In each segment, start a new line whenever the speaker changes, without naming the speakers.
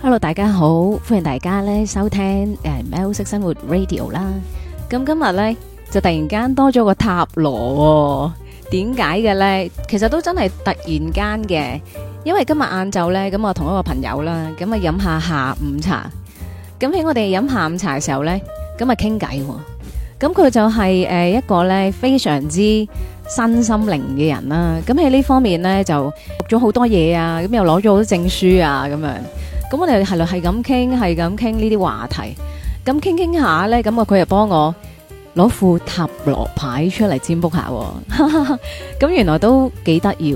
Hello，大家好，歡迎大家咧收聽誒，喵式生活 Radio 啦。咁今日咧就突然間多咗個塔羅，點解嘅咧？其實都真係突然間嘅，因為今日晏晝咧，咁我同一個朋友啦，咁啊飲下下午茶。咁喺我哋飲下午茶嘅時候咧，咁啊傾偈。咁佢就係誒一個咧非常之身心靈嘅人啦。咁喺呢方面咧就讀咗好多嘢啊，咁又攞咗好多證書啊，咁樣。咁我哋係係咁傾，係咁傾呢啲話題。咁傾傾下咧，咁啊佢又幫我攞副塔羅牌出嚟占卜下。咁 原來都幾得意，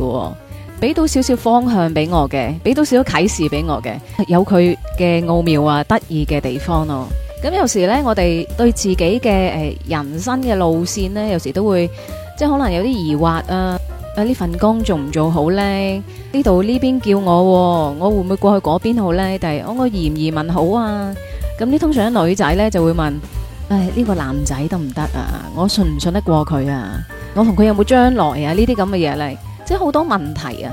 俾到少少方向俾我嘅，俾到少少啟示俾我嘅，有佢嘅奧妙啊，得意嘅地方咯。咁有時咧，我哋對自己嘅誒人生嘅路線咧，有時都會即係可能有啲疑惑啊。啊！呢份工做唔做好呢？呢度呢邊叫我，我會唔會過去嗰邊好呢？但係我我移唔移民好啊？咁呢通常女仔呢就會問：誒呢個男仔得唔得啊？我信唔信得過佢啊？我同佢有冇將來啊？呢啲咁嘅嘢呢，即係好多問題啊！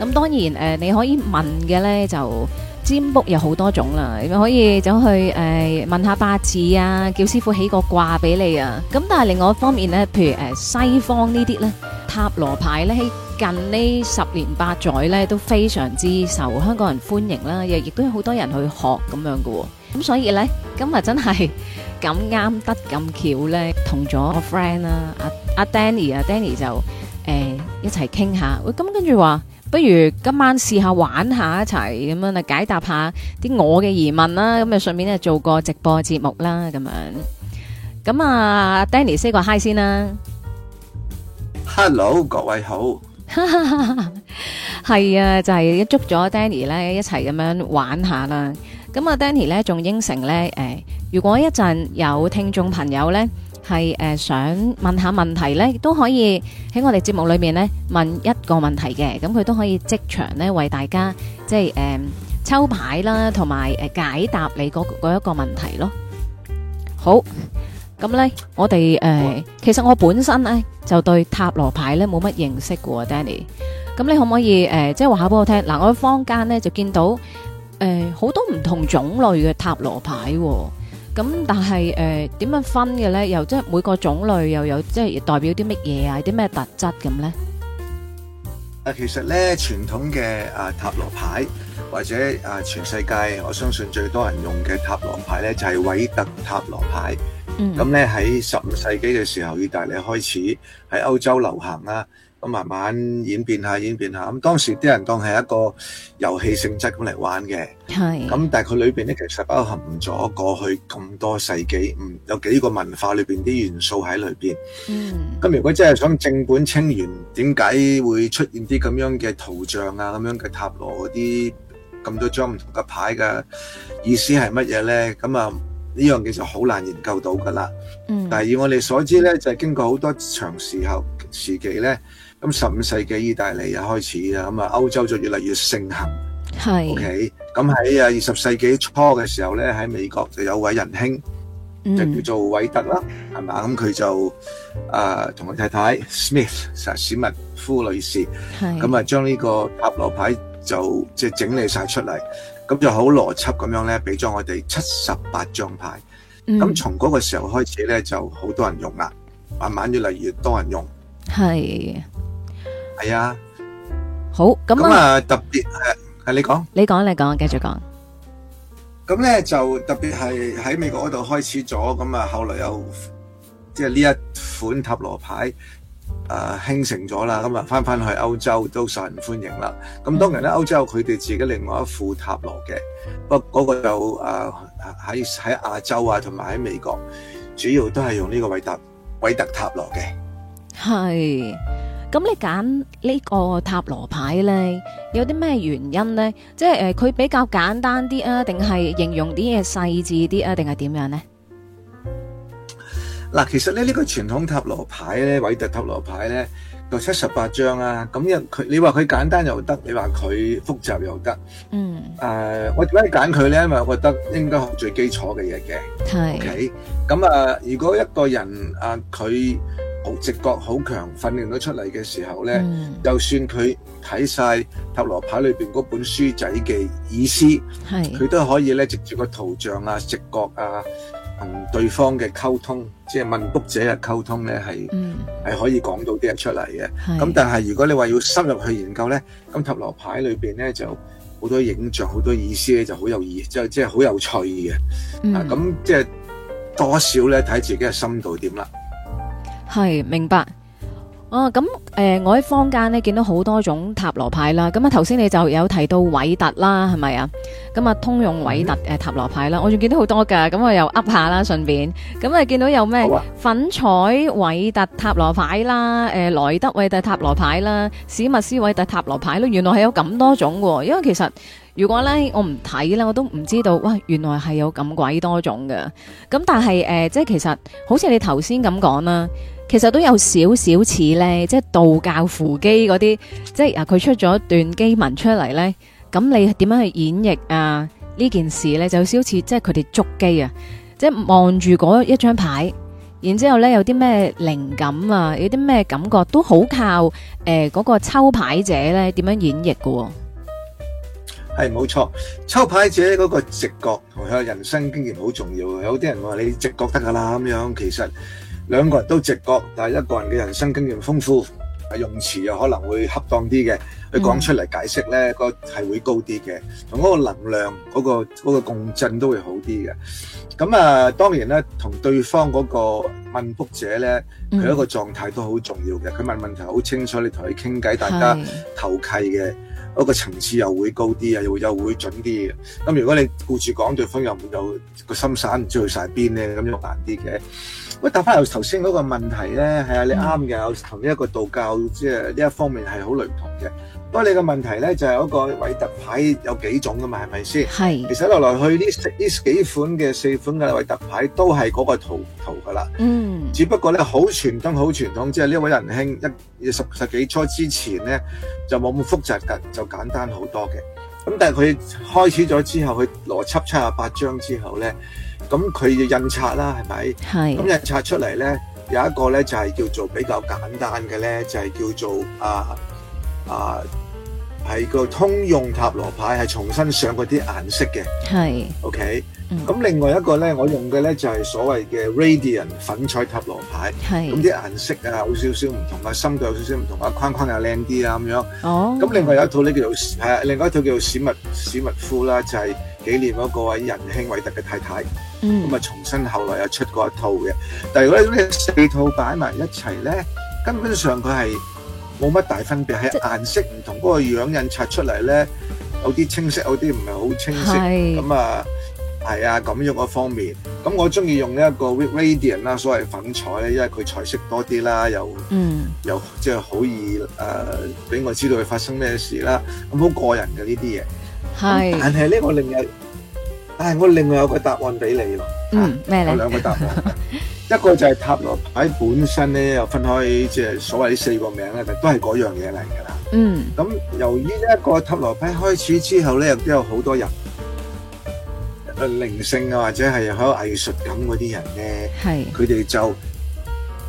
咁當然誒，你可以問嘅呢就。占卜有好多種啦，你可以走去誒問下八字啊，叫師傅起個卦俾你啊。咁但係另外一方面咧，譬如誒西方呢啲咧，塔羅牌咧喺近呢十年八載咧都非常之受香港人歡迎啦，亦亦都有好多人去學咁樣嘅喎。咁所以咧今日真係咁啱得咁巧咧，同咗個 friend 啦，阿阿 Danny 啊，Danny 就誒一齊傾下喂。咁跟住話。不如今晚試下玩下一齊咁樣啊，解答下啲我嘅疑問啦，咁啊順便咧做個直播節目啦，咁樣。咁啊，Danny say 個 Hi 先啦。
Hello，各位好。
係 啊，就係捉咗 Danny 咧一齊咁樣玩下啦。咁啊，Danny 咧仲應承咧誒，如果一陣有聽眾朋友咧。係誒，想問下問題咧，都可以喺我哋節目裏面咧問一個問題嘅，咁佢都可以即場咧為大家即係誒抽牌啦，同埋誒解答你嗰嗰一個問題咯。好，咁咧我哋誒，其實我本身咧就對塔羅牌咧冇乜認識嘅，Danny。咁你可唔可以誒，即係話下俾我聽？嗱，我喺坊間咧就見到誒好多唔同種類嘅塔羅牌。咁但係誒點樣分嘅咧？又即係每個種類又有即係代表啲乜嘢啊？啲咩特質咁咧？
啊，其實咧傳統嘅啊塔羅牌，或者啊全世界我相信最多人用嘅塔羅牌咧，就係韋特塔羅牌。嗯。咁咧喺十五世紀嘅時候，意大利開始喺歐洲流行啦。咁慢慢演變下，演變下咁。當時啲人當係一個遊戲性質咁嚟玩嘅，係。咁但係佢裏邊咧，其實包含咗過去咁多世紀，嗯，有幾個文化裏邊啲元素喺裏邊。嗯。咁如果真係想正本清源，點解會出現啲咁樣嘅圖像啊？咁樣嘅塔羅嗰啲咁多張唔同嘅牌嘅意思係乜嘢咧？咁啊，呢樣其實好難研究到㗎啦。嗯。但係以我哋所知咧，就係經過好多長時候時期咧。咁十五世紀意大利又開始啦，咁啊歐洲就越嚟越盛行。
係，OK。
咁喺啊二十世紀初嘅時候咧，喺美國就有位仁兄，
就叫
做偉德啦，係嘛？咁佢就啊同佢太太 Smith 史密夫女士，咁啊將呢個塔羅牌就即係整理晒出嚟，咁就好邏輯咁樣咧，俾咗我哋七十八張牌。咁從嗰個時候開始咧，就好多人用啦，慢慢越嚟越多人用。
係。係啊，好。咁啊，
特別係係你講，
你講你講，繼續講。
咁咧就特別係喺美國嗰度開始咗，咁啊後來又即係呢一款塔羅牌誒興、啊、盛咗啦，咁啊翻翻去歐洲都受人歡迎啦。咁當然呢，歐、嗯、洲佢哋自己另外一副塔羅嘅，不過嗰個就誒喺喺亞洲啊，同埋喺美國主要都係用呢個韋特韋特塔羅嘅，
係。咁你揀呢個塔羅牌咧，有啲咩原因咧？即係誒，佢比較簡單啲啊，定係形容啲嘢細緻啲啊，定係點樣咧？
嗱，其實咧呢、這個傳統塔羅牌咧，韋特塔羅牌咧，就七十八張啊，咁佢，你話佢簡單又得，你話佢複雜又得，嗯，誒、呃，我點解揀佢咧？因為我覺得應該學最基礎嘅嘢嘅，
係
是，咁啊、okay? 呃，如果一個人啊，佢、呃。直覺好強，訓練到出嚟嘅時候咧，嗯、就算佢睇晒塔羅牌裏邊嗰本書仔嘅意思，佢都是可以咧，藉住個圖像啊、直覺啊同、嗯、對方嘅溝通，即係問卜者嘅溝通咧，係係、嗯、可以講到啲嘢出嚟嘅。咁是但係如果你話要深入去研究咧，咁塔羅牌裏邊咧就好多影像、好多意思咧就好有意，即係即係好有趣嘅。咁、
嗯啊、即
係多少咧睇自己嘅深度點啦。
係明白，哦，咁誒，我喺坊間咧見到好多種塔羅牌啦，咁啊頭先你就有提到韋特啦，係咪啊？咁啊通用韋特誒、嗯呃、塔羅牌啦，我仲見到好多噶，咁我又 Up 下啦，順便咁啊見到有咩、啊、粉彩韋特塔羅牌啦，誒、呃、萊德韋特塔羅牌啦，史密斯韋特塔羅牌啦，原來係有咁多種嘅、啊，因為其實如果咧我唔睇啦，我都唔知道，哇原來係有咁鬼多種㗎！咁但係誒、呃、即係其實好似你頭先咁講啦。其實都有少少似咧，即係道教扶乩嗰啲，即係啊佢出咗段乩文出嚟咧，咁你點樣去演繹啊呢件事咧，就好似即係佢哋捉乩啊，即係望住嗰一張牌，然之後咧有啲咩靈感啊，有啲咩感覺都好靠誒嗰、呃那個抽牌者咧點樣演繹嘅。
係冇錯，抽牌者嗰個直覺同佢人生經驗好重要。有啲人話你直覺得噶啦咁樣，其實。兩個人都直覺，但係一個人嘅人生經驗豐富，用詞又可能會恰當啲嘅，佢講出嚟解釋咧，個係會高啲嘅，同嗰個能量、嗰個嗰個共振都會好啲嘅。咁啊，當然咧，同對方嗰個問卜者咧，佢一個狀態都好重要嘅。佢問問題好清楚，你同佢傾偈，大家投契嘅，嗰個層次又會高啲啊，又又會準啲嘅。咁如果你顧住講對方，又冇個心散，唔知去曬邊咧，咁樣難啲嘅。喂，答翻由頭先嗰個問題咧，係啊，你啱嘅，同呢一個道教即係呢一方面係好類同嘅。不過你個問題咧就係、是、嗰個偉特牌有幾種㗎嘛，係咪先？是其實落來去呢呢幾款嘅四款嘅偉特牌都係嗰個圖圖㗎啦。嗯。只不過咧好傳統好傳統，即係呢位仁兄一十十幾初之前咧就冇咁複雜㗎，就簡單好多嘅。咁但係佢開始咗之後，佢邏輯七十八章之後咧。咁佢嘅印刷啦，係咪？係是。咁印刷出嚟咧，有一個咧就係、是、叫做比較簡單嘅咧，就係、是、叫做啊啊，係、啊、個通用塔羅牌，係重新上嗰啲顏色嘅。
係是。
O K。嗯。咁另外一個咧，我用嘅咧就係、是、所謂嘅 Radiant 粉彩塔羅牌。係是。咁啲顏色啊，好少少唔同啊，深度有少少唔同啊，框框又靚啲啊，咁樣。哦。咁另外有一套咧叫做係另外一套叫做史密史密夫啦，就係、是、紀念嗰個位仁兄偉特嘅太太。咁啊，嗯、重新後來又出過一套嘅。但係如果咧，咁四套擺埋一齊咧，根本上佢係冇乜大分別，係即顏色唔同，嗰、嗰個樣印刷出嚟咧，有啲清晰，有啲唔係好清晰。咁是啊，係啊，咁樣嘅方面。咁我中意用呢一個 Radiant 啦，所謂粉彩咧，因為佢彩色多啲啦，又
嗯，
又即係好易誒，俾、呃、我知道佢發生咩事啦。咁好個人嘅呢啲嘢。
係，是但
係呢個另有。唉，我另外有個答案俾你咯。嗯，咩咧？我兩個答案，一個就係塔羅牌本身咧，又分開即係所謂啲四個名咧，都係嗰樣嘢嚟㗎啦。嗯。咁由於一個塔羅牌開始之後咧，亦都有好多人，靈性啊，或者係有藝術感嗰啲人咧，係佢哋就。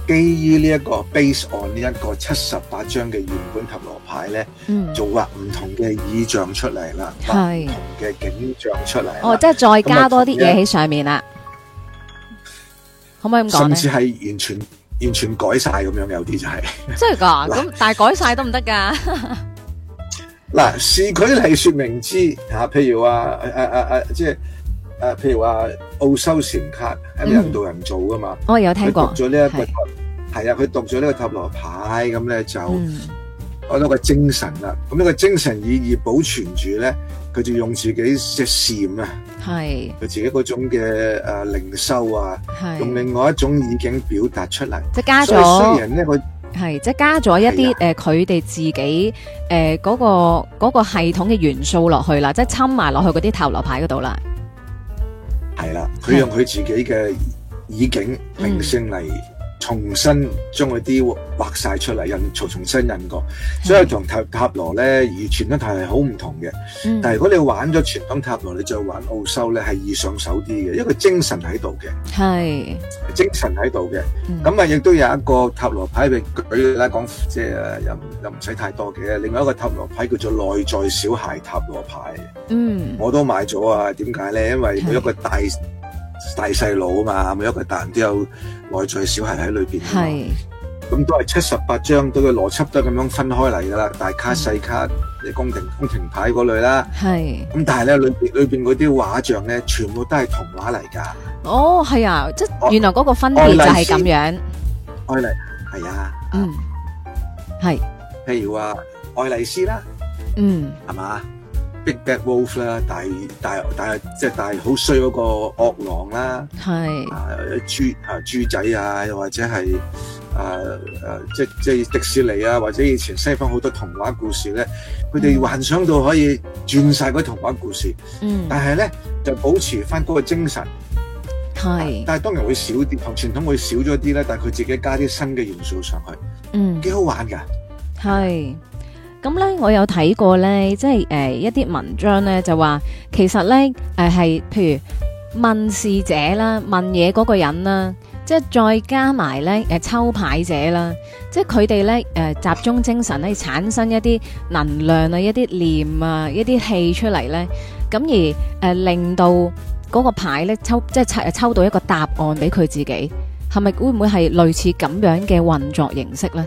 基於呢一個 base on 呢一個七十八張嘅原本塔羅牌咧，嗯、做畫唔同嘅意象出嚟啦，唔是同嘅景象出嚟。哦，即係再加多啲嘢喺
上面啦，可唔可以咁講？甚
至係完全完全改晒咁樣，有啲就係、是。
真係噶？咁 但係改晒得唔得噶？
嗱， 是舉例說明之吓、啊，譬如話誒誒誒誒即係。誒、呃，譬如話奧修禪卡，係印度人做㗎嘛？我、哦、有聽過。他讀咗呢一個係是啊，佢讀咗呢個塔羅牌咁咧，就攞到個精神啦。咁呢個精神意義保存住咧，佢就用自己隻禪是、呃、
啊，佢
自己嗰種嘅誒靈修啊，用另外一種意境表達出嚟、這
個，即係加咗。雖然咧，佢係
即係加咗一啲誒佢哋自己誒嗰、呃嗰個嗰個系統嘅元素落去啦，即係侵埋落去嗰啲塔羅牌嗰度啦。
係啦，佢用佢自己嘅意境、名星嚟。嗯重新將嗰啲畫曬出嚟印，再重新印過，所以同塔塔羅咧與傳統塔羅係好唔同嘅。但係如果你玩咗傳統塔羅，你再玩奧修咧係易上手啲嘅，因為精神喺度嘅。係精神喺度嘅，咁啊亦都有一個塔羅牌，俾舉例嚟講，即係又又唔使太多嘅。另外一個塔羅牌叫做內在小孩塔羅牌。嗯，我都買咗啊。點解咧？因為每一個大大細佬啊嘛，每一個大人都有。內在小孩喺裏邊，咁都係七十八張，都嘅邏輯都係咁樣分開嚟噶啦，大卡細卡，你宮廷宮廷牌嗰類啦，咁但係咧裏邊裏邊嗰啲畫像咧，全部都係童話嚟噶。
哦，
係啊，即係原來嗰個分類就係咁樣。
愛麗，係啊，
嗯，
係，
譬如話愛麗絲啦，
嗯，
係嘛。Big Bad Wolf 啦，大大大即係、就是、大好衰嗰個惡狼啦，
係是
啊豬啊豬仔啊，又或者係啊啊即即係迪士尼啊，或者以前西方好多童話故事咧，佢哋幻想到可以轉晒嗰童話故事，
嗯，但
係咧就保持翻嗰個精神，係是、啊，但係當然會少啲，同傳統會少咗啲啦，但係佢自己加啲新嘅元素上去，嗯，幾好玩噶，
係。咁咧，我有睇過咧，即係誒一啲文章咧，就話其實咧誒係，譬如問事者啦，問嘢嗰個人啦，即係再加埋咧誒抽牌者啦，即係佢哋咧誒集中精神咧產生一啲能量啊，一啲念啊，一啲氣出嚟，咧咁而誒令到嗰個牌咧抽即係抽到一個答案俾佢自己，係咪會唔會係類似咁樣嘅運作形式咧？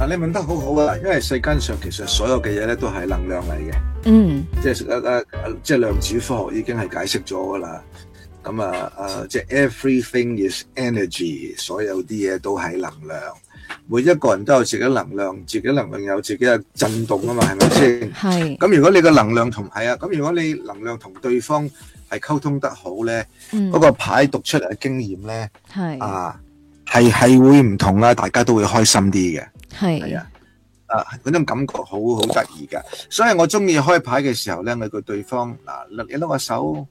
嗱，你問得好好啊！因為世間上其實所有嘅嘢咧都係能量嚟嘅，嗯，即係誒誒，即係量子科學已經係解釋咗噶啦。咁啊誒，即係 Everything is energy，所有啲嘢都係能量。每一個人都有自己能量，自己能量有自己嘅震動啊嘛，係咪先？係。咁如果你嘅能量同係啊，咁如果你能量同對方係溝通得好咧，嗰個牌讀出嚟嘅經驗咧，係啊，係係會唔同啦，大家都會開心啲嘅。係，係啊，啊，嗰種感覺好好得意噶，所以我中意開牌嘅時候咧，我叫對方嗱，你攞個手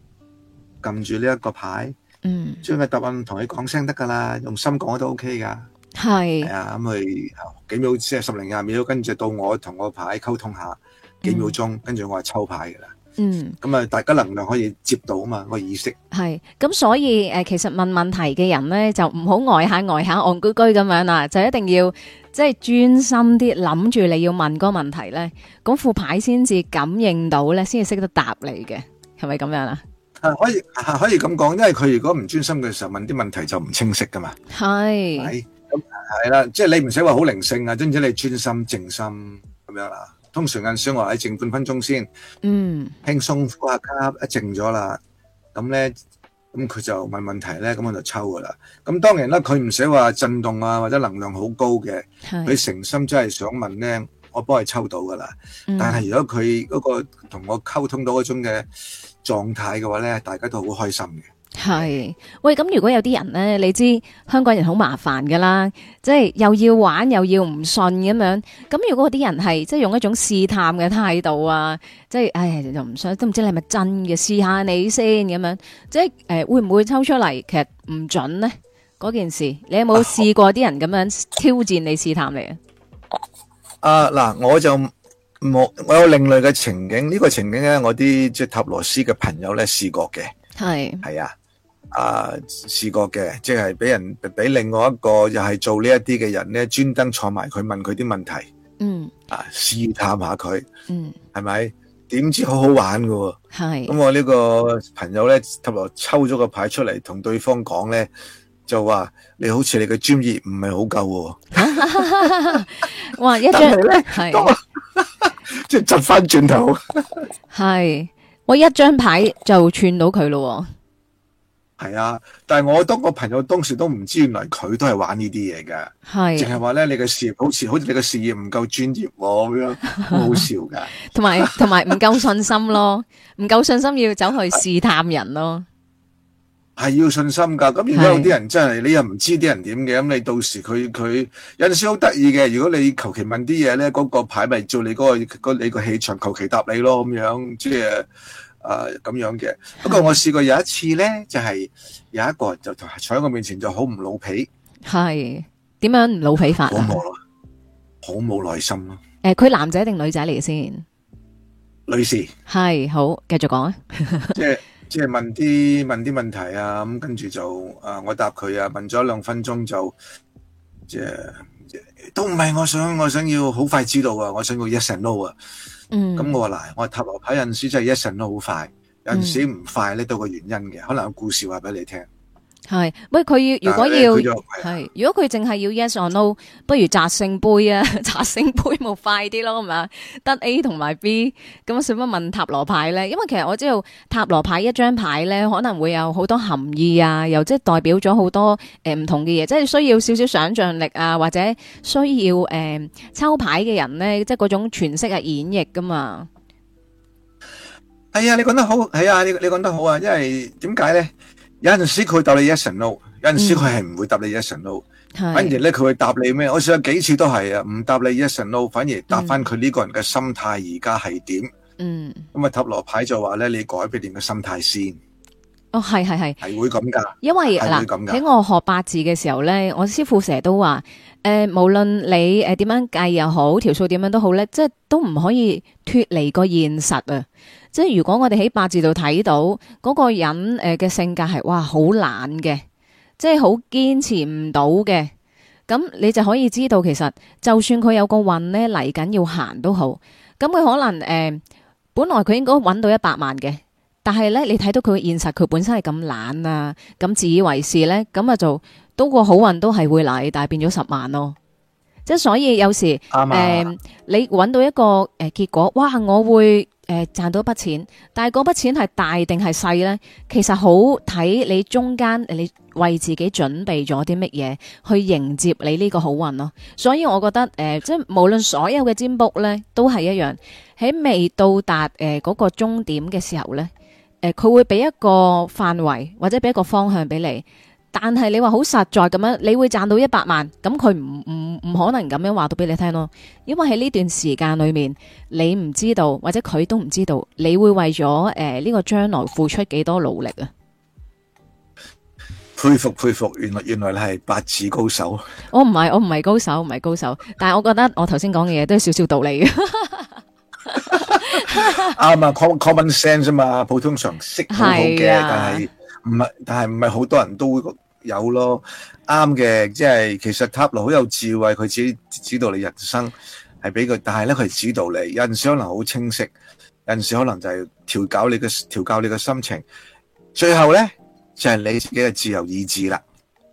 撳住呢一個牌，嗯，將個答案同你講聲得噶啦，用心講都 OK 噶，係，
係啊，
咁佢幾秒之後十零廿秒，跟住到我同我牌溝通下，幾秒鐘，跟住我係抽牌噶啦，嗯，咁啊，大家能量可以接到啊嘛，個意識
係，咁所以誒，其實問問題嘅人咧就唔好呆下呆下戇居居咁樣啦，就一定要。即係專心啲諗住你要問嗰個問題咧，嗰副牌先至感應到咧，先至識得答你嘅，係咪咁樣啊？
啊，可以可以咁講，因為佢如果唔專心嘅時候問啲問題就唔清晰噶嘛。
係，
咁係啦，即係你唔使話好靈性啊，總之你專心靜心咁樣啦。通常按書話，你靜半分鐘先，嗯，輕鬆嗰下吸一靜咗啦，咁咧。咁佢就問問題咧，咁我就抽噶啦。咁當然啦，佢唔使話震動啊，或者能量好高嘅，
佢
誠心真係想問咧，我幫佢抽到噶啦。嗯、但係如果佢嗰個同我溝通到嗰種嘅狀態嘅話咧，大家都好開心嘅。
係，
喂，咁如果有啲人咧，你知香港人好麻煩㗎啦，即係又要玩又要唔信咁樣。咁如果啲人係即係用一種試探嘅態度啊，即係唉，又唔想都唔知你係咪真嘅，試下你先咁樣。即係誒、呃，會唔會抽出嚟其實唔準呢，嗰件事，你有冇試過啲人咁樣挑戰你試
探你
啊？啊嗱，我就我我有另類嘅情景，呢、這個情景咧，我啲即係塔羅斯嘅朋友咧試過嘅，係係是啊。啊，試過嘅，即係俾人俾另外一個又係做這些的人呢一啲嘅人咧，專登坐埋佢問佢啲問題，嗯，啊試探下佢，嗯，係咪？點知好好玩嘅喎，咁是我呢個朋友咧，突然抽咗個牌出嚟，同對方講咧，就話你好似你嘅專業唔係好夠
喎。 哇，一張咧，係
呢，即係執翻轉頭
係，我一張牌就串到佢咯。
係啊，但係我當個朋友當時都唔知，原來佢都係玩是呢啲嘢嘅，係淨係話咧，你嘅事業好似好似你嘅事業唔夠專業咁、哦、樣， 好笑噶。
同埋同埋唔夠信心咯，唔 夠信心要走去試探人咯，
係要信心噶。咁如果有啲人真係，你又唔知啲人點嘅，咁是你到時佢佢有陣時好得意嘅。如果你求其問啲嘢咧，嗰、那個牌咪做你嗰、那個個你個氣場，求其答你咯，咁樣即係。誒，咁樣嘅。不過我試過有一次咧，就係有一個人就坐喺我面前就好唔老脾。
係點樣唔老脾法？好冇咯，
好冇耐心咯。
誒，佢男仔定女仔嚟嘅先？
女士。
係好，繼續講啊。
即係即係問啲問啲問題啊，咁跟住就啊，我答佢啊，問咗兩分鐘就即係即係都唔係我想我想要好快知道啊，我想要 yes no 啊。嗯，咁我話嗱，我塔羅牌有陣時真係一瞬都好快，有陣時唔快咧都個原因嘅，嗯、可能有故事話俾你聽。
係，
喂，佢要。如果要係，是如果佢淨係要 yes or no，的不如摘聖杯啊，摘聖杯冇快啲咯，係嘛？得 A 同埋 B，咁使乜問塔羅牌咧？因為其實我知道塔羅牌一張牌咧，可能會有好多含義啊，又即係代表咗好多誒唔、呃、同嘅嘢，即係需要少少想象力啊，或者需要誒、呃、抽牌嘅人咧，即係嗰種詮釋啊演繹噶嘛。
係啊、哎，你講得好，係、哎、啊，你你講得好啊，因為點解咧？有陣時佢答你 yes or no，有陣時佢係唔會答你 yes or no，yes no, 嗯 yes、no，反而咧佢會答你咩？我試咗幾次都係啊，唔答你 yes or no，反而答翻佢呢個人嘅心態而家係點？嗯，咁啊，塔羅牌就話咧，你改變點嘅心態先。
哦，係係係，
係
會咁噶。因為
嗱，喺我學八字嘅時候咧，我師傅成日都話，誒、呃，無論你誒點、呃、樣計又好，條數點樣都好咧，即係都唔可以脫離個現實啊。即係如果我哋喺八字度睇到嗰、那個人誒嘅性格係哇好懶嘅，即係好堅持唔到嘅，咁你就可以知道其實就算佢有個運咧嚟緊要行都好，咁佢可能誒、呃、本來佢應該搵到一百萬嘅，但係咧你睇到佢現實佢本身係咁懶啊，咁自以為是咧，咁啊就都個好運都係會嚟，但係變咗十萬咯。即係所以有時誒對吧、呃、你搵到一個誒、呃、結果，哇我會。誒，賺、呃、到一筆錢，但係嗰筆錢係大定係細呢？其實好睇你中間你為自己準備咗啲乜嘢去迎接你呢個好運咯。所以我覺得誒、呃，即係無論所有嘅占卜呢都係一樣喺未到達誒嗰個終點嘅時候呢，佢、呃、會俾一個範圍或者俾一個方向俾你。但係你話好實在咁樣，你會賺到一百萬，咁佢唔唔唔可能咁樣話到俾你聽咯，因為喺呢段時間裏面，你唔知道，或者佢都唔知道，你會為咗誒呢個將來付出幾多努力啊！
佩服佩服，原來原來你係八字高手。
哦，唔係我唔係我唔係高手，唔係高手，但係我覺得我頭先講嘅嘢都係少少道理。
啱啊，common sense 啊嘛，普通常識好嘅，但係。唔係，但係唔係好多人都會有咯，啱嘅，即係其實塔羅好有智慧，佢自己指導你人生係俾佢。但係咧佢係指導你。有陣時可能好清晰，有陣時可能就係調教你嘅、調教你嘅心情。最後咧就係、是、你自己嘅自由意志啦，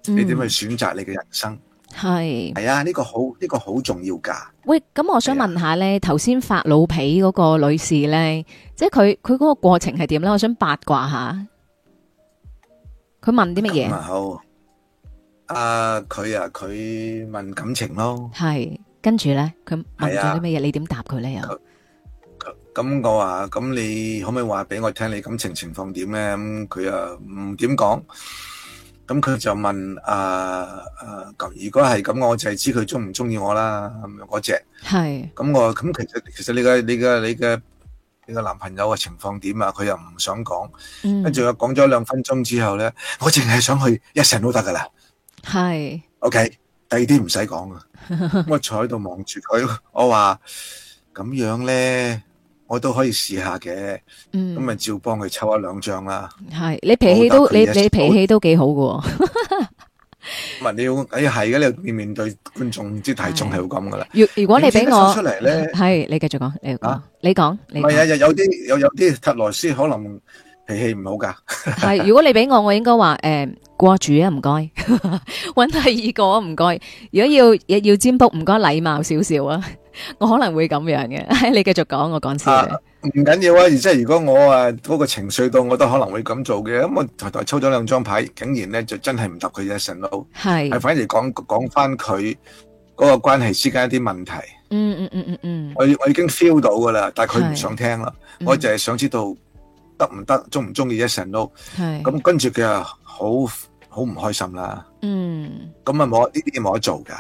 嗯、你點去
選擇你嘅人生？
係，係啊，呢、這個好呢、這個
好重要噶。
喂，咁我想問下咧，頭先的發老脾嗰個女士咧，即係佢佢嗰個過程係點咧？我想八卦下。佢問啲乜嘢？好，
阿佢啊，佢問感情咯。係，
跟住咧，佢問咗啲乜嘢？你點答佢咧？
啊，咁我話咁，你可唔可以話俾我聽你感情情況點咧？咁佢啊唔點講，咁佢就問阿阿咁，如果係咁，我就係知佢中唔中意我啦。咁樣嗰隻係，咁我咁其實其實你嘅你嘅你嘅。你個男朋友嘅情況點啊佢又唔想講，跟住、嗯、又講咗兩分鐘之後咧，我淨係想去一成都得噶啦。
係
是，OK，第二啲唔使講啊，我坐喺度望住佢，我話咁樣咧，我都可以試一下嘅。嗯，咁咪照幫佢抽一兩張啦。
係，你脾氣都，都你你脾氣都幾好嘅。
唔係你要，哎係嘅，你面面對觀眾即係聽眾係咁噶啦。如如果你俾我出嚟咧，係
你繼續講，你講，你講，唔係啊，有有啲
有有啲塔羅師可能脾氣唔好噶。
係，如果你俾我，我應該話誒掛住啊，唔該，揾第二個啊，唔該。如果要要占卜，唔該禮貌少少啊，我可能會咁樣嘅。你繼續講，我講先。唔緊要啊！
而即係如果我啊嗰個情緒到，我都可能會咁做嘅。咁我啱啱抽咗兩張牌，竟然咧就真係唔答佢 Yes or No。係，係反而講講翻佢嗰個關係之間一啲問題。嗯嗯嗯嗯嗯，我我已經 feel 到噶啦，但係佢唔想聽咯。我淨係想知道得唔得，中唔中意 Yes or No。
係。咁
跟住佢啊，好好唔開心啦。嗯。咁啊冇呢啲冇得做噶。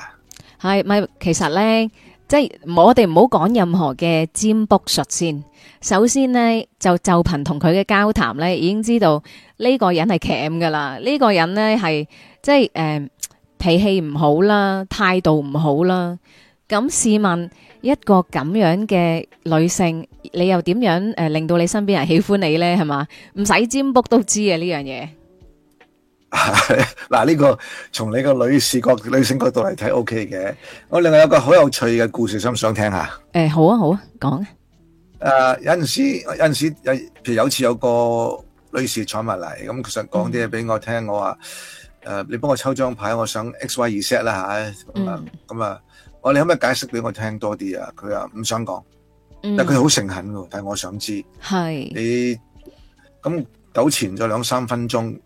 係咪？其
實咧。即係我哋唔好講任何嘅占卜術先，首先呢，就就憑同佢嘅交談呢，已經知道呢個人係鉗噶啦，呢、呢個人呢，係即係誒、呃、脾氣唔好啦，態度唔好啦。咁試問一個咁樣嘅女性，你又點樣誒、呃、令到你身邊人喜歡你呢？係嘛，唔使占卜都知呀，呢樣嘢。
嗱，呢、 啊這個從你個女士覺女性角度嚟睇，O K 嘅。我另外有個好有趣嘅故事，想唔想聽下？
誒、欸，好啊，好啊，講啊。誒、
uh,，有陣時，有陣時，誒，譬如有次有個女士坐埋嚟，咁佢想講啲嘢俾我聽，嗯、我話誒、呃，你幫我抽張牌，我想 X Y 二 set 啦吓。咁啊，嗯嗯、我哋可唔可以解釋俾我聽多啲啊？佢啊，唔想講，
但佢好誠
懇噶，嗯、但係我想知。
係是
你咁糾纏咗兩三分鐘。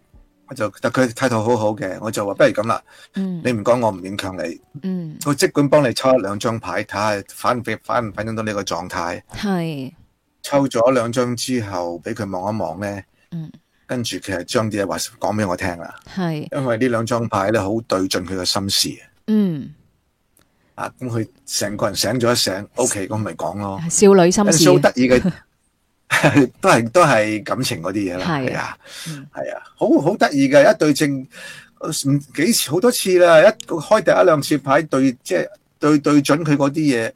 就但佢態度好好嘅，我就話不如咁啦。嗯，你唔講我唔勉強你。嗯，我即管幫你抽兩張牌睇下，看看反唔反映到呢個狀態。係是抽咗兩張之後，俾佢望一望咧。嗯，跟住其實將啲嘢話講俾我聽啦。係是，因為兩張呢兩張牌咧好對盡佢個心事。嗯。啊，咁佢成個人醒咗一醒，OK，咁咪講咯。
少女心得
意嘅。 都係都係感情嗰啲嘢啦，係啊，係啊，好好得意嘅一對正，唔幾好多次啦，一開第一兩次牌對，即係對對準佢嗰啲嘢，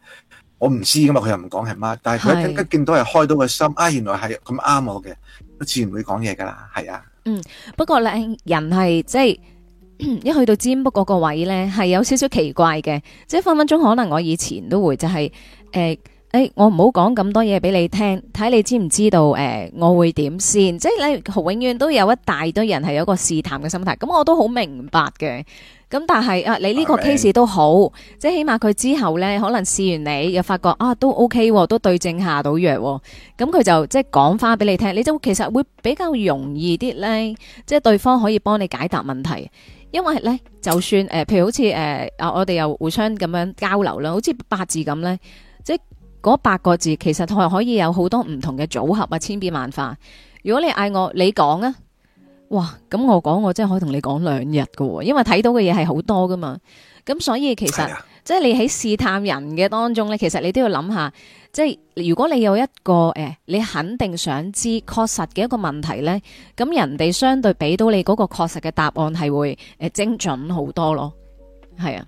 我唔知噶嘛，佢又唔講係乜，但係佢一見到係開到個心，是 啊，原來係咁啱我嘅，自然會講嘢噶啦，係啊。
嗯，不過咧，人係即係 一去到占卜嗰個位咧，係有少少奇怪嘅，即係分分鐘可能我以前都會就係誒。呃誒、哎，我唔好講咁多嘢俾你聽，睇你知唔知道誒、呃，我會點先？即係你永遠都有一大堆人係有個試探嘅心態，咁我都好明白嘅。咁但係啊，你呢個 case 都好，Amen. 即係起碼佢之後呢，可能試完你又發覺啊，都 OK 喎，都對症下到藥，咁佢就即係講翻俾你聽，你就其實會比較容易啲呢，即係對方可以幫你解答問題，因為呢，就算誒、呃，譬如好似誒，啊、呃，我哋又互相咁樣交流啦，好似八字咁呢。嗰八個字其實佢係可以有好多唔同嘅組合啊，千變萬化。如果你嗌我你講啊，哇，咁我講我真係可以同你講兩日噶，因為睇到嘅嘢係好多噶嘛。咁所以其實、啊、即係你喺試探人嘅當中呢，其實你都要諗下，即係如果你有一個誒、欸、你肯定想知確實嘅一個問題呢，咁人哋相對俾到你嗰個確實嘅答案係會誒、欸、精準好多咯，係啊。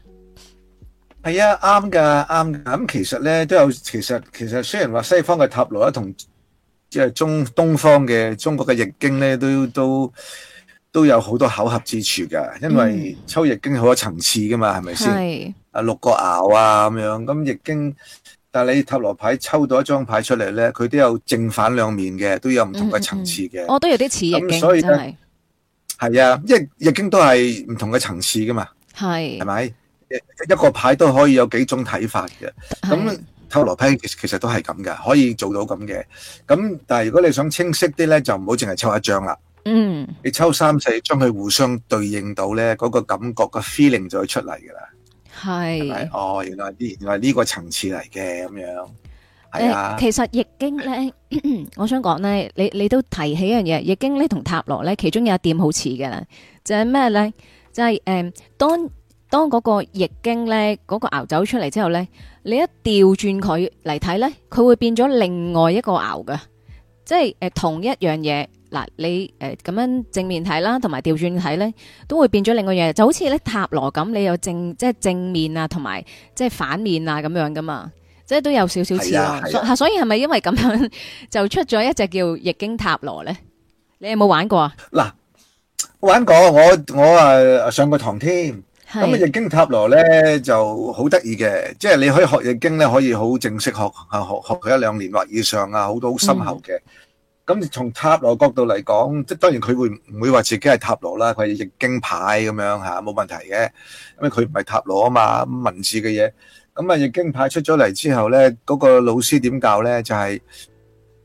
係啊，啱噶，啱。咁、嗯、其實咧都有，其實其實雖然話西方嘅塔羅同即係中東方嘅中國嘅易經咧，都都都有好多巧合之處噶。因為抽易經好多層次噶嘛，係咪先？係吧是啊，六個爻啊咁樣。咁易經，但係你塔羅牌抽到一張牌出嚟咧，佢都有正反兩面嘅，都有唔同嘅層次嘅。我、嗯嗯哦、都
有啲似易經，所以真係
的。係啊，因為易經都係唔同嘅層次噶嘛。
係係
咪？一個牌都可以有幾種睇法嘅，咁的塔羅牌其實都係咁嘅，可以做到咁嘅。咁但係如果你想清晰啲咧，就唔好淨係抽一張啦。嗯，你抽三四張，將佢互相對應到咧，嗰、嗰個感覺、嗰個 feeling 就會出嚟噶啦。
係的，
哦，原來呢原來呢個層次嚟嘅咁樣。係啊，其
實易經咧的，我
想講咧，你你都提起一樣嘢，易經咧同塔羅咧，其中有一點好似嘅，就係咩咧？就係、是、誒、呃，當。當嗰個《易經》咧，嗰、那個牛走出嚟之後咧，你一調轉佢嚟睇咧，佢會變咗另外一個牛嘅，即係誒，同一樣嘢嗱，你誒咁樣正面睇啦，同埋調轉睇咧，都會變咗另外一個嘢，就好似咧塔羅咁，你有正即係、就是、正面啊，同埋即係反面啊咁樣噶嘛，即係都有少少似啊，啊所，所以係咪因為咁樣就出咗一隻叫《易經》塔羅咧？你有冇玩過啊？嗱，玩過，我
我誒、啊、上過堂添。咁啊《易經》塔羅咧就好得意嘅，即係你可以學《易經》咧，可以好正式學啊，學學佢一兩年或以上啊，好多好深厚嘅。咁從塔羅角度嚟講，即係當然佢會唔會話自己係塔羅啦，佢係《易經》牌咁樣嚇，冇問題嘅，因為佢唔係塔羅啊嘛，文字嘅嘢。咁啊《易經》牌出咗嚟之後咧，嗰個老師點教咧，就係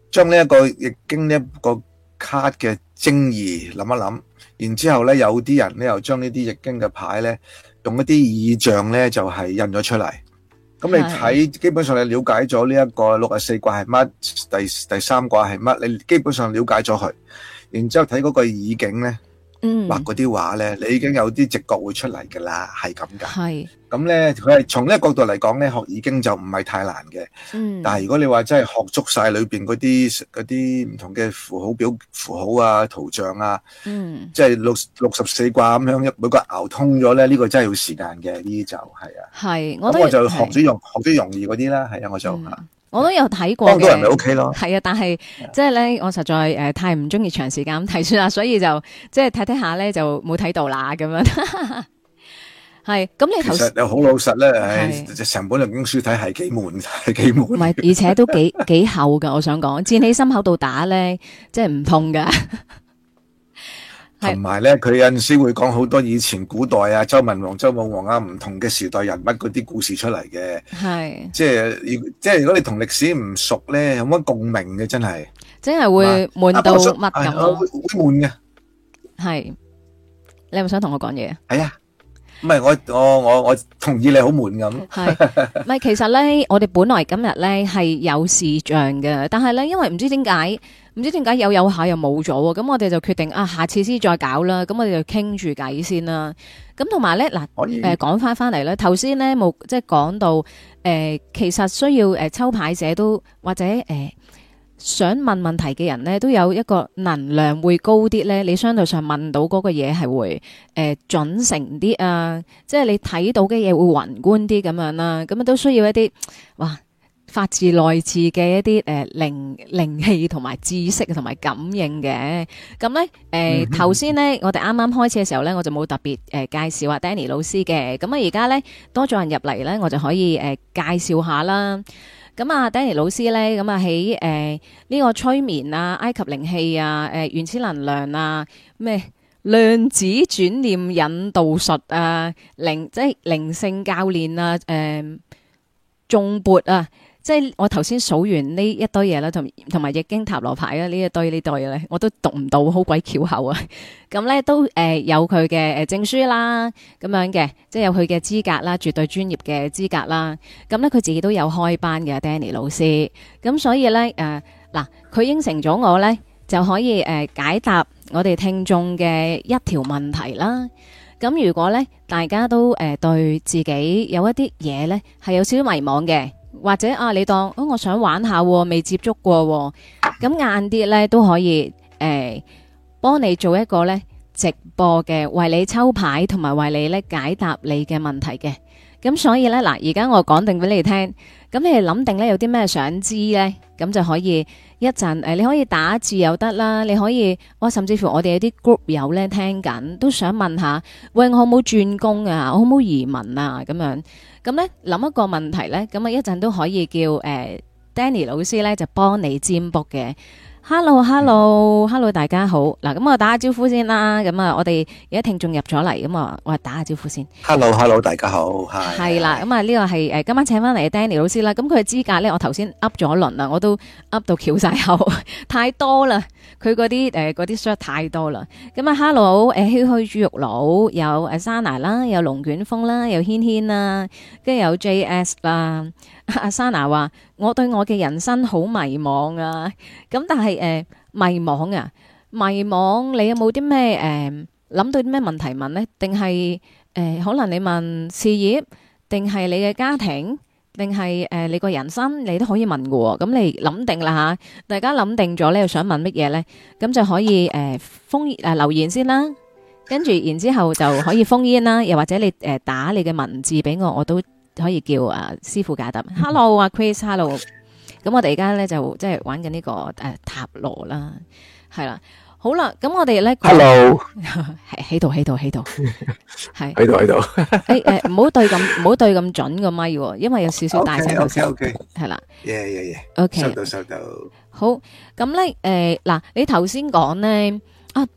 將呢一個《易經》呢一個卡嘅精義諗一諗。然之後咧，有啲人咧又將呢啲易經嘅牌咧，用一啲意象咧就係、是、印咗出嚟。咁你睇，的基本上你了解咗呢一個六十四卦係乜，第第三卦係乜，你基本上了解咗佢。然之後睇嗰個意境咧，畫嗰啲畫咧，你已經有啲直覺會出嚟噶啦，係咁噶。係咁咧，佢係從呢個角度嚟講咧，學已經就唔係太難嘅。嗯。但係如果你話真係學足晒裏邊嗰啲嗰啲唔同嘅符號表符號啊、圖像啊，嗯，即係六六十四卦咁樣，每個熬通咗咧，呢個真係要時間嘅，呢啲就係啊。
係，我咁我就學
咗容，學咗容易嗰啲啦，係啊，我就。嗯
我都有睇過嘅，多，多人咪 OK 咯。係啊，但係即係咧，我實在誒、呃、太唔中意長時間睇書啦，所以就即係睇睇下咧就冇睇到啦咁樣。係，咁你頭先其
實你好老實咧，成是本嚟本書睇係幾悶，係幾悶。
唔係，而且都幾幾厚噶， 我想講，戰起心口度打咧，即係唔痛噶。
同埋咧，佢有陣時會講好多以前古代啊，周文王、周武王啊，唔同嘅時代人物嗰啲故事出嚟嘅。係是，即係即係如果你同歷史唔熟咧，有乜共鳴嘅？真係，
真係會悶到乜咁。啊、
會悶嘅。
係，你有冇想同我講嘢？
哎呀，唔係我我我我同意你好悶咁。係，
唔係其實咧，我哋本來今日咧係有視像嘅，但係咧因為唔知點解。唔知點解有有下又冇咗，咁我哋就決定啊，下次先再搞啦。咁我哋就傾住偈先啦。咁同埋咧嗱，誒講翻翻嚟咧，頭先咧冇即係講到誒、呃，其實需要誒抽牌者都或者誒、呃、想問問題嘅人咧，都有一個能量會高啲咧，你相對上問到嗰個嘢係會誒、呃、準成啲啊，即係你睇到嘅嘢會宏觀啲咁樣啦。咁啊都需要一啲哇。嘩發自內置嘅一啲誒、呃、靈靈氣同埋知識同埋感應嘅，咁咧誒頭先咧，我哋啱啱開始嘅時候咧，我就冇特別誒介紹阿 Danny 老師嘅，咁啊而家咧多咗人入嚟咧，我就可以誒、呃、介紹一下啦。咁、呃、啊 Danny 老師咧，咁啊喺誒呢個催眠啊、埃及靈氣啊、誒、呃、原始能量啊、咩量子轉念引導術啊、靈即係靈性教練啊、誒鐘擺啊。即係我頭先數完呢一堆嘢啦，同同埋易經塔羅牌啦，呢一堆呢堆嘢咧，我都讀唔到，好鬼巧合啊！咁 咧都誒、呃、有佢嘅誒證書啦，咁樣嘅，即係有佢嘅資格啦，絕對專業嘅資格啦。咁咧佢自己都有開班嘅，Danny 老師。咁所以咧誒嗱，佢、呃、應承咗我咧就可以誒、呃、解答我哋聽眾嘅一條問題啦。咁如果咧大家都誒、呃、對自己有一啲嘢咧係有少少迷惘嘅。或者啊，你當，我、哦、我想玩下，未接觸過、哦，咁晏啲呢都可以，誒、欸，幫你做一個呢直播嘅，為你抽牌，同埋為你呢解答你嘅問題嘅，咁所以呢，嗱，而家我講定俾你哋聽，咁你哋諗定呢有啲咩想知呢？咁就可以。一陣誒，你可以打字又得啦，你可以哇，甚至乎我哋有啲 group 友咧聽緊，都想問下，喂，我好冇轉工啊，我好冇移民啊咁樣，咁咧諗一個問題咧，咁啊一陣都可以叫、呃、Danny 老師咧就幫你占卜嘅。Hello，Hello，Hello，hello, hello,、嗯、大家好。嗱、啊，咁我打下招呼先啦。咁啊，我哋有啲聽眾入咗嚟，咁啊，我打下招呼先。
Hello，Hello，hello, 大家好。係。係
啦，咁 hi. 啊呢、這個係誒今晚請翻嚟嘅 Danny 老師啦。咁佢嘅資格咧，我頭先噏咗一輪啦，我都噏到翹晒口，太多啦。佢嗰啲誒嗰啲 shirt 太多啦。咁啊，Hello，誒唏嘘豬肉佬，有誒 Sana 啦，有龍捲風啦，有軒軒啦，跟住有 JS 啦。阿莎娜話：我對我嘅人生好迷茫啊！咁但係誒，迷茫啊，迷茫。你有冇啲咩誒諗到啲咩問題問咧？定係誒，可能你問事業，定係你嘅家庭，定係誒你個人生，你都可以問嘅。咁你諗定啦吓，大家諗定咗咧，你又想問乜嘢咧？咁就可以誒封誒留言先啦，跟住然之後就可以封煙啦，又或者你誒打你嘅文字俾我，我都。可以叫啊師傅解答。Hello 啊 Chris，Hello。咁我哋而家咧，就即係玩緊呢個誒塔羅啦，係啦，好啦，咁我哋咧 Hello，喺度喺度喺度，係喺度喺度。誒誒，唔好對咁唔好對咁準個咪，因為有少少大聲。OK OK OK，係啦
，Yeah Yeah Yeah，OK，收到收到。
好，咁咧誒嗱，你頭先講咧啊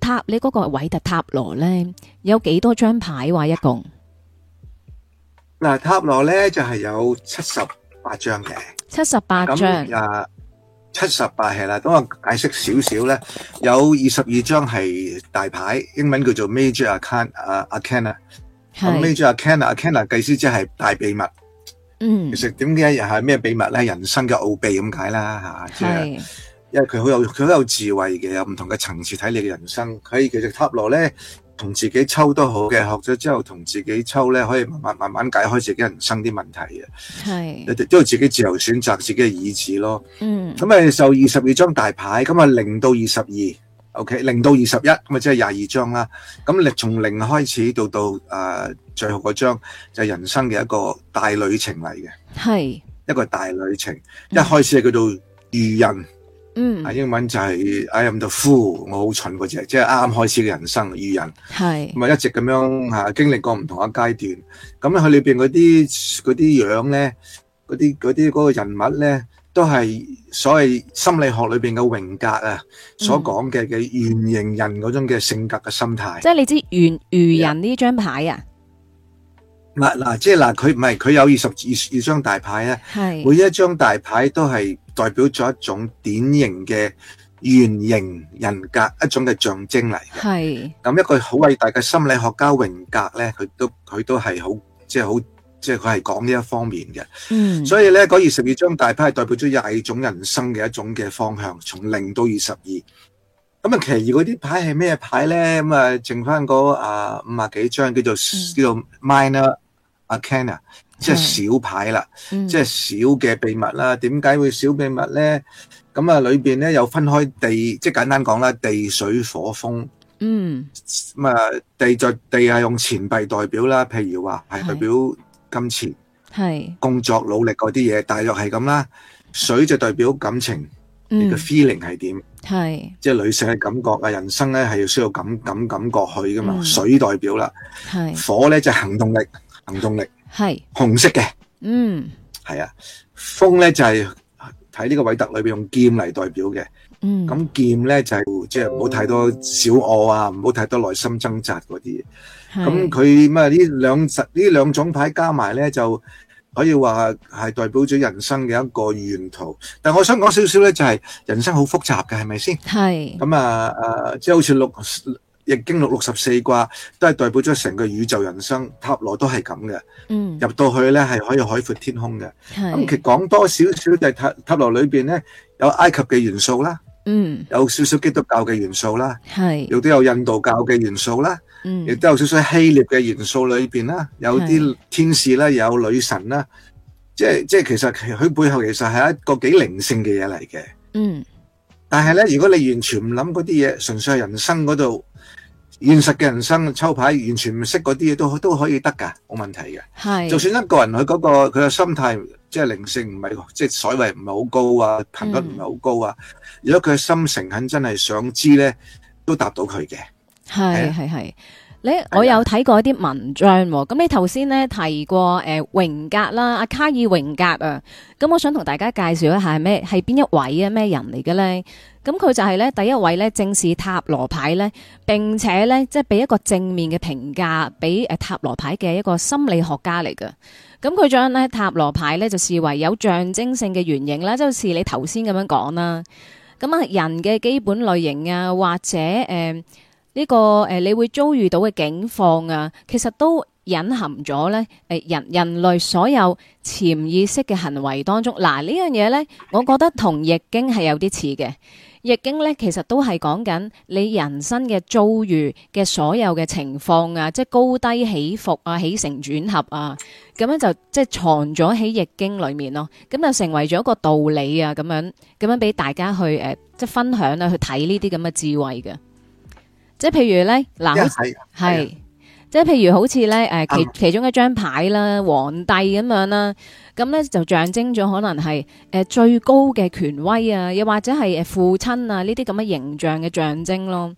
塔，你嗰個韋特塔羅咧有幾多張牌話一共？
嗱，塔羅咧就係、是、有章七十八張嘅，
七十八
張啊，七十八係啦，等我解釋少少咧，有二十二張係大牌，英文叫做 Major Arcana 啊 Arcana 啊，Major 啊 Arcana 啊啊 Arcana 啊，計師即係大秘密，
嗯，其實
點解又係咩秘密咧？人生嘅奧秘咁解啦，吓，即係因為佢好有佢好有智慧嘅，有唔同嘅層次睇你嘅人生，佢其實塔羅咧。同自己抽都好嘅，學咗之後同自己抽咧，可以慢慢慢慢解開自己人生啲問題
嘅。係是，你
哋都要自己自由選擇自己嘅意志咯。
嗯，
咁誒就二十二張大牌，咁啊零到二十二，OK，零到二十一，咁啊即係廿二張啦。咁從零開始到到、呃、最後嗰張，就是、人生嘅一個大旅程嚟嘅。係是一個大旅程，嗯、一開始係叫做愚人。嗯，啊英文就係 I am the fool，我好蠢只啫，即係啱啱開始嘅人生愚人，係咁是一直咁樣吓、啊、經歷過唔同嘅階段，咁佢裏邊嗰啲嗰啲樣咧，嗰啲嗰啲嗰個人物咧，都係所謂心理學裏邊嘅榮格啊、嗯、所講嘅嘅原型人嗰種嘅性格嘅心態。即
係你知愚愚人呢張牌啊？嗱
嗱、嗯啊，即係嗱佢唔係佢有二十二二張大牌啊，係是每一張大牌都係。代表咗一種典型嘅原型人格，一種嘅象徵嚟。
係是。
咁一個好偉大嘅心理學家榮格咧，佢都佢都係好即係好即係佢係講呢一方面嘅。嗯。所以咧，嗰二十二張大牌係代表咗廿二種人生嘅一種嘅方向，從零到二十二。咁啊，其餘嗰啲牌係咩牌咧？咁啊，剩翻嗰啊五十幾張叫做、嗯、叫做 Minor Arcana。即係小牌啦，即係小嘅秘密啦。點解會小秘密咧？咁啊，裏邊咧有分開地，即係簡單講啦，地水火風。嗯。咁啊，地就地係用錢幣代表啦，譬如話係代表金錢。
係。
工作努力嗰啲嘢，大約係咁啦。水就代表感情，你嘅 feeling 係點？係。即係女性嘅感覺啊！人生咧係要需要咁咁感覺去噶嘛？水代表啦。係。火咧就係行動力，行動力。係紅色嘅，嗯，係啊，風咧就係喺呢個韋特裏邊用劍嚟代表嘅，嗯，咁劍咧就係即係唔好太多小我啊，唔好太多內心掙扎嗰啲，
咁佢
咁啊呢兩呢兩種牌加埋咧就可以話係代表咗人生嘅一個沿途，但係我想講少少咧就係人生好複雜嘅係咪先？係，咁啊啊，即係好似六。《易經》六六十四卦，都係代表咗成個宇宙人生，塔羅都係咁嘅，嗯，入到去咧係可以海闊天空嘅。咁其實講多少少就係塔塔羅裏邊咧有埃及嘅元素啦，嗯，有少少基督教嘅元素啦，係，亦都有印度教嘅元素啦，嗯，亦都有少少希臘嘅元素裏邊啦，有啲天使啦，有女神啦，即係即係其實佢背後其實係一個幾靈性嘅嘢嚟嘅，
嗯。
但係咧，如果你完全唔諗嗰啲嘢，純粹係人生嗰度。現實嘅人生抽牌，完全唔識嗰啲嘢都都可以得㗎，冇問題嘅。係，就算一個人佢嗰個佢嘅心態，即係靈性唔係，即係所謂唔係好高啊，頻率唔係好高啊。如果佢嘅心誠懇真係想知咧，都達到佢嘅。
係係
係。我有睇過一啲文章，咁你頭先呢提過誒榮格啦，阿卡爾榮格啊，咁我想同大家介紹一下咩，係邊一位啊咩人嚟嘅呢？咁佢就係呢第一位呢正式塔羅牌呢。並且呢，即係俾一個正面嘅評價，俾塔羅牌嘅一個心理學家嚟嘅。咁佢將呢塔羅牌呢就視為有象徵性嘅原型啦，即好似你頭先咁樣講啦。咁啊，人嘅基本類型啊，或者誒。呃呢、這個誒、呃，你會遭遇到嘅境況啊，其實都隱含咗咧誒，人人類所有潛意識嘅行為當中，嗱、啊這個、呢樣嘢咧，我覺得同易經係有啲似嘅。易經咧，其實都係講緊你人生嘅遭遇嘅所有嘅情況啊，即係高低起伏啊，起承轉合啊，咁樣就即係藏咗喺易經裏面咯。咁就成為咗一個道理啊，咁樣咁樣俾大家去誒、呃，即係分享啊，去睇呢啲咁嘅智慧嘅。即係譬如咧，嗱係，即係譬如好似咧，誒其其中一張牌啦，皇帝咁樣啦，咁咧就象徵咗可能係誒最高嘅權威啊，又或者係誒父親啊呢啲咁嘅形象嘅象徵咯。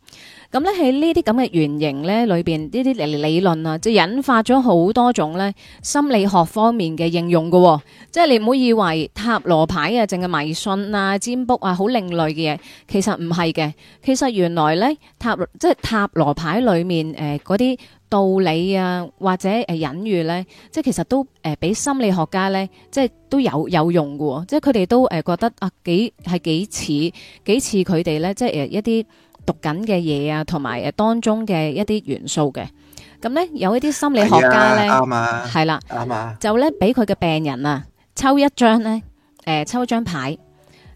咁咧喺呢啲咁嘅原型咧，裏邊呢啲理論啊，即係引發咗好多種咧心理學方面嘅應用喎、哦。即係你唔好以為塔羅牌啊，淨係迷信啊、占卜啊，好另類嘅嘢，其實唔係嘅。其實原來咧塔即係、就是、塔羅牌裏面誒嗰啲道理啊，或者誒隱喻咧，即係其實都誒俾、呃、心理學家咧，即係都有有用噶、哦。即係佢哋都誒、呃、覺得啊幾係幾似幾似佢哋咧，即係誒一啲。讀緊嘅嘢啊，同埋誒當中嘅一啲元素嘅，咁呢，有一啲心理學家呢，係啦、哎，啊對啊、就呢，俾佢嘅病人啊抽一張呢，誒、呃、抽一張牌，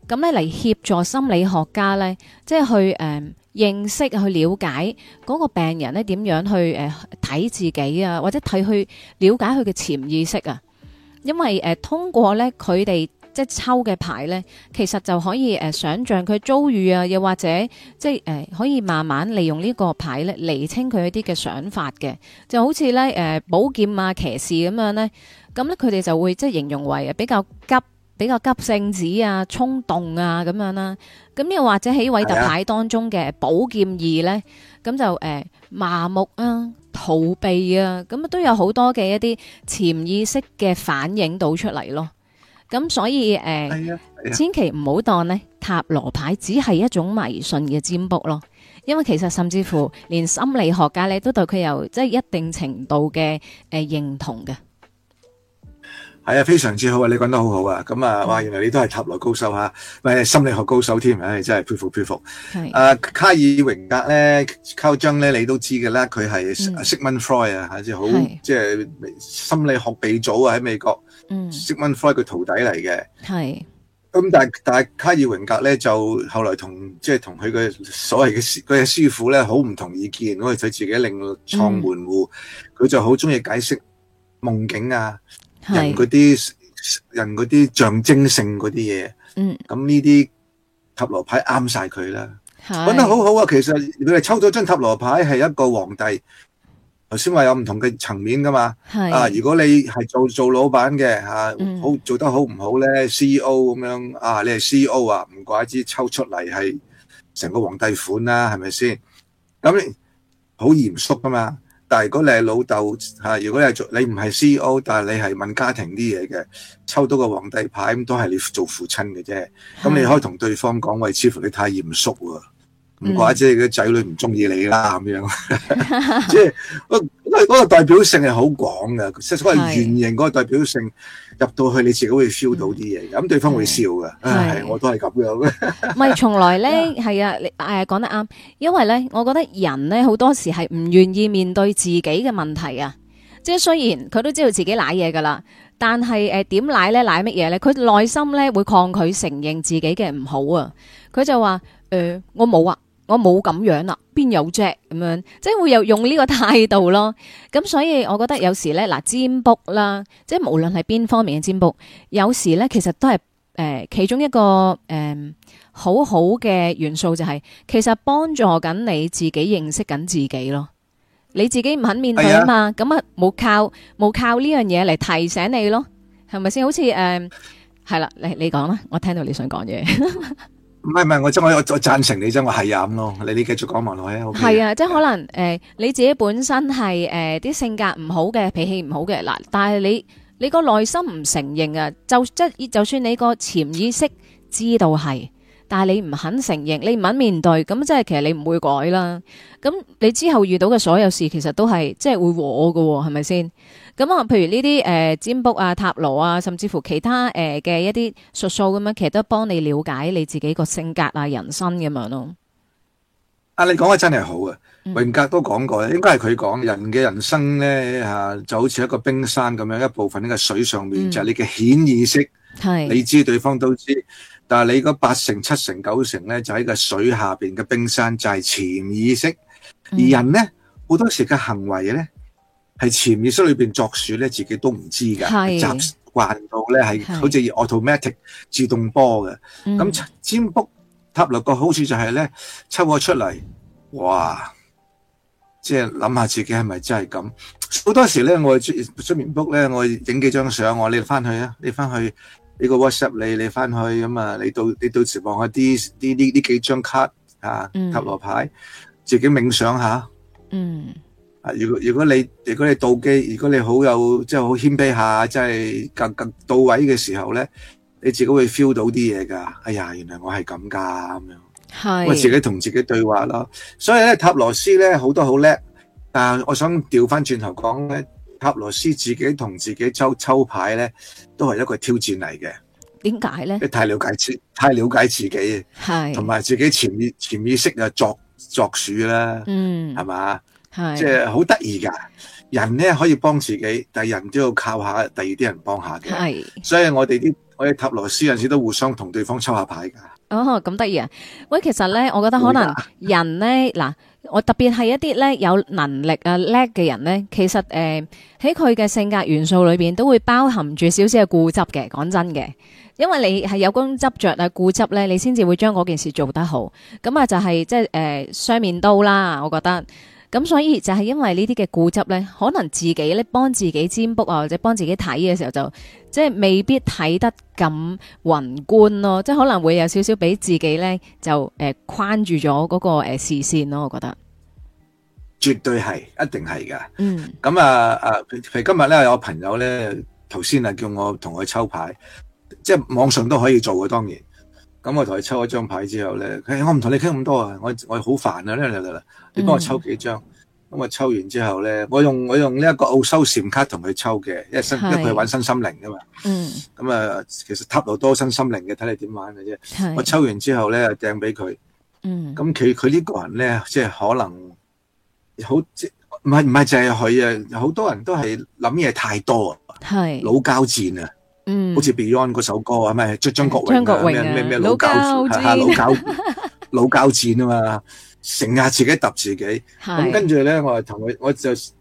咁呢，嚟協助心理學家呢，即係去誒、呃、認識去了解嗰個病人呢點樣去誒睇、呃、自己啊，或者睇去了解佢嘅潛意識啊，因為誒、呃、通過呢，佢哋。即係抽嘅牌咧，其實就可以誒、呃、想像佢遭遇啊，又或者即係誒、呃、可以慢慢利用呢個牌咧釐清佢一啲嘅想法嘅，就好似咧誒寶劍啊騎士咁、啊、樣咧，咁咧佢哋就會即係形容為比較急、比較急性子啊、衝動啊咁樣啦、啊。咁又或者喺韋特牌當中嘅寶劍二咧，咁就誒、呃、麻木啊、逃避啊，咁都有好多嘅一啲潛意識嘅反映到出嚟咯。咁所以誒，呃啊啊、千祈唔好當咧塔羅牌只係一種迷信嘅占卜咯，因為其實甚至乎連心理學家咧都對佢有即係一定程度嘅誒、呃、認同嘅。
係啊，非常之好啊！你講得好好啊！咁啊，的哇！原來你都係塔羅高手吓、啊，唔、啊、係心理學高手添、啊，唉，真係佩服佩服。阿的、啊、卡爾榮格咧，溝通咧，你都知嘅啦，佢係 Sigmund、嗯、Freud 啊，即係好即係心理學鼻祖啊，喺美國。S 嗯 s, Sigmund Freud 個徒弟嚟嘅。係是，咁、嗯、但係但係卡爾榮格咧就後來同即係同佢嘅所謂嘅師佢嘅師傅咧好唔同意見，因為佢自己另創門戶，佢、嗯、就好中意解釋夢境啊，是人嗰啲人嗰啲象徵性嗰啲嘢，嗯，咁呢啲塔羅牌啱晒佢啦，
講是得好
好啊，其實佢哋抽咗張塔羅牌係一個皇帝。頭先話有唔同嘅層面噶嘛，啊，如果你係做做老闆嘅吓，好做得好唔好咧？CEO 咁樣啊，你係 CEO 啊，唔怪之抽出嚟係成個皇帝款啦，係咪先？咁你好嚴肅噶嘛，但係如果你係老豆吓，如果你係做你唔係 CEO，但係你係問家庭啲嘢嘅，抽到個皇帝牌咁都係你做父親嘅啫，咁你可以同對方講，喂，似乎你太嚴肅喎。唔怪之，你啲仔女唔中意你啦，咁樣即係，因為嗰個代表性係好廣嘅，即係所謂圓形嗰個代表性入到去，你自己會 feel 到啲嘢，咁對方會笑嘅，係我都係咁樣。
咪從來咧，係啊，你誒講得啱，因為咧，我覺得人咧好多時係唔願意面對自己嘅問題啊，即係雖然佢都知道自己瀨嘢噶啦，但係誒點瀨咧瀨乜嘢？咧佢內心咧會抗拒承認自己嘅唔好啊，佢就話誒我冇啊。我冇咁樣啦，啊，邊有啫？咁樣即係會有用呢個態度咯。咁所以我覺得有時咧，嗱占卜啦，即係無論係邊方面嘅占卜，有時咧其實都係誒、呃、其中一個誒、呃、好好嘅元素，就係，就係其實幫助緊你自己認識緊自己咯。你自己唔肯面對啊嘛，咁啊冇靠冇靠呢樣嘢嚟提醒你咯，係咪先？好似誒係啦，你你講啦，我聽到你想講嘢。
唔係唔係，我真係我我贊成你真係，我係咁咯。你你繼續講埋落去啊，係、OK？
啊，即係可能誒、呃，你自己本身係誒啲性格唔好嘅，脾氣唔好嘅嗱，但係你你個內心唔承認啊，就即係就算你個潛意識知道係。但係你唔肯承認，你唔肯面對，咁即係其實你唔會改啦。咁你之後遇到嘅所有事，其實都係即係會和喎，係咪先？咁啊，譬如呢啲誒占卜啊、塔羅啊，甚至乎其他誒嘅、呃、一啲術數咁樣，其實都幫你了解你自己個性格啊、人生咁樣咯、
啊嗯。啊，你講得真係好啊！榮格都講過，應該係佢講人嘅人生咧就好似一個冰山咁樣，一部分呢個水上面就係你嘅顯意識，係、嗯、你知對方都知。但係你個八成、七成、九成咧，就喺、是、個水下邊嘅冰山，就係、是、潛意識。嗯、而人咧，好多時嘅行為咧，係潛意識裏邊作主咧，自己都唔知噶。係習慣到咧，係好似 automatic 自動波嘅。咁占是、嗯、卜塔羅個，好處就係咧抽我出嚟，哇！即係諗下自己係咪真係咁？好多時咧，我出出面卜咧，我影幾張相，我你翻去啊，你翻去。呢個 WhatsApp，你你翻去咁啊，你到你到時望下啲啲啲啲幾張卡嚇，塔羅牌自己冥想下。嗯。啊，如果如果你如果你倒機，如果你好有即係好謙卑下，即係更更到位嘅時候咧，你自己會 feel 到啲嘢㗎。哎呀，原來我係咁㗎咁樣。
係。我，自己
同自己對話咯。所以咧，塔羅師咧好多好叻，但係我想調翻轉頭講咧。塔羅斯自己同自己抽抽牌咧，都係一個挑戰嚟嘅。
點解咧？太
了解自太了解自己，
係同
埋自己潛意潛意識又作作主啦。
嗯，係嘛吧，係即係
好得意噶人咧可以幫自己，但係人都要靠下第二啲人幫下嘅。係是，所以我哋啲我哋塔羅斯有時都互相同對方抽下牌噶。
哦，咁得意啊！喂，其實咧，我覺得可能人咧嗱。會的 我特別係一啲咧有能力啊叻嘅人咧，其實誒喺佢嘅性格元素裏邊都會包含住少少嘅固執嘅，講真嘅，因為你係有功執著啊固執咧，你先至會將嗰件事做得好，咁啊就係即係誒雙面刀啦，我覺得。咁所以就係因為這些呢啲嘅固執咧，可能自己咧幫自己占卜啊，或者幫自己睇嘅時候就，就即係未必睇得咁宏觀咯，即係可能會有少少俾自己咧就誒框住咗嗰個誒視線咯，我覺得
絕對係一定係㗎，嗯，咁啊啊，譬如今日咧有朋友咧頭先啊叫我同佢抽牌，即係網上都可以做嘅，當然。咁我同佢抽一張牌之後咧，我唔同你傾咁多啊，我我好煩啊呢嚟嚟嚟，你幫我抽幾張。咁、嗯、我抽完之後咧，我用我用呢一個奧修禪卡同佢抽嘅，因為身是因佢玩身心靈啊嘛。嗯。咁啊，其實塔羅多身心靈嘅，睇你點玩嘅啫。是我抽完之後咧，掟俾佢。嗯。
咁
佢佢呢個人咧，即係可能好即唔係唔係淨係佢啊，好多人都係諗嘢太多啊，是腦交戰啊。嗯，好似 Beyond 嗰首歌啊，咪張張國榮啊，咩咩老交老交老交戰啊嘛，成日自己揼自己。咁跟住咧，我同佢，我就誒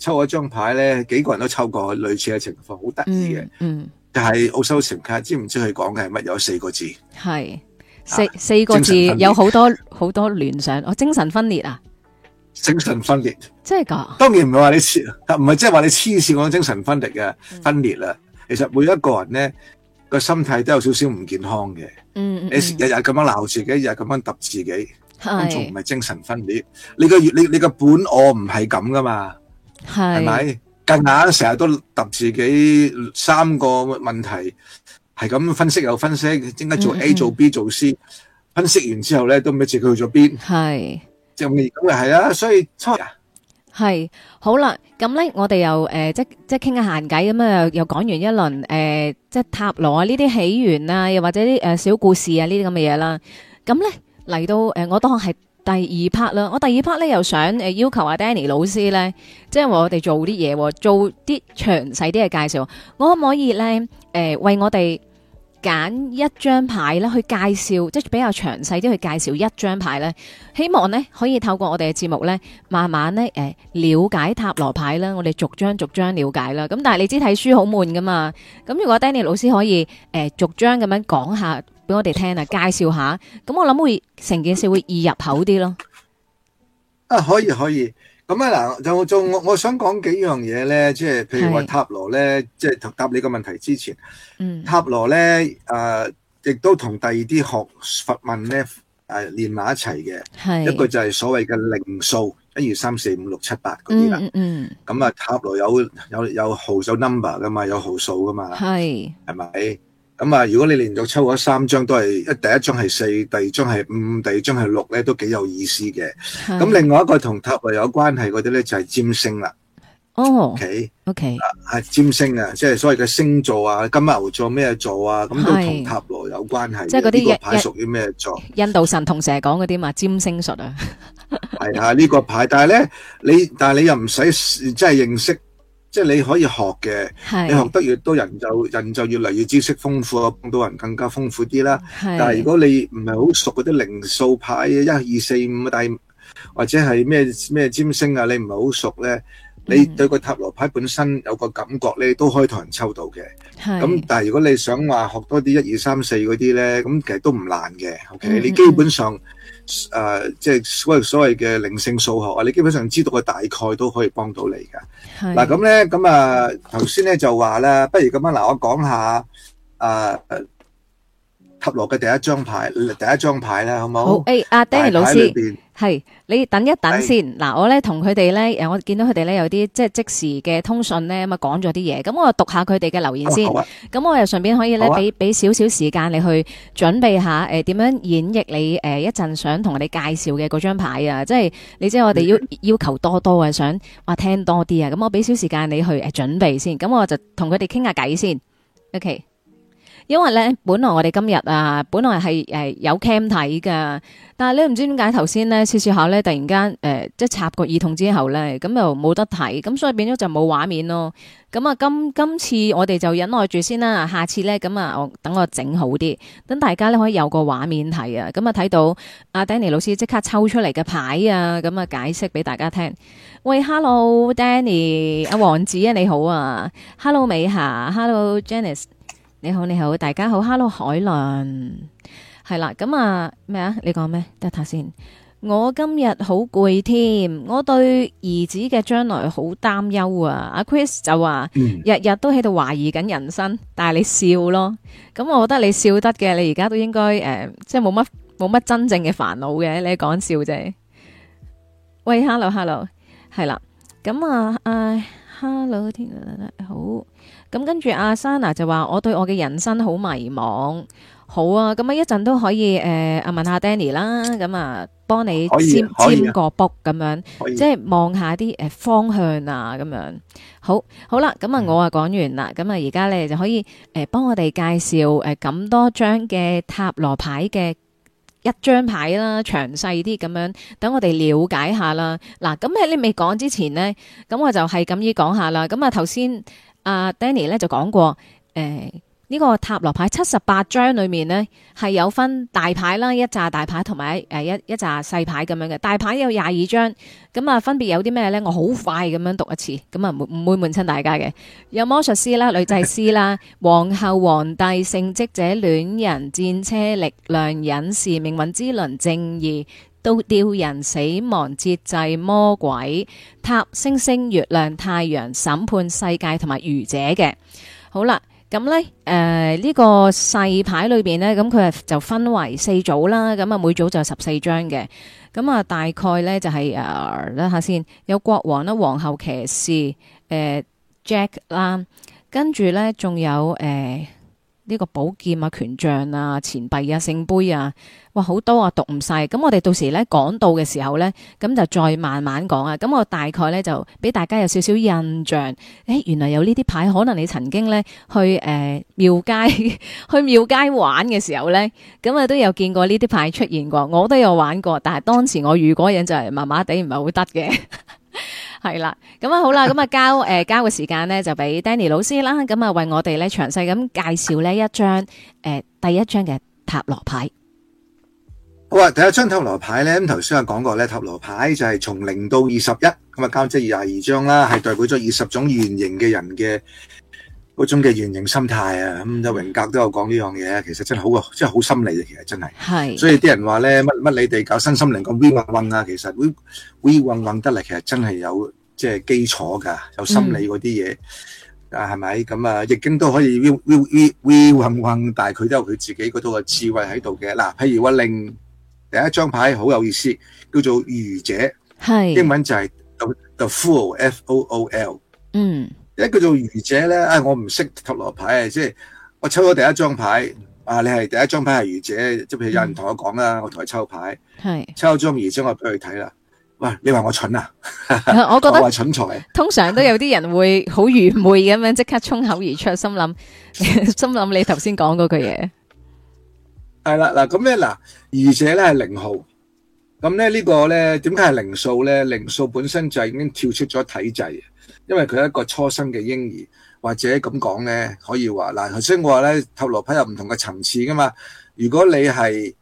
抽咗張牌咧，幾個人都抽過類似嘅情況，好得
意嘅。
嗯，但係奧修禪卡，知唔知佢講嘅係乜？有四個字，
係四四個字，有好多好多聯想。我精神分裂啊，
精神分裂，真係噶？當然唔係話你黐，唔係即係話你黐線，我精神分裂嘅分裂啦。其實每一個人咧，個心態都有少少唔健康嘅，嗯，你日日咁樣鬧自己，日日咁樣揼自己，
咁仲
唔係精神分裂？你個月你你個本我唔係咁噶嘛，
係咪？
近眼成日都揼自己三個問題，係咁分析又分析，點解做 A 做 B 做 C？分析完之後咧，都唔知佢去咗邊，係即係咁嘅係啊，所以。
係好
啦，咁咧我哋又誒、呃、即即傾下閒偈咁樣又講完一輪誒、呃、即塔羅啊呢啲起源啊，又或者啲誒、呃、小故事啊呢啲咁嘅嘢啦，咁咧嚟到誒、呃、我當係第二 part 啦，我第二 part 咧又想誒要求阿 Danny 老師咧，即係我哋做啲嘢，做啲詳細啲嘅介紹，我可唔可以咧誒、呃、為我哋？揀一張牌咧，去介紹，即係比較詳細啲去介紹一張牌咧。希望咧可以透過我哋嘅節目咧，慢慢咧誒了解塔羅牌啦。我哋逐張逐張了解啦。咁但係你知睇書好悶㗎嘛？咁如果 Danny 老師可以誒逐張咁樣講下俾我哋聽啊，介紹下，咁我諗會成件事會易入口啲咯。
啊，可以可以。咁啊嗱，就就我我想講幾樣嘢咧，即係、是、譬如話塔羅咧，即係答答你個問題之前，嗯、塔羅咧，誒、呃，亦都同第二啲學佛問咧，誒、呃，連埋一齊嘅，是一個就係所謂嘅零數，一、二、嗯嗯嗯、三、四、五、六、七、八嗰啲啦。嗯咁啊，塔羅有有有號數 number 噶嘛，有號數噶嘛。係是。係咪？咁啊！如果你連續抽咗三張都係一，第一張係四，第二張係五，第二張係六咧，都幾有意思嘅。咁的另外一個同塔羅有關係嗰啲咧，就係占星啦。哦，OK，OK，係占星啊，即係所謂嘅星座啊，金牛座咩座啊，咁都同塔羅有關係。即係嗰啲牌屬於咩座？
印度神童成日講嗰啲嘛，占星術啊。
係 啊，呢個牌，但係咧，你但係你又唔使即係認識。即係你可以學嘅，你學得越多人就人就越嚟越知識豐富啊，幫到人更加豐富啲啦。是但係如果你唔係好熟嗰啲零數牌啊，一二四五啊，但或者係咩咩占星啊，你唔係好熟咧，你對個塔羅牌本身有個感覺咧，都可以同人抽到嘅。咁是但係如果你想話學多啲一二三四嗰啲咧，咁其實都唔難嘅。OK，你基本上。嗯嗯誒、呃，即係所謂所謂嘅靈性數學啊！你基本上知道個大概都可以幫到你
㗎。嗱是，咁
咧，咁啊，頭先咧就話咧，不如咁啊，嗱，我講下誒，落嘅第一張牌，第一張牌啦，好冇？
好，誒好，阿
Danny 老師，係你等一等先，嗱是，我咧同佢哋咧，誒，我見到佢哋咧有啲即係即時嘅通訊咧，咁啊講咗啲嘢，咁我讀下佢哋嘅留言先，咁、啊、我又順便可以咧俾俾少少時間你去準備下，誒、呃，點樣演繹你誒、呃、一陣想同我哋介紹嘅嗰張牌啊，即係你知我哋要、嗯、要求多多啊，想話聽多啲啊，咁我俾少時間你去誒準備先，咁我就同佢哋傾下偈先，OK。因為咧，本來我哋今日啊，本來係誒有 cam 睇噶，但係咧唔知點解頭先咧，試試下咧，突然間誒、呃、即係插個耳筒之後咧，咁又冇得睇，咁所以變咗就冇畫面咯。咁啊今今次我哋就忍耐住先啦，下次咧咁啊，等我整好啲，等大家咧可以有個畫面睇啊，咁啊睇到阿 Danny 老師即刻抽出嚟嘅牌啊，咁啊解釋俾大家聽。喂，Hello Danny，阿王子啊你好啊，Hello 美霞，Hello Janice。你好，你好，大家好，哈嘍 Hello,，海倫，係啦，咁啊，咩啊？你講咩？得睇先。我今日好攰添，我對兒子嘅將來好擔憂啊。阿 Chris 就話，日日，嗯、都喺度懷疑緊人生，但係你笑咯。咁我覺得你笑得嘅，你而家都應該誒、呃，即係冇乜冇乜真正嘅煩惱嘅，你講笑啫。喂，哈嘍，哈嘍，係啦，咁啊，
唉、哎，哈嘍，天，天好。
咁跟住阿 Sana 就話我對我嘅人生好迷茫，好啊，咁啊一陣都可以誒、呃，問下 Danny 啦，咁啊幫你占占個卜咁樣，即係望下啲誒方向啊咁樣，好，好啦，咁啊我啊講完啦，咁啊而家咧就可以誒、呃、幫我哋介紹誒咁、呃、多張嘅塔羅牌嘅一張牌啦，詳細啲咁樣，等我哋了解下啦。嗱，咁喺你未講之前呢，咁我就係咁意講下啦。咁啊頭先。啊、uh，Danny 咧就講過，誒、呃、呢、這個塔羅牌七十八張裏面呢，係有分大牌啦，一扎大牌同埋誒一一扎細牌咁樣嘅。大牌有廿二張咁啊，分別有啲咩呢？我好快咁樣讀一次咁啊，唔會悶親大家嘅。有魔術師啦、女祭司啦、皇后、皇帝、聖職者、戀人、戰車、力量、隱士、命運之輪、正義。都吊人、死亡、節制、魔鬼、塔、星星、月亮、太陽、審判、世界同埋愚者嘅好啦，咁呢誒呢、呃這個細牌裏邊呢，咁佢係就分為四組啦，咁啊每組就十四張嘅，咁啊大概呢，就係啊諗下先，有國王啦、皇后、騎士、誒、呃、Jack 啦，跟住呢仲有誒。呃呢個寶劍啊、權杖啊、錢幣啊、聖杯啊，哇，好多啊，讀唔晒。咁我哋到時咧講到嘅時候咧，咁就再慢慢講啊。咁我大概咧就俾大家有少少印象。誒，原來有呢啲牌，可能你曾經咧去誒呃、廟街 去廟街玩嘅時候咧，咁啊都有見過呢啲牌出現過。我都有玩過，但係當時我如果人就係麻麻地，唔係好得嘅。 係啦，咁啊好啦，咁啊交誒、呃、交嘅時間呢就俾 Danny 老師啦，咁啊為我哋呢詳細咁介紹呢一張誒第一張嘅塔羅牌。
好、呃、啊，第一張塔羅牌，牌呢咁頭先啊講過呢塔羅牌就係從零到二十一，咁啊交即係廿二張啦，係代表咗二十種原型嘅人嘅。嗰種嘅原型心態啊，咁有榮格都有講呢樣嘢其實真係好啊，真係好心理嘅其實真係。係。所以啲人話咧，乜乜你哋搞新心靈講 we 揾揾啊，其實 we we 揾揾得嚟，其實真係有即係基礎㗎，有心理嗰啲嘢啊，係咪、嗯？咁啊，易經都可以 we we we 揾揾，但係佢都有佢自己嗰套嘅智慧喺度嘅。嗱、啊，譬如我令第一張牌好有意思，叫做愚者，是英文就係 the fool，F O O L。
嗯。
一叫做愚者咧，唉、哎，我唔識塔羅牌啊，即係我抽咗第一張牌，啊，你係第一張牌係愚者，即係譬如有人同我講啦，嗯、我同佢抽牌，係是抽咗張愚者，我俾佢睇啦。喂，你話我蠢啊？ 我覺得我，我話蠢材，
通常都有啲人會好愚昧咁樣即刻衝口而出，心諗心諗你頭先講嗰句嘢。
係啦，嗱咁咧，嗱愚者咧係零號，咁咧呢個咧點解係零數咧？零數本身就係已經跳出咗體制。因為佢係一個初生嘅嬰兒，或者咁講咧，可以話，嗱頭先我話咧，塔羅牌有唔同嘅層次噶嘛。如果你係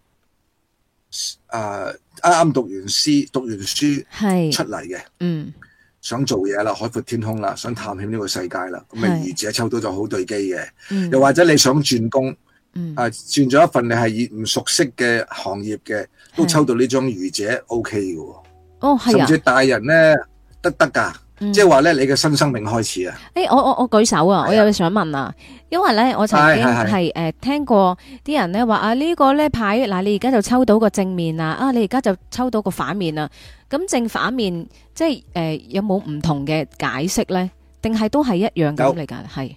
啊啱啱讀完詩讀完書是出嚟嘅，嗯，想做嘢啦，海闊天空啦，想探險呢個世界啦，咁啊是愚者抽到就好對機嘅。嗯、又或者你想轉工，嗯、啊轉咗一份你係唔熟悉嘅行業嘅，是都抽到呢張愚者 O K 嘅。Okay、哦，係、哦啊、甚至大人咧得得噶。即係話咧，你嘅新生命開始啊！
誒，我我我舉手啊！我有啲想問啊，因為咧我曾經係誒聽過啲人咧話啊，呢個咧牌嗱，你而家就抽到個正面啊，啊你而家就抽到個反面啊，咁正反面即係誒有冇唔同嘅解釋咧？定係都係一樣咁嚟噶？係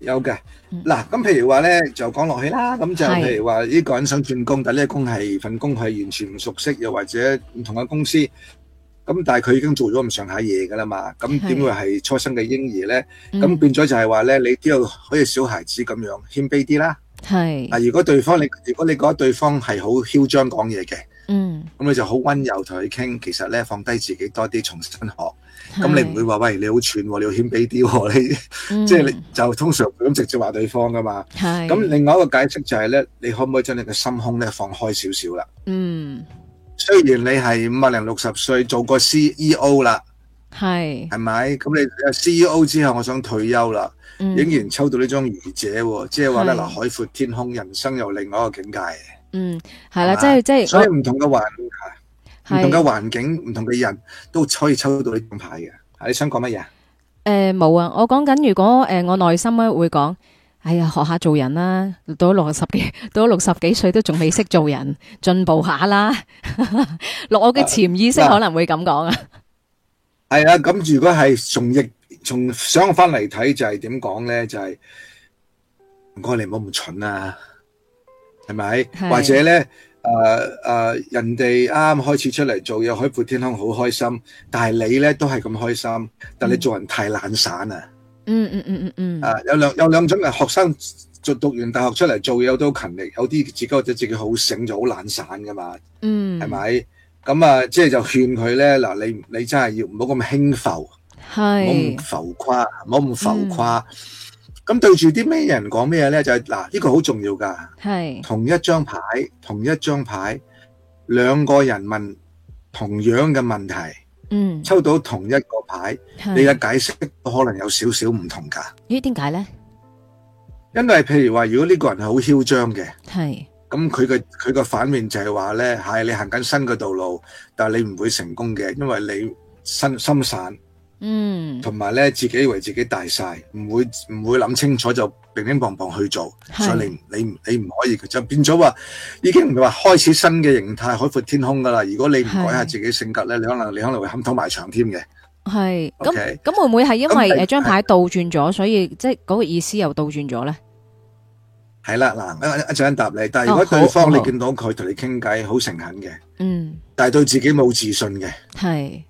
有嘅嗱，咁譬如話咧就講落去啦，咁就譬如話呢個人想轉工，但呢個工係份工係完全唔熟悉，又或者唔同嘅公司。咁但係佢已經做咗咁上下嘢㗎啦嘛，咁點會係初生嘅嬰兒咧？咁、嗯、變咗就係話咧，你都要好似小孩子咁樣謙卑啲啦。係是。如果對方你，如果你覺得對方係好囂張講嘢嘅，嗯，咁你就好温柔同佢傾，其實咧放低自己多啲，重新學。咁是你唔會話喂你好串喎，你要謙卑啲喎，你即係、嗯、 你就通常咁直接話對方㗎嘛。係
是。
咁另
外一個解釋就係咧，你可唔可以將你嘅心胸咧放開少少啦？嗯。雖然你係五啊零六十歲做過 CEO 啦，
係係
咪？咁你做 CEO 之後，我想退休啦。嗯，仍然抽到這種、就是、呢張愚者，即係話咧，嗱，海闊天空，人生又另外一個境界嘅。嗯，
係啦，是吧即係即係。所以唔
同嘅環，唔我
同嘅
環境，唔的同嘅人都可以抽到呢種牌嘅。啊，你想講乜嘢？
誒、呃，冇啊，我講緊如果誒、呃，我內心咧會講。哎呀，學下做人啦！到咗六十幾，到咗六十幾歲都仲未識做人，進步下啦！我嘅潛意識可能會咁講
啊。係啦，咁如果係從逆從相反嚟睇，就係點講咧？就係唔該你唔好咁蠢啊，係咪？或者咧，誒誒，人哋啱啱開始出嚟做嘢，海闊天空，好開心。但係你咧都係咁開心，但你做人太懶散啊。
嗯嗯嗯嗯嗯，啊、
嗯嗯嗯 uh，有兩有兩種嘅學生，做讀完大學出嚟做嘢，都好勤力，有啲自己或者自己好醒，就好懶散噶嘛。嗯，
係咪？
咁啊，即係就勸佢咧嗱，你你真係要唔好咁輕浮，係是，唔好咁浮誇，唔好咁浮誇。咁、嗯、對住啲咩人講咩嘢咧？就係、是、嗱，呢、這個好重要噶。係是，同一張牌，同一張牌，兩個人問同樣嘅問題。嗯，抽到同一個牌，是你嘅解釋可能有少少唔同噶。
咦，點解呢？
因為譬如話，如果呢個人係好囂張嘅，
係是，
咁佢嘅佢嘅反面就係話呢，係你行緊新嘅道路，但係你唔會成功嘅，因為你心心散。嗯，同埋咧，自己以為自己大晒，唔會唔會諗清楚就乒乒乓乓去做，所以你你你唔可以，就變咗話已經唔係話開始新嘅形態，海闊天空噶啦。如果你唔改下自己性格咧，你可能你可能會撼頭埋牆添嘅。
係，OK，
咁會唔會係因為誒張牌倒轉咗，所以即係嗰個意思又倒轉咗咧？
係啦，嗱，一陣間答你。但係如果對方你見到佢同你傾偈好誠懇嘅，嗯，但係對自己冇自信嘅，係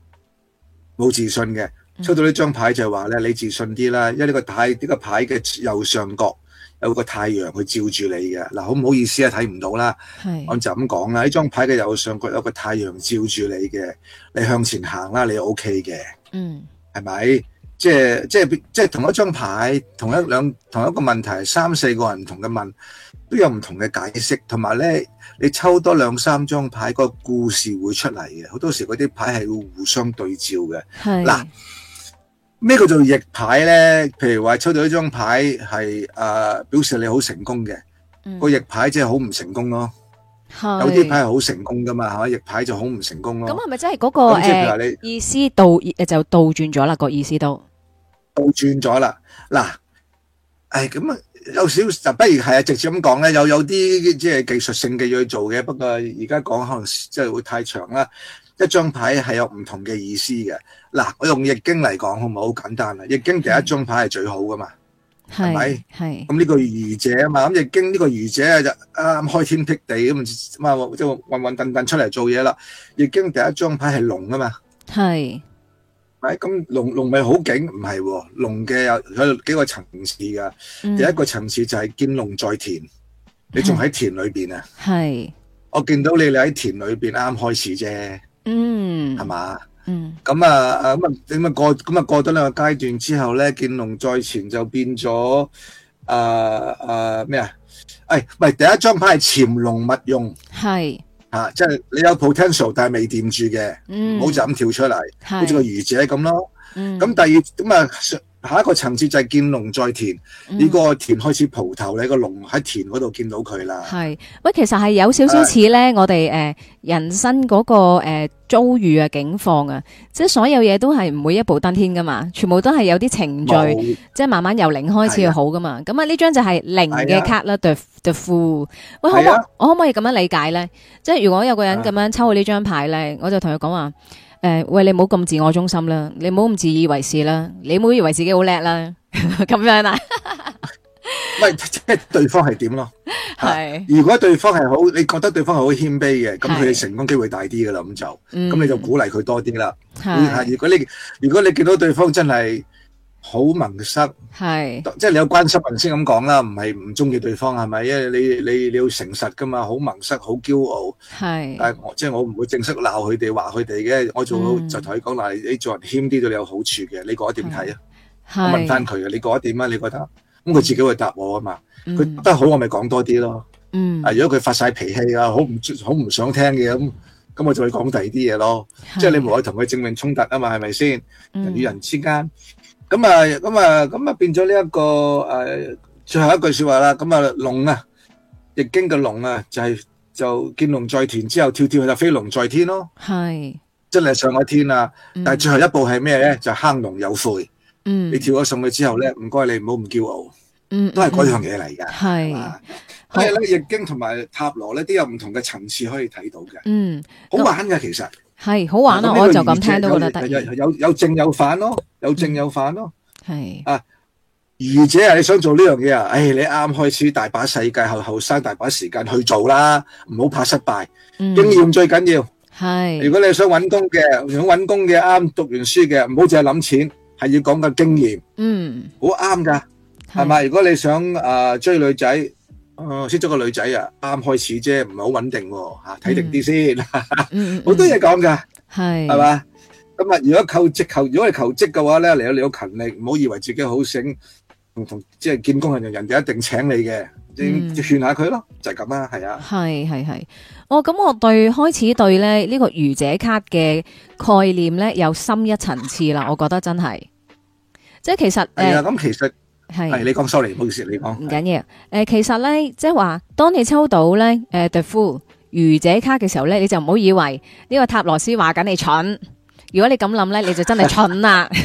冇自信嘅。嗯、抽到呢張牌就係話咧，你自信啲啦，因為呢個牌呢，呢個牌嘅右上角有個太陽去照住你嘅。嗱，好唔好意思啊，睇唔到啦，係是我就咁講啦，呢張牌嘅右上角有個太陽照住你嘅，你向前行啦，你 O K 嘅，
嗯，
係咪？即係即係即係同一張牌，同一兩同一個問題，三四個人唔同嘅問，都有唔同嘅解釋，同埋咧，你抽多兩三張牌，個故事會出嚟嘅，好多時嗰啲牌係會互相對照嘅，嗱是。咩叫做逆牌咧？譬如話抽到一張牌係誒、呃，表示你好成功嘅。嗯、個逆牌即係好唔成功咯。
係。有啲牌
係好成功噶嘛，係、啊、咪？逆牌就好唔成功咯。咁係
咪即係嗰個譬如你、呃、意思倒誒就倒轉咗啦？個意思都
倒轉咗啦。嗱，誒咁啊，有少就不如係啊，直接咁講咧。有有啲即係技術性嘅要做嘅，不過而家講可能即係會太長啦。一張牌係有唔同嘅意思嘅。嗱，我用易經嚟講，好唔好？好簡單啊！易經第一張牌係最好噶嘛，
係咪是？係。
咁呢個愚者啊嘛，咁易經呢個愚者就啱、啊、開天闢地咁，就即係混混沌沌出嚟做嘢啦。易經第一張牌係龍啊嘛，
係是。
咁龍龍咪好勁？唔係喎，龍嘅有有幾個層次噶，嗯、第一個層次就係見龍在田，你仲喺田裏邊啊？係。是我見到你你喺田裏邊啱開始啫。嗯，係嘛吧，嗯，咁啊，咁啊，咁啊過，咁啊過咗兩個階段之後咧，見龍在前就變咗，誒誒咩啊？誒，唔係第一張牌係潛龍勿用，係吓，即係你有 potential 但係未掂住嘅，唔好就咁跳出嚟，好似是個愚者咁咯。咁、嗯、第二，咁啊。下一個層次就係見龍在田，呢、嗯、個田開始蒲頭咧，這個龍喺田嗰度見到佢啦。
係喂，其實係有少少似咧，我哋誒人生嗰、那個誒、呃、遭遇啊境況啊，即係所有嘢都係唔會一步登天噶嘛，全部都係有啲程序，有即係慢慢由零開始好噶嘛。咁啊呢張就係零嘅卡啦，The Fool。喂，可唔可的我可唔可以咁樣理解咧？即係如果有個人咁樣抽到呢張牌咧，的我就同佢講話。誒，喂，你唔好咁自我中心啦，你唔好咁自以為是啦，你唔好以為自己好叻啦，咁樣啊？
喂，即係對方係點咯？係如果對方係好，你覺得對方係好謙卑嘅，咁佢嘅成功機會大啲噶啦，咁就咁你就鼓勵佢多啲啦。係，如果你如果你見到對方真係。好盟塞，係是即係你有關心人先咁講啦，唔係唔中意對方係咪？因為你你你要誠實噶嘛，好盟塞，好驕傲，係是。但係即係我唔會正式鬧佢哋，話佢哋嘅，我做、嗯、就同佢講，但你做人謙啲對你有好處嘅，你覺得點睇啊？我問翻佢嘅，你覺得點啊？你覺得？咁佢自己會答我噶嘛？佢、嗯、得好，我咪講多啲咯。嗯、啊，如果佢發晒脾氣啦，好唔好唔想聽嘅咁，咁我就會講第二啲嘢咯。是即係你唔可以同佢正面衝突啊嘛？係咪先？嗯、人與人之間。咁啊，咁啊，咁啊，變咗呢一個誒，最後一句說話啦。咁啊，龍啊，《易經》嘅龍啊，就係、是、就見龍在田之後，跳跳就飛龍在天咯。係是真係上咗天啊、嗯、但係最後一步係咩咧？就亢、是、龍有悔。嗯，你跳咗上去之後咧，唔該你唔好咁驕傲。嗯，嗯，
都係嗰樣嘢嚟噶。係是，
所以咧，好《易經》同埋塔羅咧，都有唔同嘅層次可以睇到
嘅。嗯，
好猛嘅，其實。
係好玩啊！我就咁聽到我覺得
得，有有正有反咯，有正有反咯。係啊，而且係你想做呢樣嘢啊，唉，你啱開始大把世界後後生大把時間去做啦，唔好怕失敗經驗最緊要。係如果你想搵工嘅，想搵工嘅啱讀完書嘅，唔好淨係諗錢，係要講個經驗。嗯，好啱噶，係咪？如果你想誒追女仔？哦，識咗個女仔啊，啱開始啫，唔係好穩定喎，吓睇定啲先，好、嗯、 多嘢講噶，
係係嘛，
咁啊、嗯，如果求職求如果係求職嘅話咧，嚟到你要勤力，唔好以為自己好醒，唔同即係見工人，人哋一定請你嘅，你勸下佢咯，嗯、就咁啊，係啊，
係係係，哦，咁我對開始對咧呢個愚者卡嘅概念咧有深一層次啦，我覺得真係，即係其實，係咁其實。
係，你講 sorry，唔好
意思，你講唔緊要。誒、呃，其實咧，即係話，當你抽到咧，誒、呃，The Fool 愚者卡嘅時候咧，你就唔好以為呢個塔羅斯話緊你蠢。如果你咁諗咧，你就真係蠢啦。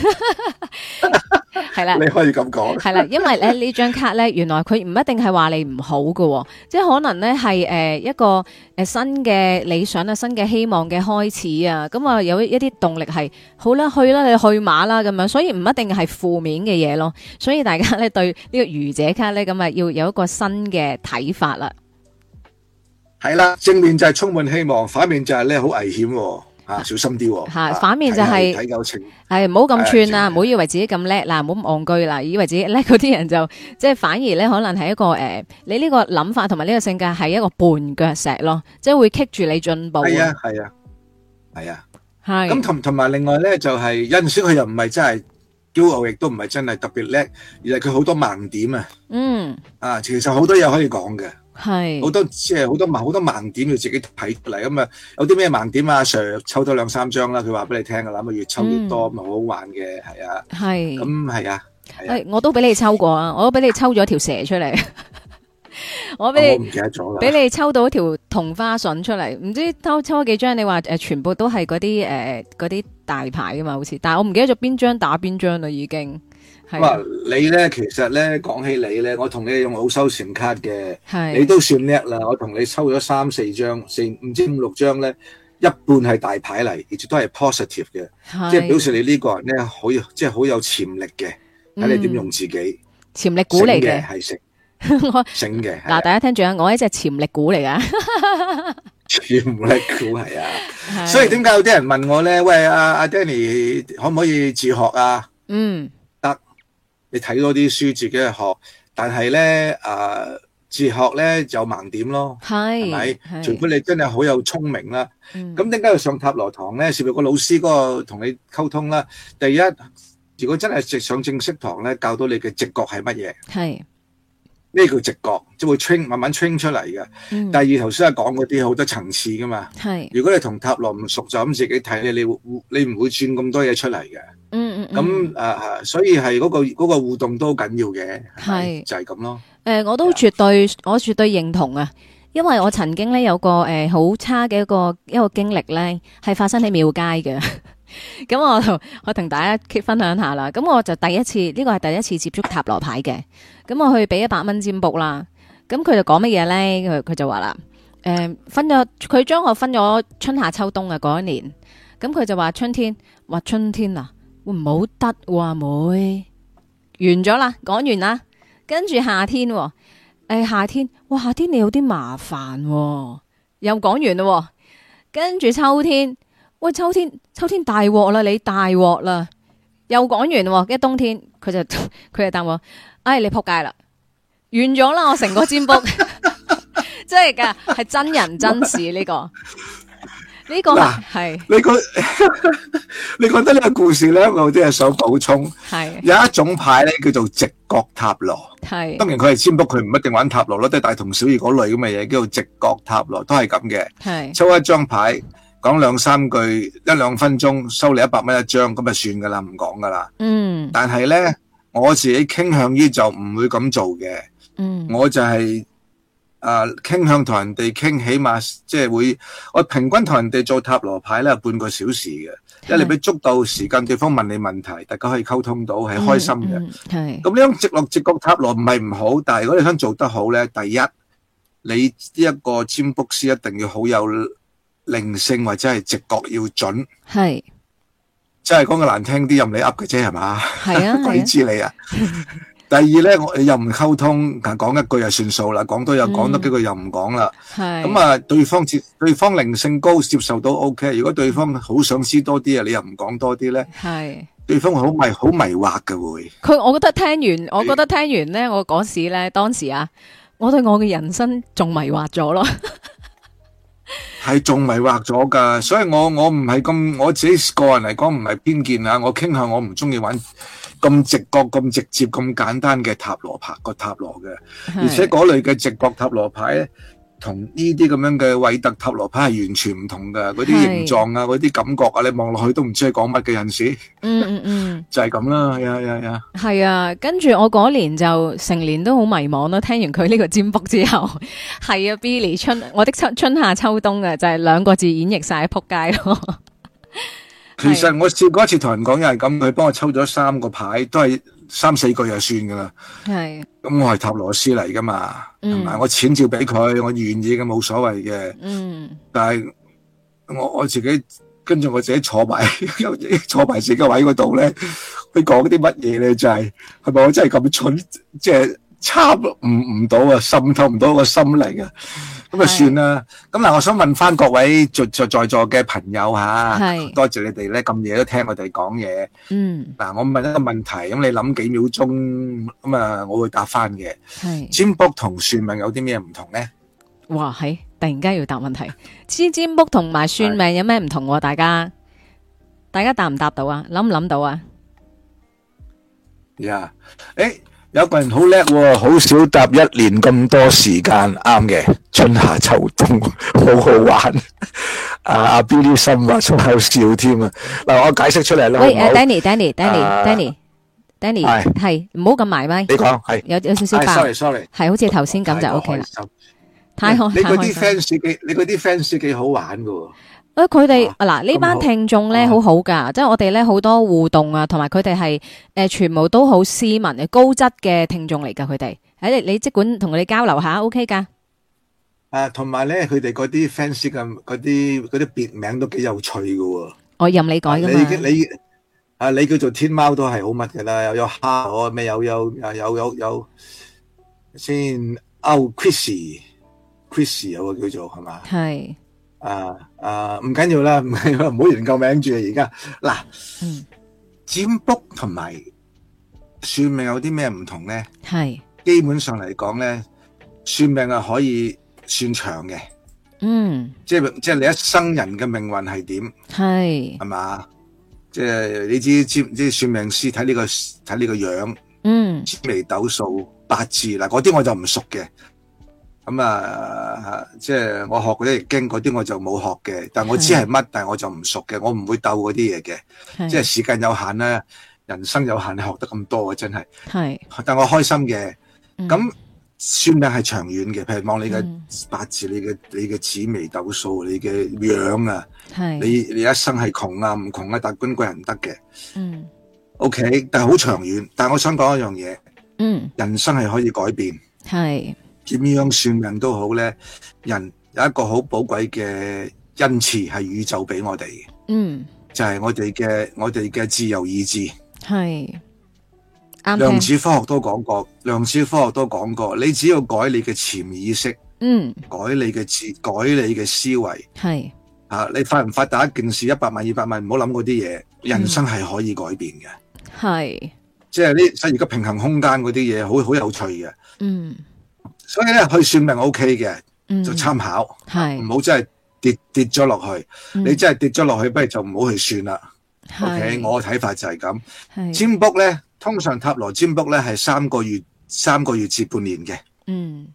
係啦，你可以咁
講。係啦，因為咧，
呢張卡咧， 原來佢唔一定係話你唔好噶喎，即係可能咧係誒一個誒新嘅理想啊，新嘅希望嘅開始啊，咁啊有一啲動力係好啦，去啦你去馬啦咁樣，所以唔一定係負面嘅嘢咯。所以大家咧對呢個愚者卡咧咁啊要有一個新嘅睇法啦。
係啦，正面就係充滿希望，反面就係呢好危險喎。啊，小心啲！吓反面就係睇友情，
係唔好咁串啦，唔好以為自己咁叻啦，唔好咁戇居啦，以為自己叻嗰啲人就即係反而咧，可能係一個誒，你呢個諗法同埋呢個性格係一個絆腳石咯，即係會棘住你進步。係啊，
係啊，
係啊，係。咁同
同埋另外咧，就係有陣時佢又唔係真係驕傲，亦都唔係真係特別叻，而係佢好多盲點啊。嗯。啊，其實好多嘢可以講嘅。係好是多即係好多盲好多盲點要自己睇嚟咁啊！有啲咩盲點啊？阿 Sir 抽多兩三張啦，佢話俾你聽噶啦，咁啊越抽越多咁、嗯、咪，好好玩嘅係啊，
係咁係啊，係我都俾你抽過啊，我都俾你抽咗條蛇出嚟， 我俾唔你記得
咗
俾你抽
到條條同花順出嚟，唔知抽抽幾張你話誒、呃、全部都係嗰啲誒嗰啲。呃大牌啊嘛，好似，但我唔記得咗邊張打邊張啦，已經。咁
你咧其實咧講起你咧，我同你用好收錢卡嘅，
係的，你都
算叻啦。我同你抽咗三四張、四唔知五六張咧，一半係大牌嚟，而且都係 positive 嘅，的即係表示你呢個人呢個咧好，即係好有潛力嘅。
睇你點用自己潛、嗯、力股嚟嘅
係食醒嘅
的嗱，大家聽住啊，我呢隻潛力股嚟噶。
全部叻，做係啊， 是所以點解有啲人問我咧？喂，阿阿 Danny 可唔可以自學啊？嗯，得，你睇多啲書自己去學，但係咧誒，自學咧就盲點咯，
係咪？除非
你真係好有聰明啦、啊，咁點解要上塔羅堂咧？是咪個老師嗰個同你溝通啦、啊？第一，如果真係直上正式堂咧，教到你嘅直覺係乜嘢？係。咩叫直覺，即會 train 慢慢 train 出嚟嘅。第二，嗯，頭先啊講嗰啲好多層次噶嘛。係是如果你同塔羅唔熟，就咁自己睇咧，你，你會你唔會轉咁多嘢出嚟嘅，
嗯。嗯嗯。
咁啊啊，所以係嗰，那個嗰，那個互動都好緊要嘅。係是就係，是，咁咯。
誒，呃，我都絕對我絕對認同啊，因為我曾經咧有個誒好，呃，差嘅一個一個經歷咧，係發生喺廟街嘅。 咁 我同我同大家分享下啦。咁我就第一次呢、這個係第一次接觸塔羅牌嘅。咁我去俾一百蚊占卜啦。咁佢就講乜嘢呢？佢佢就話啦，誒、呃，分咗佢將我分咗春夏秋冬嘅、啊、嗰一年。咁佢就話春天，哇，春天嗱、啊，唔好得喎、啊，妹。完咗啦，講完啦。跟住夏天、啊，誒、哎，夏天，哇，夏天你有啲麻煩、啊。又講完啦、啊。跟住秋天。喂，秋天秋天大鑊啦，你大鑊啦，又講完，一冬天佢就佢就答我，哎，你仆街啦，完咗啦，我成個占卜，真係噶，係真人真事呢 個，這
個，呢個係，
你覺是，你覺得呢 個故事咧，我真係想補充，係是，有一種牌咧叫做直角塔羅，
係，當然
佢係占卜，佢唔一定玩塔羅啦，即係大同小異嗰類咁嘅嘢，叫做直角塔羅是，都係咁嘅，係，是抽一張牌。講兩三句，一兩分鐘，收你一百蚊一張，咁就算噶啦，唔講噶啦。嗯，但係咧，我自己傾向於就唔會咁做嘅。嗯，我就係啊傾向同人哋傾，起碼即係會我平均同人哋做塔羅牌咧，半個小時嘅，一嚟俾捉到時間，對方問你問題，大家可以溝通到係開心嘅。
係
咁呢種直落直覺塔羅唔係唔好，但係如果你想做得好咧，第一你呢一個占卜師一定要好有。靈性或者係直覺要準，係，即係講個難聽啲任你噏嘅啫，係嘛？係啊，鬼知你啊！第二咧，我又唔溝通，講一句就算數啦，講多又講多幾句又唔講啦。係咁啊，對方接，對方靈性高，接受到 OK。如果對方好想知多啲啊，你又唔講多啲咧，
係。
對方好迷，好迷惑嘅會。
佢，我覺得聽完，我覺得聽完咧，我嗰時咧，當時啊，我對我嘅人生仲迷惑咗咯。
係仲迷惑咗噶，所以我我唔係咁，我自己個人嚟講唔係偏見啊，我傾向我唔中意玩咁直覺、咁直接、咁簡單嘅塔羅牌個塔羅嘅，而且嗰類嘅直覺塔羅牌咧。是嗯同呢啲咁樣嘅韋特塔羅牌係完全唔同嘅，嗰啲形狀啊，嗰啲是感覺啊，你望落去都唔知係講乜嘅人士、嗯。嗯嗯嗯，就係咁啦，係啊係啊係啊。
係啊,啊,啊，跟住我嗰年就成年都好迷茫囉、啊。聽完佢呢個占卜之後，係 啊，Billy 春，我的春春夏秋冬嘅、啊、就係、是、兩個字演繹晒扑街咯。
啊、其實我試過一次同人講，又係咁，佢幫我抽咗三個牌，都係。三四句就算噶啦，係咁我係塔羅斯嚟，噶嘛，
唔
係，我
錢照俾佢，我願意嘅冇所謂嘅，嗯，但係我我自己跟住我自己坐埋坐埋自己位嗰度咧，佢講啲乜嘢咧就係，係咪我真係咁蠢，即係差唔唔到啊，滲透唔到個心靈啊？咁啊算啦，咁嗱，我想問翻各位在在在座嘅朋友吓，係多謝你哋咧，咁夜都聽我哋講嘢，嗯，嗱，我問一個問題，咁你諗幾秒鐘，咁啊我會答翻嘅，係占卜同算命有啲咩唔同咧？
哇，係突然間要答問題，知占卜同埋算命有咩唔同？大家大家答唔答到啊？諗唔諗到啊？
呀，誒。有個人好叻喎，好少搭一年咁多時間，啱嘅，春夏秋冬，好好玩。阿阿 Billson 話出口笑添啊，嗱我解釋出嚟啦。喂
，Danny，Danny，Danny，Danny，Danny 係唔好咁埋咪。你講係有有少少爆。sorry，sorry。係好似頭先咁就 OK 啦。太開心。你啲 fans
幾？你嗰啲 fans 幾好玩㗎？
佢哋嗱呢班聽眾咧，啊、好好噶，即係我哋咧好多互動啊，同埋佢哋係誒，全部都好斯文，高質嘅聽眾嚟噶，佢哋，喺、哎、你即管同佢哋交流下，OK 噶。
啊，同埋咧，佢哋嗰啲 fans 嘅嗰啲嗰啲別名都幾有趣噶喎、
哦。我任你改噶、啊、你，
你啊，你叫做天貓都係好乜噶啦？有有蝦咩？有有啊？有有有先哦 Chrissy，Chrissy 有個叫做係嘛？係。誒誒，唔緊、uh, uh, 要啦，唔緊要，唔好研究名住。而家嗱，mm. 占卜同埋算命有啲咩唔同咧？係是基本上嚟講咧，算命係可以算長嘅。嗯、mm.，即係即係你一生人嘅命運係點？係係咪？即係你知知唔知算命師睇呢、這個睇呢個樣？嗯，mm. 眉斗數八字嗱，嗰啲我就唔熟嘅。咁啊，即係我學嗰啲經嗰啲，我就冇學嘅。但係我知係乜，但係我就唔熟嘅，我唔會鬥嗰啲嘢嘅。即係時間有限啦，人生有限，你學得咁多啊，真係。係，但我開心嘅。咁，算命係長遠嘅。譬如望你嘅八字，你嘅你嘅紫微斗數，你嘅樣啊，你你一生係窮啊，唔窮啊，但係官貴人唔得嘅。
嗯。
O K，但係好長遠。但係我想講一樣嘢。嗯。人生係可以改變。係。點樣算命都好咧，人有一個好寶貴嘅恩賜係宇宙俾我哋嘅，嗯，就係我哋嘅我哋嘅自由意志，
係啱是。量子
科學都講過，是量子科學都講過，你只要改你嘅潛意識，嗯
改，
改你嘅思，改你嘅思維，係是啊，你發唔發達一件事一百萬二百萬，唔好諗嗰啲嘢，嗯，人生係可以改變嘅，
係是，
即係呢，而家平衡空間嗰啲嘢，好好有趣嘅，嗯。所以咧，去算命 O K 嘅，就參考，係唔好真係跌跌咗落去。嗯、你真係跌咗落去，不如就唔好去算啦。是 OK，我嘅睇法就係咁。是占卜咧，通常塔羅占卜咧係三個月，三個月至半年嘅。嗯，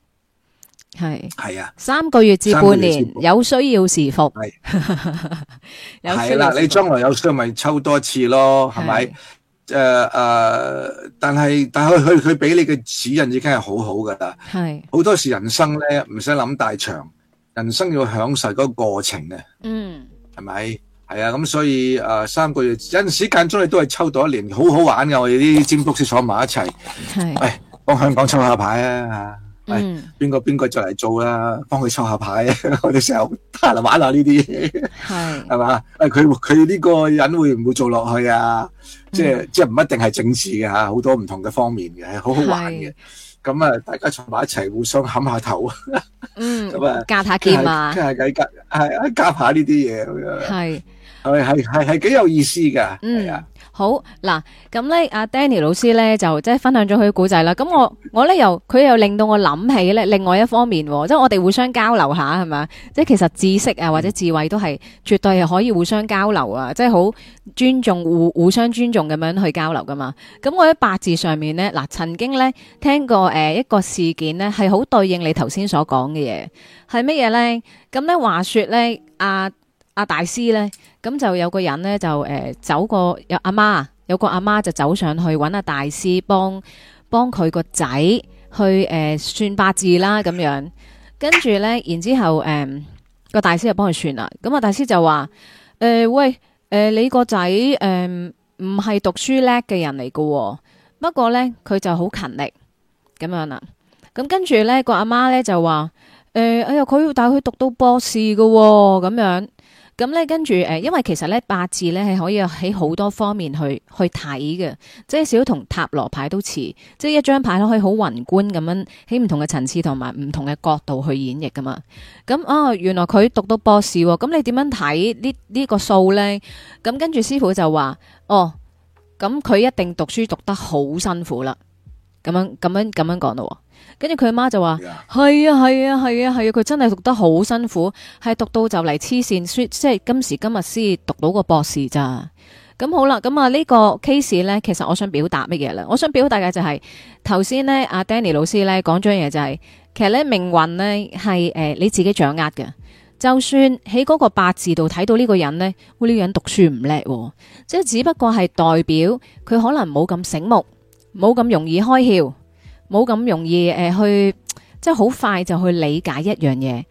係係啊，三個月至半年，半年有需要時服係。
係是 啦，你
將來有需要咪抽多次咯，係咪是？誒誒、uh, uh,，但係但係佢佢佢俾你嘅指引已經係好好噶啦，
係
好是多時人生咧唔使諗大場人生要享受個過程呢嗯係咪係啊咁所以誒、uh, 三個月有段時間中你都係抽到一年，好好玩噶我哋啲占卜師坐埋一齊，係是，喂幫香港抽下牌啊。係邊個邊個就嚟做啦。幫佢抽下牌，我哋成日都喺度玩下呢啲，係係嘛？誒，佢佢呢個人會唔會做落去啊？嗯、即係即係唔一定係政治嘅吓，好多唔同嘅方面嘅，好好玩嘅。咁啊是，大家坐埋一齊，互相冚下頭，嗯，咁啊樣加，夾下夾啊，係計夾，係夾下呢啲嘢咁
樣，
係係係係幾有意思噶，嗯。
好嗱，咁咧阿 Danny 老師咧就即係分享咗佢嘅古仔啦。咁我我咧又佢又令到我諗起咧另外一方面啊，即係我哋互相交流下係咪？即係其實知識啊或者智慧都係絕對係可以互相交流啊，即係好尊重互互相尊重咁樣去交流噶嘛。咁我喺八字上面咧嗱，曾經咧聽過誒一個事件咧係好對應你頭先所講嘅嘢，係乜嘢咧？咁咧話說咧阿阿大師咧。咁就有個人咧，就誒、呃、走過有阿媽，有個阿媽就走上去揾阿大師幫幫佢個仔去誒、呃、算八字啦咁樣，跟住咧，然之後誒、呃、個大師就幫佢算啦。咁啊，大師就話誒、呃、喂誒、呃，你個仔誒唔係讀書叻嘅人嚟噶、哦，不過咧佢就好勤力咁樣啦。咁跟住咧個阿媽咧就話誒、呃、哎呀，佢要帶佢讀到博士噶咁、哦、樣。咁咧、嗯、跟住誒，因為其實咧八字咧係可以喺好多方面去去睇嘅，即係少同塔羅牌都似，即係一張牌可以好宏觀咁樣，喺唔同嘅層次同埋唔同嘅角度去演繹噶嘛。咁、嗯、哦，原來佢讀到博士喎、哦，咁、嗯、你點樣睇呢呢個數咧？咁、嗯、跟住師傅就話：哦，咁、嗯、佢一定讀書讀得好辛苦啦。咁樣咁樣咁樣講咯、哦。跟住佢阿媽就話，係啊係啊係啊係啊，佢、啊啊啊啊啊、真係讀得好辛苦，係讀到就嚟黐線，說即係今時今日先讀到個博士咋。咁好啦，咁啊呢個 case 呢，其實我想表達乜嘢啦？我想表達嘅就係頭先呢，阿 Danny 老師呢講咗樣嘢就係、是，其實呢，命運呢係誒、呃、你自己掌握嘅，就算喺嗰個八字度睇到呢個人呢，會呢、呢個人讀書唔叻、啊，即係只不過係代表佢可能冇咁醒目，冇咁容易開竅。冇咁容易誒，去即係好快就去理解一樣嘢。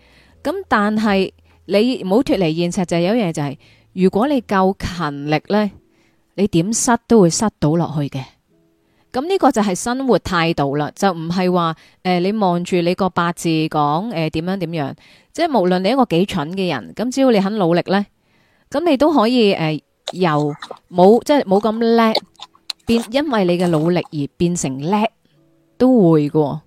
咁但係你冇脫離現實就係有一樣嘢就係，如果你夠勤力呢，你點失都會失到落去嘅。咁呢個就係生活態度啦，就唔係話誒你望住你個八字講誒點樣點樣，即係無論你一個幾蠢嘅人，咁只要你肯努力呢，咁你都可以誒由冇即係冇咁叻變，因為你嘅努力而變成叻。都會嘅，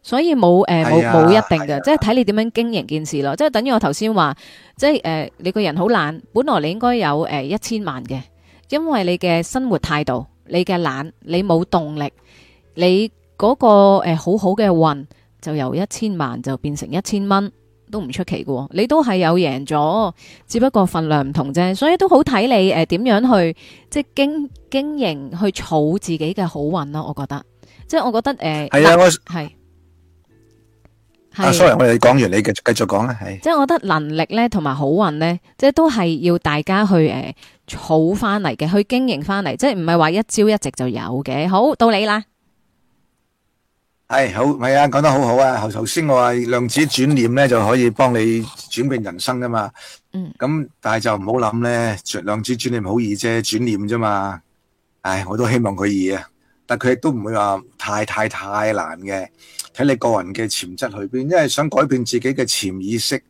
所以冇誒冇冇一定嘅，哎、呀即係睇你點樣經營件事咯。即係等於我頭先話，即係誒、呃、你個人好懶，本來你應該有誒一千萬嘅，因為你嘅生活態度、你嘅懶、你冇動力、你嗰、那個誒、呃、好好嘅運，就由一千萬就變成一千蚊都唔出奇嘅。你都係有贏咗，只不過份量唔同啫，所以都好睇你誒點、呃、樣去即係經經營去儲自己嘅好運咯。我覺得。即係我覺得誒係啊，我係啊，sorry，我
哋講完你繼續講啦，
係。即係我覺得能力咧同埋好運咧，即係都係要大家去誒儲返嚟嘅，去經營返嚟，即係唔係話一朝一夕就有嘅。好，到你啦，
係好，係啊，講得好好啊。頭頭先我話量子轉念咧就可以幫你轉變人生㗎嘛，嗯，咁但係就唔好諗咧，量子轉念好易啫，轉念啫嘛，唉，我都希望佢易啊。但佢亦都唔會話太太太難嘅，睇你個人嘅潛質去邊，因為想改變自己嘅潛意識，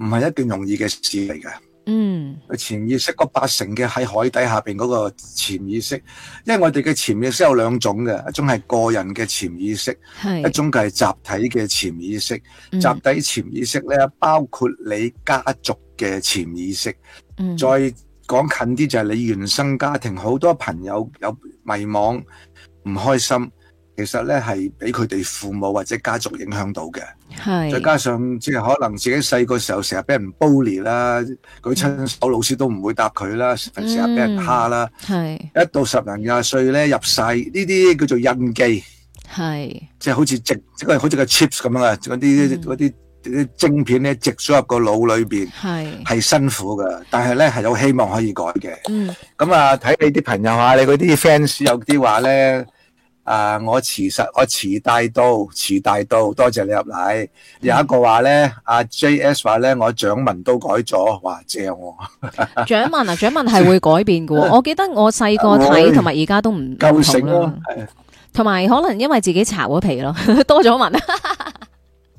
唔係一件容易嘅事嚟嘅。嗯，潛意識嗰八成嘅喺海底下邊嗰個潛意識，因為我哋嘅潛意識有兩種嘅，一種係個人嘅潛意識，是一種就係集體嘅潛意識。集體潛意識咧，包括你家族嘅潛意識，嗯、再講近啲就係你原生家庭，好多朋友有迷惘。唔開心，其實咧係俾佢哋父母或者家族影響到嘅，
係是。再加
上即係可能自己細個時候成日俾人 bully 啦，舉親手老師都唔會答佢啦，成日俾人蝦啦，
係是。
一到十零廿歲咧入世呢啲叫做印記，
係是，
即係好似直，即係好似個 chips 咁樣啊，啲嗰啲。嗯啲晶片咧直咗入個腦裏邊，係係是辛苦噶，但係咧係有希望可以改嘅。咁、嗯、啊，睇你啲朋友啊，你嗰啲 fans 有啲話咧，我遲實我遲大刀，遲大刀，多謝你入嚟。嗯、有一個話咧，阿、啊、J S 話咧，我掌紋都改咗，話正。
掌紋啊，掌紋係會改變噶。 我記得我細個睇，哎、不不同埋而家都唔夠醒咯、啊。同埋可能因為自己擦過皮咯，多咗紋。
佢話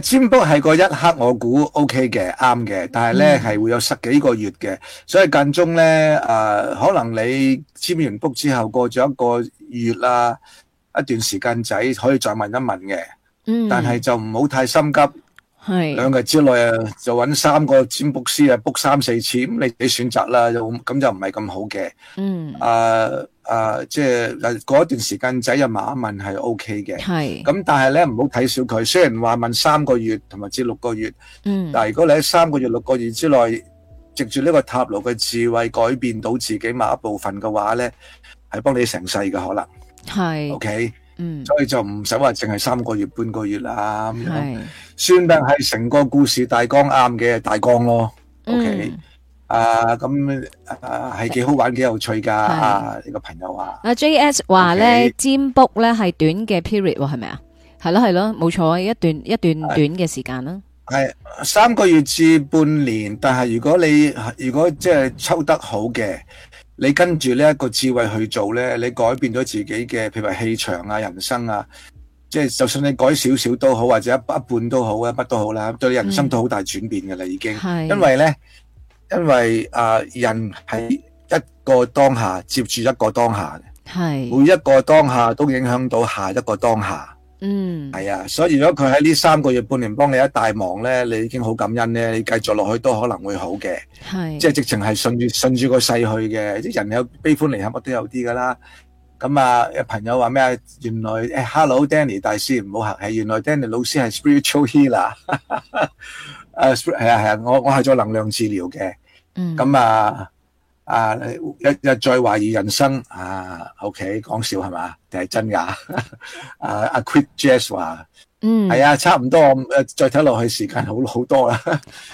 簽 book 係個一刻，我估 O K 嘅，啱嘅。但係咧係會有十幾個月嘅，嗯、所以間中咧誒、呃，可能你簽完 book 之後過咗一個月啦、啊、一段時間仔可以再問一問嘅。
但係
就唔好太心急。嗯 係是兩日之內啊，就揾三個占卜師啊，卜三四次，咁你自己選擇啦，咁就唔係咁好嘅。嗯。啊啊，即係誒，過一段時間仔啊，問一問係 O K 嘅。係是。咁但係咧，唔好睇小佢。雖然話問三個月同埋至六個月。嗯。但係如果你喺三個月、六個月之內，藉住呢個塔羅嘅智慧，改變到自己某一部分嘅話咧，係幫你成世嘅可能。
係是。O K。
嗯，所以就唔使話淨係三個月、半個月啦。係是算得係成個故事大綱啱嘅，大綱咯。嗯、o、okay、K，啊咁係幾好玩、幾有趣噶。呢是、啊、個朋友話，
阿 J S 話咧、啊，呢 Okay 占卜咧係短嘅 period 喎，係咪啊？係咯係咯，冇錯，一段一段短嘅時間啦。
係三個月至半年，但係如果你如果即係抽得好嘅。你跟住呢一個智慧去做呢，你改變咗自己嘅，譬如氣場啊、人生啊，即係就算你改少少都好，或者一一半都好啊，乜都好啦，對你人生都好大轉變嘅啦已經。是因為呢，因為啊、呃、人係一個當下接住一個當下嘅，是每一個當下都影響到下一個當下。嗯，係、mm. 啊，所以如果佢喺呢三個月半年幫你一大忙咧，你已經好感恩咧，你繼續落去都可能會好嘅，係是，即係直情係順住順住個勢去嘅，即人有悲歡離合，乜都有啲噶啦，咁啊，有朋友話咩啊？原來誒、哎、，Hello Danny 大師唔好客氣，原來 Danny 老師係 spiritual healer，誒、 啊，係啊係啊，我我係做能量治療嘅，嗯，咁啊。啊、uh,！一一再懷疑人生啊、uh,！OK，講笑係嘛？定係真噶？啊 ！Aquit、uh, Jes 話，
嗯，係啊，
差唔多。誒，再睇落去時間好好多啦。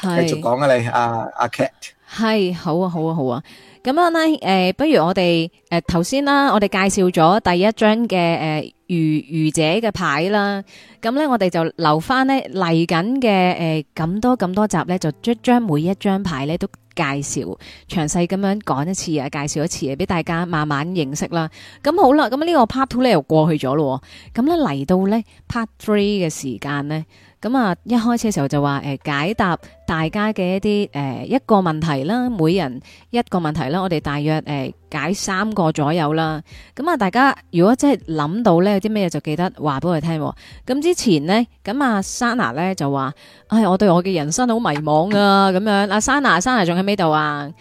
繼 續講啊，是你啊，阿 Cat，
係好啊，好啊，好啊。咁咧，誒、呃，不如我哋誒頭先啦，呃、我哋介紹咗第一張嘅誒愚愚者嘅牌啦。咁咧，我哋就留翻咧嚟緊嘅誒咁多咁多集咧，就將每一張牌咧都。介紹詳細咁樣講一次啊，介紹一次啊，俾大家慢慢認識啦。咁好啦，咁呢個 part two 咧，又過去咗咯，咁咧嚟到咧 part three 嘅時間咧。咁啊，一開始嘅時候就話誒，解答大家嘅一啲誒一個問題啦，每人一個問題啦，我哋大約誒解三個左右啦。咁啊，大家如果真係諗到咧，有啲咩就記得話俾我聽。咁之前呢，咁啊，Sana 咧就話，唉，我對我嘅人生好迷茫啊，咁樣。阿 Sana, Sana 仲喺呢度啊？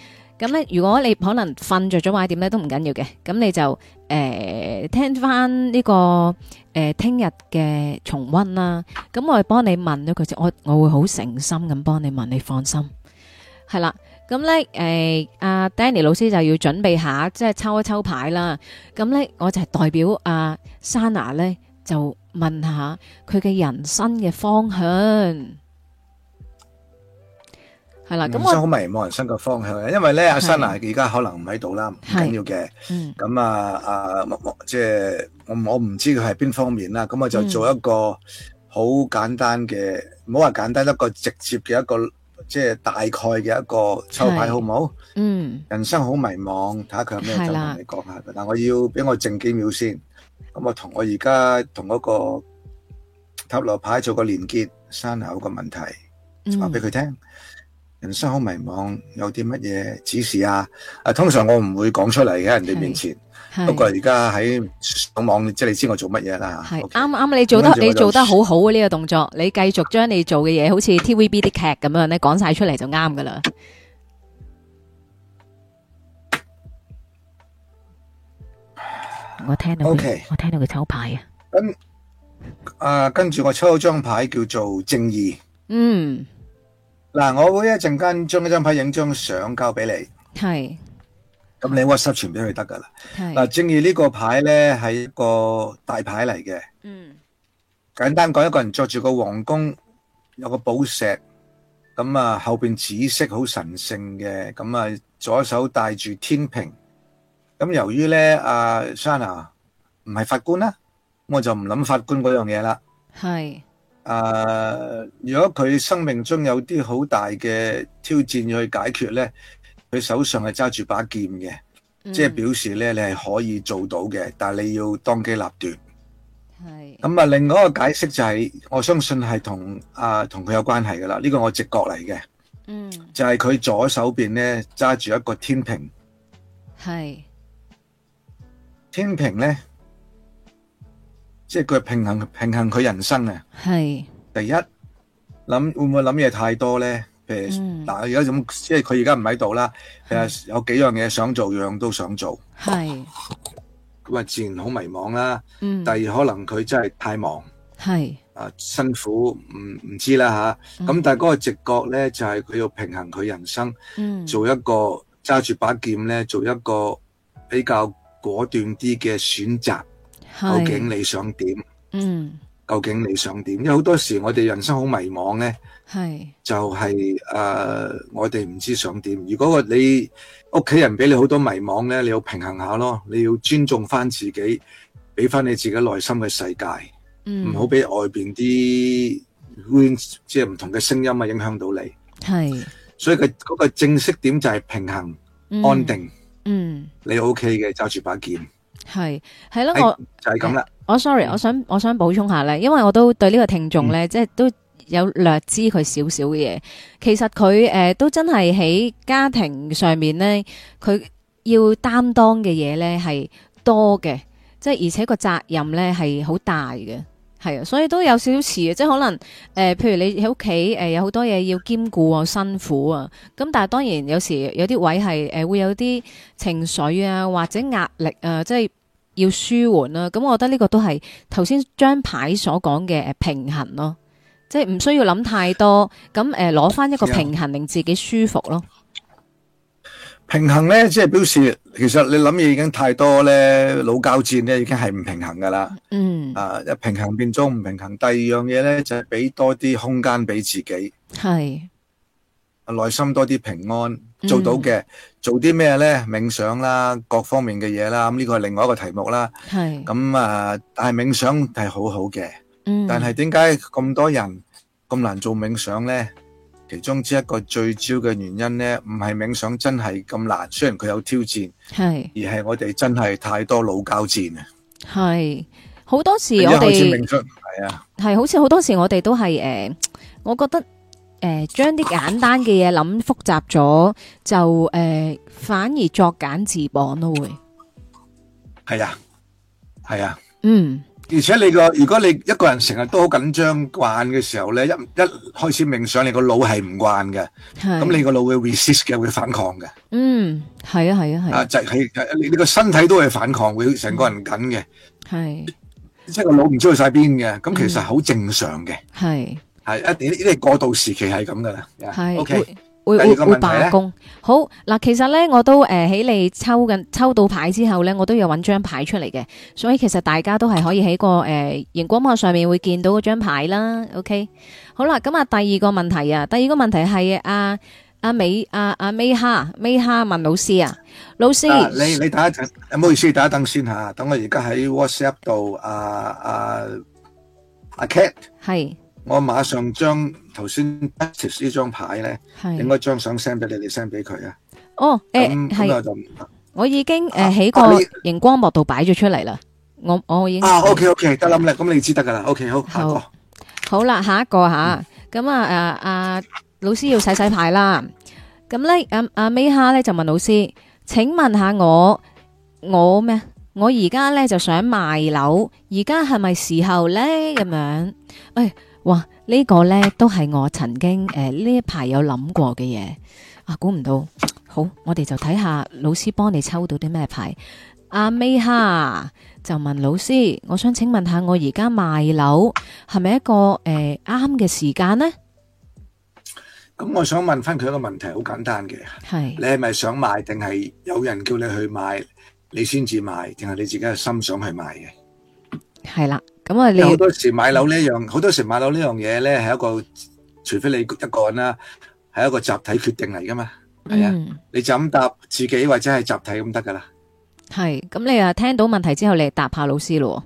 咁咧、嗯，如果你可能瞓着咗買點咧，都唔緊要嘅。咁、嗯、你就誒、呃、聽返呢、這個誒聽日嘅重溫啦。咁、嗯、我幫你問咗佢我我會好誠心咁幫你問，你放心係啦。咁咧誒，阿、嗯呃、Danny 老師就要準備下，即、就、係、是、抽一抽牌啦。咁、嗯、咧，我就係代表阿、啊、Sana 咧就問下佢嘅人生
嘅方向。人生好
迷茫，人生個方向啊！因為咧，阿珊娜而家可能唔喺度啦，唔緊要嘅。咁啊，啊，即係我我唔知佢係邊方面啦。咁我就做一個好簡單嘅，唔好話簡單，一個直接嘅一個，即係大概嘅一個抽牌，好唔好？嗯。人生好迷茫，睇下佢有咩就同你講下。但我要俾我靜幾秒先，咁我同我而家同嗰個塔羅牌做個連結。山下有個問題，
話俾
佢聽。人生好迷茫，有啲乜嘢指示啊？啊，通常我唔會講出嚟嘅，喺人哋面前。不過而家喺上網，即係你知我做乜嘢啦。係
啱啱你做得，你做得好好啊！呢個動作，你繼續將你做嘅嘢，好似 TVB 啲劇咁樣咧，講晒出嚟就啱噶啦。我聽到佢，我聽到佢抽牌啊。
咁啊，跟住我抽咗張牌叫做正義。嗯。嗱，我會一陣間將呢張牌影張相交俾你，
係是，
咁你 WhatsApp 傳俾佢得噶是啦。嗱，正義呢個牌咧係一個大牌嚟嘅，嗯，簡單講，一個人着住個皇宮，有個寶石，咁啊後邊紫色好神聖嘅，咁啊左手帶住天平，咁由於咧阿、啊、sana 唔係法官啦、啊，我就唔諗法官嗰樣嘢啦，
係。
誒，uh, 如果佢生命中有啲好大嘅挑戰要去解決咧，佢手上係揸住把劍嘅，即係表示咧你係可以做到嘅，但係你要當機立斷。係。咁啊，另外一個解釋就係，我相信係同啊同佢有關係噶啦，呢個我直覺嚟嘅。嗯。就係佢左手邊咧揸住一個天平。
係。
天平咧。即係佢平衡平衡佢人生啊！係是第一諗會唔會諗嘢太多咧？誒，嗱、嗯，而家，咁即係佢而家唔喺度啦。誒是，有幾樣嘢想做，樣樣都想做。係咁啊，自然好迷茫啦。嗯。
第二可
能佢真係太忙。
係是。
啊，辛苦，唔唔知啦吓。咁、啊嗯、但係嗰個直覺咧，就係、是、佢要平衡佢人生，嗯，做一個揸住把劍咧，做一個比較果斷啲嘅選擇。究竟你想點？嗯，究竟你想點？因為好多時我哋人生好迷茫咧，係是就係、是、誒、呃，我哋唔知想點。如果個你屋企人俾你好多迷茫咧，你要平衡一下咯，你要尊重翻自己，俾翻你自己內心嘅世界，
唔好俾
外邊啲即係唔同嘅聲音啊影響到你。
係是，
所以嗰個正式點就係平衡、
嗯、安定。
嗯，嗯你 O K 嘅揸住把劍。
係
係咯，我
就係咁啦。
我、oh, sorry，我想我想補充下咧，因為我都對呢個聽眾咧，嗯、即係都有略知佢少少嘅嘢。其實佢誒、呃、都真係喺家庭上面咧，佢要擔當嘅嘢咧係多嘅，即係而且個責任咧係好大嘅。係啊，所以都有少少似啊。即係可能，誒、呃，譬如你喺屋企，誒、呃，有好多嘢要兼顧啊，辛苦啊，咁但係當然有時有啲位係，誒、呃，會有啲情緒啊，或者壓力啊，即係要舒緩啦、啊。咁我覺得呢個都係頭先張牌所講嘅，誒，平衡咯，即係唔需要諗太多，咁、呃、誒，攞翻一個平衡令自己舒服咯。
平衡咧，即係表示，其實你諗嘢已經太多咧，老交戰咧已經係唔平衡噶啦。嗯，啊，一平衡變咗，唔平衡，第二樣嘢咧，就係俾多啲空間俾自己。係，啊，內心多啲平安，做到嘅，做啲咩咧？冥想啦，各方面嘅嘢啦，咁呢個係另外一個題目啦。係，咁啊，但係冥想係好好嘅，嗯，但係點解咁多人咁難做冥想咧？其中之一個聚焦嘅原因呢，唔係冥想真係咁難，雖然佢有挑戰，係而係我哋真係太多老交戰啊。
係好多時我哋係
啊，
係好似好多時我哋都係誒，我覺得誒，將啲簡單嘅嘢諗複雜咗，就誒反而作繭自縛都會。
係啊，係啊，
嗯。
而且你個，如果你一個人成日都好緊張慣嘅時候咧，一一開始冥想，你個腦係唔慣嘅，
咁你個
腦會 resist 嘅，會反抗嘅。嗯，
係啊，係啊，
係啊，就係你你個身體都會反抗，會成個人緊嘅。係，即係個腦唔知去曬邊嘅，咁其實好正常嘅。係，係一定呢個過渡時期係咁噶啦。係。Okay. 會會會罷工。
好嗱，其實咧我都誒喺、呃、你抽緊抽到牌之後咧，我都有搵張牌出嚟嘅。所以其實大家都係可以喺個誒熒、呃、光幕上面會見到嗰張牌啦。OK，好啦，咁啊第二個問題啊，第二個問題係阿阿美阿阿、啊啊、May 哈 May 哈問老師啊，老師、啊、你你
打一等一陣，唔好意思，等一等先吓，等我而家喺 WhatsApp 度阿啊阿 Cat，係，啊啊、Kate，是我馬上將。頭先呢張牌咧，影一張相 send 俾你，你 send 俾佢啊。哦，誒，
係，就唔，我已經誒喺個熒光幕度擺咗出嚟啦。我我已經啊，ok
ok，得啦咁，咁、嗯嗯嗯嗯、你知得噶啦。ok 好，下個
好啦，下一個吓，咁、嗯、啊誒誒、啊，老師要洗洗牌啦。咁咧，咁阿 May 哈咧就問老師，請問下我我咩？我而家咧就想賣樓，而家係咪時候咧咁樣？喂、哎。哇！呢、呢個呢都係我曾經誒呢、呃、一排有諗過嘅嘢啊，估唔到，好，我哋就睇下老師幫你抽到啲咩牌。阿美哈就問老師：我想請問下，我而家賣樓係咪一個誒啱嘅時間呢？
咁我想問翻佢一個問題，好簡單嘅，
係是你
係咪想賣定係有人叫你去賣，你先至賣定係你自己嘅心想去賣嘅？
係啦。咁啊，你好多時買樓呢樣，
好多時買樓呢樣嘢咧係一個，除非你一個人啦，係一個集體決定嚟噶嘛，係啊、嗯，你就咁答自己或者係集體咁得噶啦。
係，咁你啊聽到問題之後，你答下老師咯。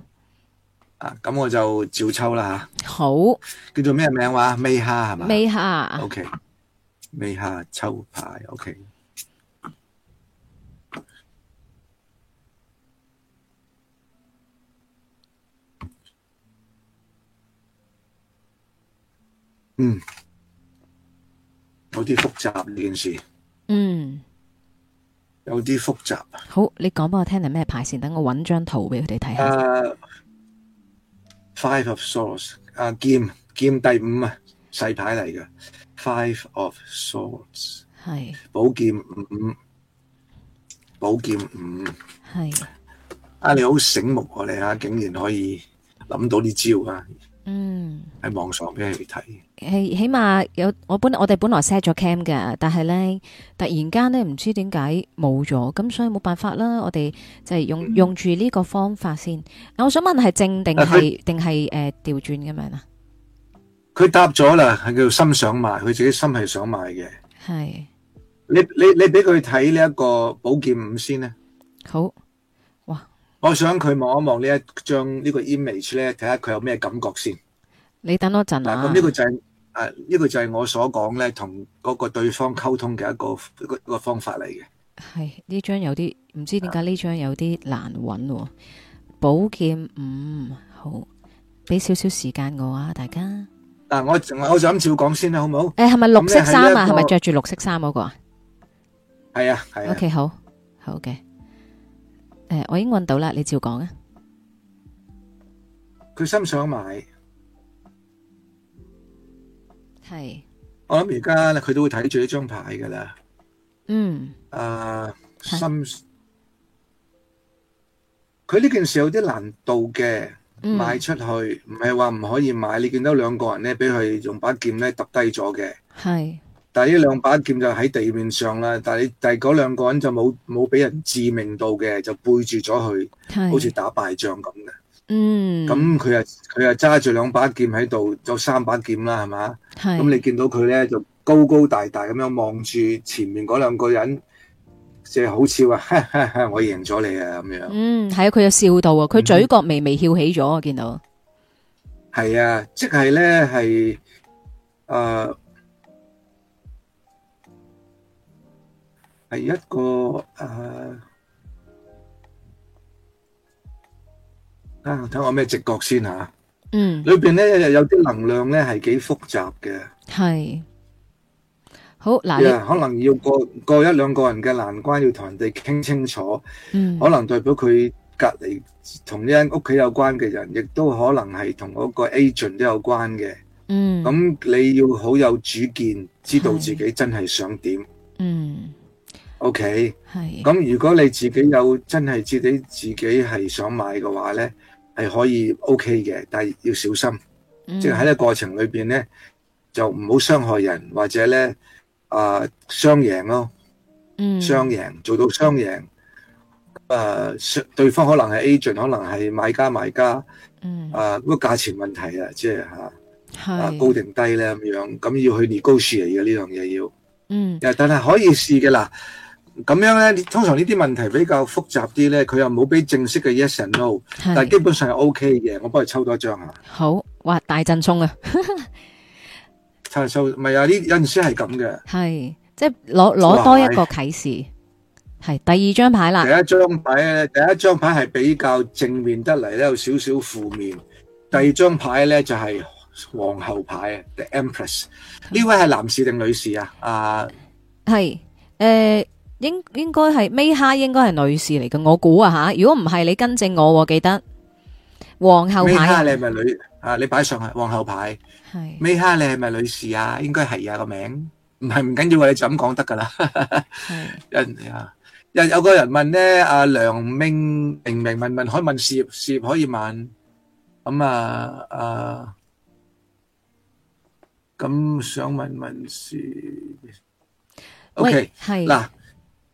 啊，咁我就照抽啦吓。好。叫做咩名話？美夏係嘛？美夏。OK。美夏抽牌。OK。嗯，有啲複雜呢件事。嗯，有啲複雜。
好，你講俾我聽係咩牌先？等我搵張圖俾佢哋睇下。
啊、uh,，Five of Swords，啊劍劍第五啊，細牌嚟嘅。Five of Swords，係寶劍五五，寶劍五。係是啊，你好醒目我、啊、哋啊，竟然可以諗到啲招啊。嗯，喺網上俾佢哋
睇。係起碼有我本我哋本來 set 咗 cam 嘅，但係咧突然間咧唔知點解冇咗，咁所以冇辦法啦。我哋就係用用住呢個方法先。我想問係正定係定係誒調轉咁樣啊？
佢答咗啦，係叫心想買，佢自己心係想買嘅。係是你你你俾佢睇呢一個寶劍五先咧。好哇，我想佢望一望呢一張呢個 image 咧，睇下佢有咩感覺先。
你等多陣。咁呢個
就係、是。呢、啊這個就係我所講呢，同嗰個對方溝通嘅一個一個，一個方法嚟嘅。
係呢張有啲唔知點解呢張有啲難揾喎、啊。寶、啊、劍五、嗯、好，俾少少時間我啊，大家。嗱、
啊，我我就咁照講先啦，好唔好？誒、哎，係咪綠色衫啊？係咪着
住綠色衫嗰個啊？
係啊，係啊。O、okay,
K，好，好嘅。誒、哎，我已經揾到啦，你照講啊。
佢心想買。係，是我諗而家佢都會睇住呢張牌噶啦。嗯。啊、uh, 是，心，佢呢件事有啲難度嘅，賣、嗯、出去唔係話唔可以買。你見到兩個人咧，俾佢用把劍咧揼低咗嘅。
係是。
但係呢兩把劍就喺地面上啦，但係但係嗰兩個人就冇冇俾人致命到嘅，就背住咗佢，是好似打敗仗咁嘅。嗯，咁佢又佢又揸住兩把劍喺度，有三把劍啦，係嘛？係。咁你見到佢咧，就高高大大咁樣望住前面嗰兩個人，即係好似話，我贏咗你啊咁樣。
嗯，係啊，佢又笑到啊，佢嘴角微微翹起咗我、嗯、見到。
係啊，即係咧，係誒，係、呃、一個誒。呃睇、啊、我咩直覺先吓、啊，嗯，裏邊咧又有啲能量咧，係幾複雜嘅。
係好嗱，yeah, 可
能要過過一兩個人嘅難關，要同人哋傾清楚。嗯，可能代表佢隔籬同一間屋企有關嘅人，亦都可能係同嗰個 agent 都有關嘅。嗯，咁你要好有主見，知道自己,是自己真係想點。
嗯
，OK，係咁。是如果你自己有真係自己自己係想買嘅話咧。係可以 OK 嘅，但係要小心，
即係喺呢
個過程裏邊咧，就唔好傷害人或者咧啊，雙、呃、贏咯，
雙、嗯、
贏做到雙贏，咁、呃、對方可能係 agent，可能係買家賣家，啊、嗯，咁、呃那個價錢問題啊，即係、啊、吓，
係高
定低咧咁樣，咁要去 negotiate 嚟嘅呢樣嘢要，嗯，但係可以試嘅嗱。咁樣咧，通常呢啲問題比較複雜啲咧，佢又冇俾正式嘅 yes and no，
是但係基本
上係 O K 嘅，我幫佢抽多張啊，
好，哇大贈送 啊！
查收，唔係啊，呢有陣時係咁嘅，
係即係攞攞多一個啟示，係是第二張牌啦。第
一張牌咧，第一張牌係比較正面得嚟咧，有少少負面。第二張牌咧就係、是、皇后牌，The Empress。呢是位係男士定女士啊？啊、uh,，
係誒。
應應該係美哈，應該係女士嚟嘅，我估啊吓。如果唔係，你跟正我，記得皇后牌。你係
咪女？啊，你擺上啊，皇后牌。
係
美哈，你係咪女士啊？應該係啊個名，唔係唔緊要啊，你就咁講得噶啦。係人啊，又有個人問呢，阿梁明明明問問，可以問事業事業可以問咁啊，啊咁想問問事。OK，係嗱。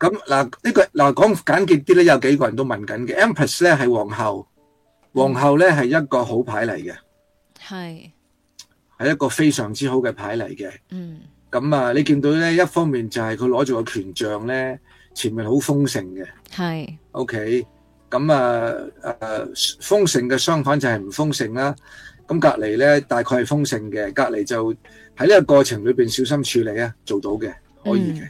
咁嗱，呢個嗱講簡潔啲咧，有幾個人都問緊嘅。Empress 咧係皇后，皇后咧係一個好牌嚟嘅，
係
係一個非常之好嘅牌嚟嘅。嗯，咁啊，你見到咧，一方面就係佢攞住個權杖咧，前面好豐盛嘅，係。OK，咁啊，誒，豐盛嘅相反就係唔豐盛啦。咁隔籬咧，大概係豐盛嘅，隔籬就喺呢個過程裏邊小心處理啊，做到嘅，
可以嘅。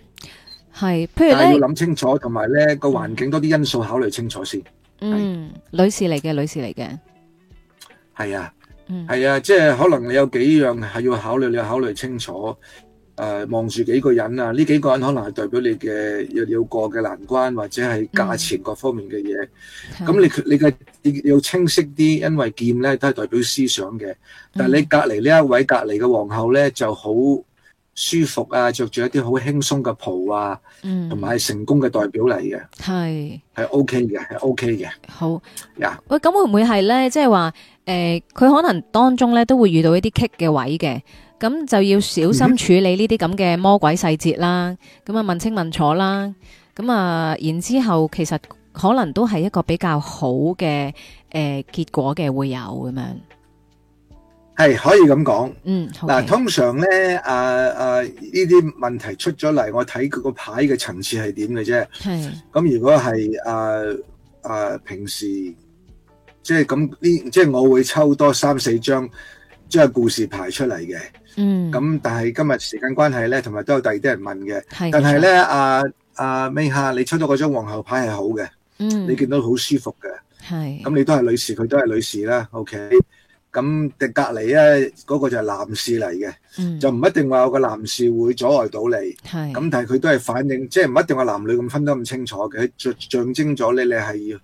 係，
譬如咧，但係要諗
清楚，同埋咧個環境多啲因素考慮清楚先。嗯，
女士嚟嘅，女士嚟嘅。
係啊，係、嗯、啊，即係可能你有幾樣係要考慮，你要考慮清楚。誒、呃，望住幾個人啊？呢幾個人可能係代表你嘅要要過嘅難關，或者係價錢各方面嘅嘢。咁、嗯、你你嘅要清晰啲，因為劍咧都係代表思想嘅。但係你隔籬呢一位隔籬嘅皇后咧就好。舒服啊，着住一啲好輕鬆嘅袍啊，
嗯，同埋
係成功嘅代表嚟
嘅，係是，
係 OK 嘅，係 OK 嘅，好，Yeah
喂，咁會唔會係咧？即係話，誒、呃，佢可能當中咧都會遇到一啲棘嘅位嘅，咁就要小心處理呢啲咁嘅魔鬼細節啦，咁啊問清問楚啦，咁啊然之後，其實可能都係一個比較好嘅，誒、呃、結果嘅會有咁樣。
係可以咁講，嗯，嗱，通常咧，啊啊，呢啲問題出咗嚟，我睇佢個牌嘅層次係點嘅啫。係的，咁如果係啊啊平時，即係咁呢，即係我會抽多三四張，即係故事牌出嚟嘅。
嗯，咁
但係今日時間關係咧，同埋都有第二啲人問嘅。係的，但係咧，阿阿 May 夏你抽到嗰張皇后牌係好嘅。嗯，你見到好舒服嘅。係是，咁你都係女士，佢都係女士啦。OK。咁隔隔離咧，嗰個就係男士嚟嘅，就唔一定話有個男士會阻礙到你。係咁，但係佢都係反映，即係唔一定話男女咁分得咁清楚嘅，象象徵咗你，你係要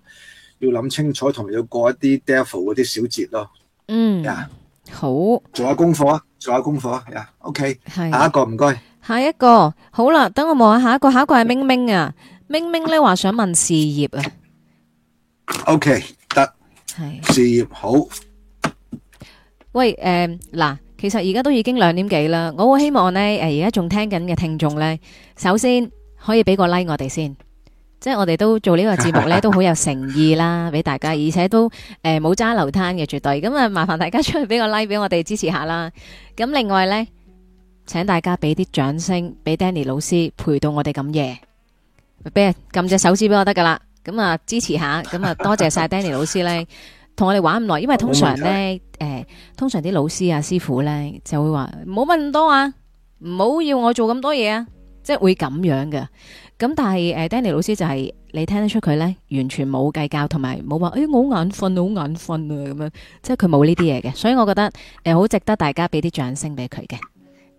要諗清楚，同埋要過一啲 devil 嗰啲小節咯。
嗯，
啊好，做下功課啊，做下功課啊。呀，OK，下一個唔該。
下一個好啦，等我望下下一個，下一個係明明啊，明明咧話想問事業啊。
OK，得，係事業好。
喂，誒、呃、嗱，其實而家都已經兩點幾啦，我好希望呢，誒而家仲聽緊嘅聽眾呢，首先可以俾個 like 我哋先，即係我哋都做呢個節目呢，都好有誠意啦，俾大家，而且都誒冇揸流攤嘅絕對，咁啊麻煩大家出去俾個 like 俾我哋支持下啦，咁另外呢，請大家俾啲掌聲俾 Danny 老師陪到我哋咁夜，阿 Ben 隻撳隻手指俾我得㗎啦，咁啊支持下，咁啊多謝晒 Danny 老師呢。同我哋玩唔耐，因為通常咧，誒，通常啲老師啊、師傅咧，就會話唔好問咁多啊，唔好要我做咁多嘢啊，即係會咁樣嘅。咁但係誒，Danny 老師就係你聽得出佢咧，完全冇計較，同埋冇話誒，我好眼瞓，好眼瞓啊，咁樣，即係佢冇呢啲嘢嘅。所以我覺得誒，好值得大家俾啲掌聲俾佢嘅。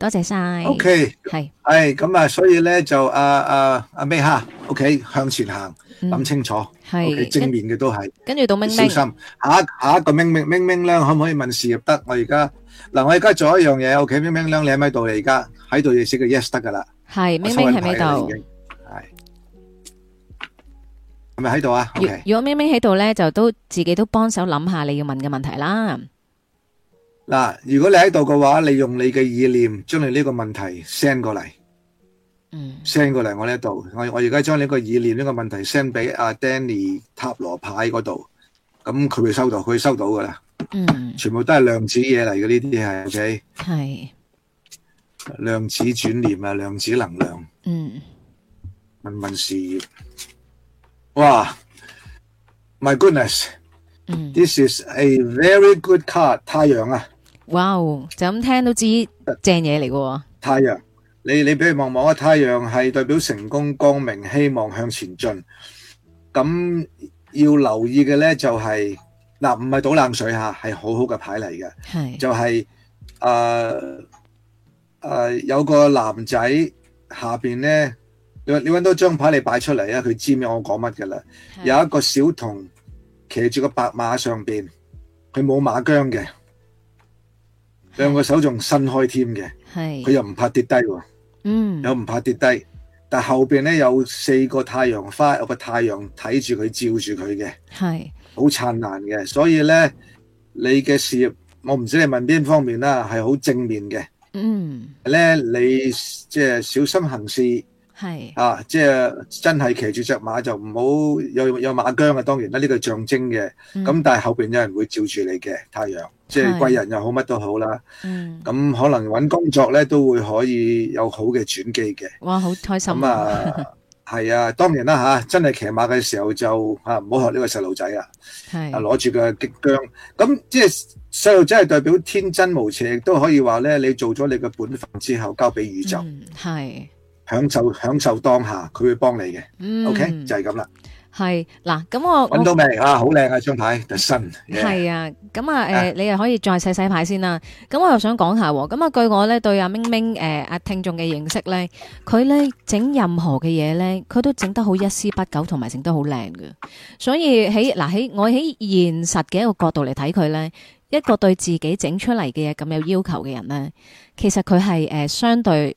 多謝晒。O K 係
係咁啊，所以咧就啊啊阿咩哈，O K 向前行，諗清楚，O K 正面嘅都係。
跟住到明明，小心。
下下一個明明明明咧，可唔可以問事業得？我而家嗱，我而家做一樣嘢，O K 明明咧，你喺咪度嚟？而家喺度，你寫個 yes 得噶啦。
係明明喺咪度？
係係咪喺度啊？O K，
如果明明喺度咧，就都自己都幫手諗下你要問嘅問題啦。
嗱，如果你喺度嘅話，你用你嘅意念將你呢個問題 send 過嚟，嗯，send 過嚟我呢度，我我而家將呢個意念呢個問題 send 俾阿 Danny 塔羅牌嗰度，咁佢會收到，佢收到噶啦，嗯，全部都係量子嘢嚟嘅呢啲係，係，量子轉念啊，量子能量，嗯，問問事業，哇，My goodness，嗯，this is a very good card，太陽啊！
哇哦！Wow，就咁聽都知，正嘢嚟喎。
太陽，你你比佢望望啊，太陽係代表成功、光明、希望、向前進。咁要留意嘅咧就係、是、嗱，唔、呃、係倒冷水吓，係好好嘅牌嚟嘅。係是就係誒誒，有個男仔下邊咧，你搵到張牌你搵多張牌嚟擺出嚟啊！佢知唔知我講乜㗎啦？是有一個小童騎住個白馬上邊，佢冇馬韁嘅。兩個手仲伸開添嘅，佢是又唔怕跌低喎，
是又唔
怕跌低。嗯，但後邊咧有四個太陽花，有個太陽睇住佢照住佢嘅，係好燦爛嘅。所以咧，你嘅事業，我唔知你問邊方面啦，係好正面嘅。嗯，咧你即係小心行事。係是啊，即係真係騎住隻馬就唔好有有馬韁啊！當然啦，呢個象徵嘅，咁、嗯、但係後邊有人會照住你嘅太陽，即係貴人又好，乜是都好啦。嗯，咁可能搵工作咧都會可以有好嘅轉機嘅。
哇，好開心啊！
係、嗯、啊， 啊，當然啦吓、啊，真係騎馬嘅時候就唔好學呢個細路仔啊，係啊，攞住個激僵。咁、啊、即係細路仔係代表天真無邪，亦都可以話咧，你做咗你嘅本分之後，交俾宇宙。係、嗯。享受享受當下，佢會幫你嘅。嗯，OK，就係咁啦。
係嗱，咁我揾到未啊？好
靚啊，張牌，特新。係
啊，咁啊，誒，你又可以再洗洗牌先啦。咁我又想講下，咁啊，據我咧對阿明明誒阿聽眾嘅認識咧，佢咧整任何嘅嘢咧，佢都整得好一絲不苟，同埋整得好靚嘅。所以喺嗱喺我喺現實嘅一個角度嚟睇佢咧，一個對自己整出嚟嘅嘢咁有要求嘅人咧，其實佢係誒相對。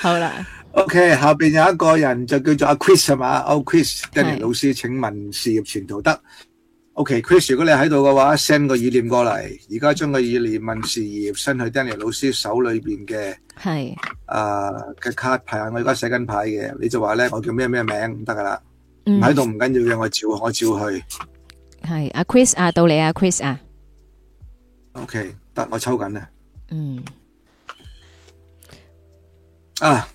好啦
，OK，下邊有一個人就叫做阿 Chris 係嘛，哦 Chris，Danny 老師，請問事業前途得？OK，Chris，okay，如果你喺度嘅話，send 個意念過嚟，而家將個意念問事業，send 去 Danny 老師手裏邊嘅係，啊是，嘅、呃、卡牌，啊。我而家寫緊牌嘅，你就話咧，我叫咩咩名得噶啦，
唔喺度唔
緊要嘅，我照我照去，
係阿、啊、Chris 啊，到你啊 Chris 啊
，OK，得我抽緊啊，嗯。啊！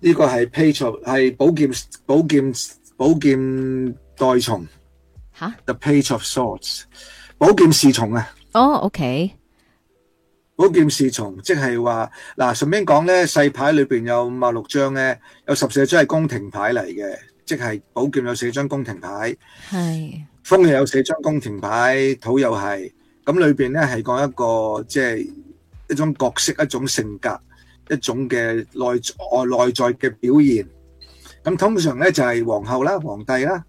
呢個係 Page of 係寶劍，寶劍，寶劍代從
吓。
The Page of Swords，寶劍侍從啊。哦，OK，寶劍侍從即係話嗱，順便講咧，細牌裏邊有五啊六張咧，有十四張係宮廷牌嚟嘅，即係寶劍有四張宮廷牌，係風又有四張宮廷牌，土又係咁。裏邊咧係講一個即係一種角色，一種性格。一種嘅內外內在嘅表現，咁通常咧就係皇后啦、皇帝啦、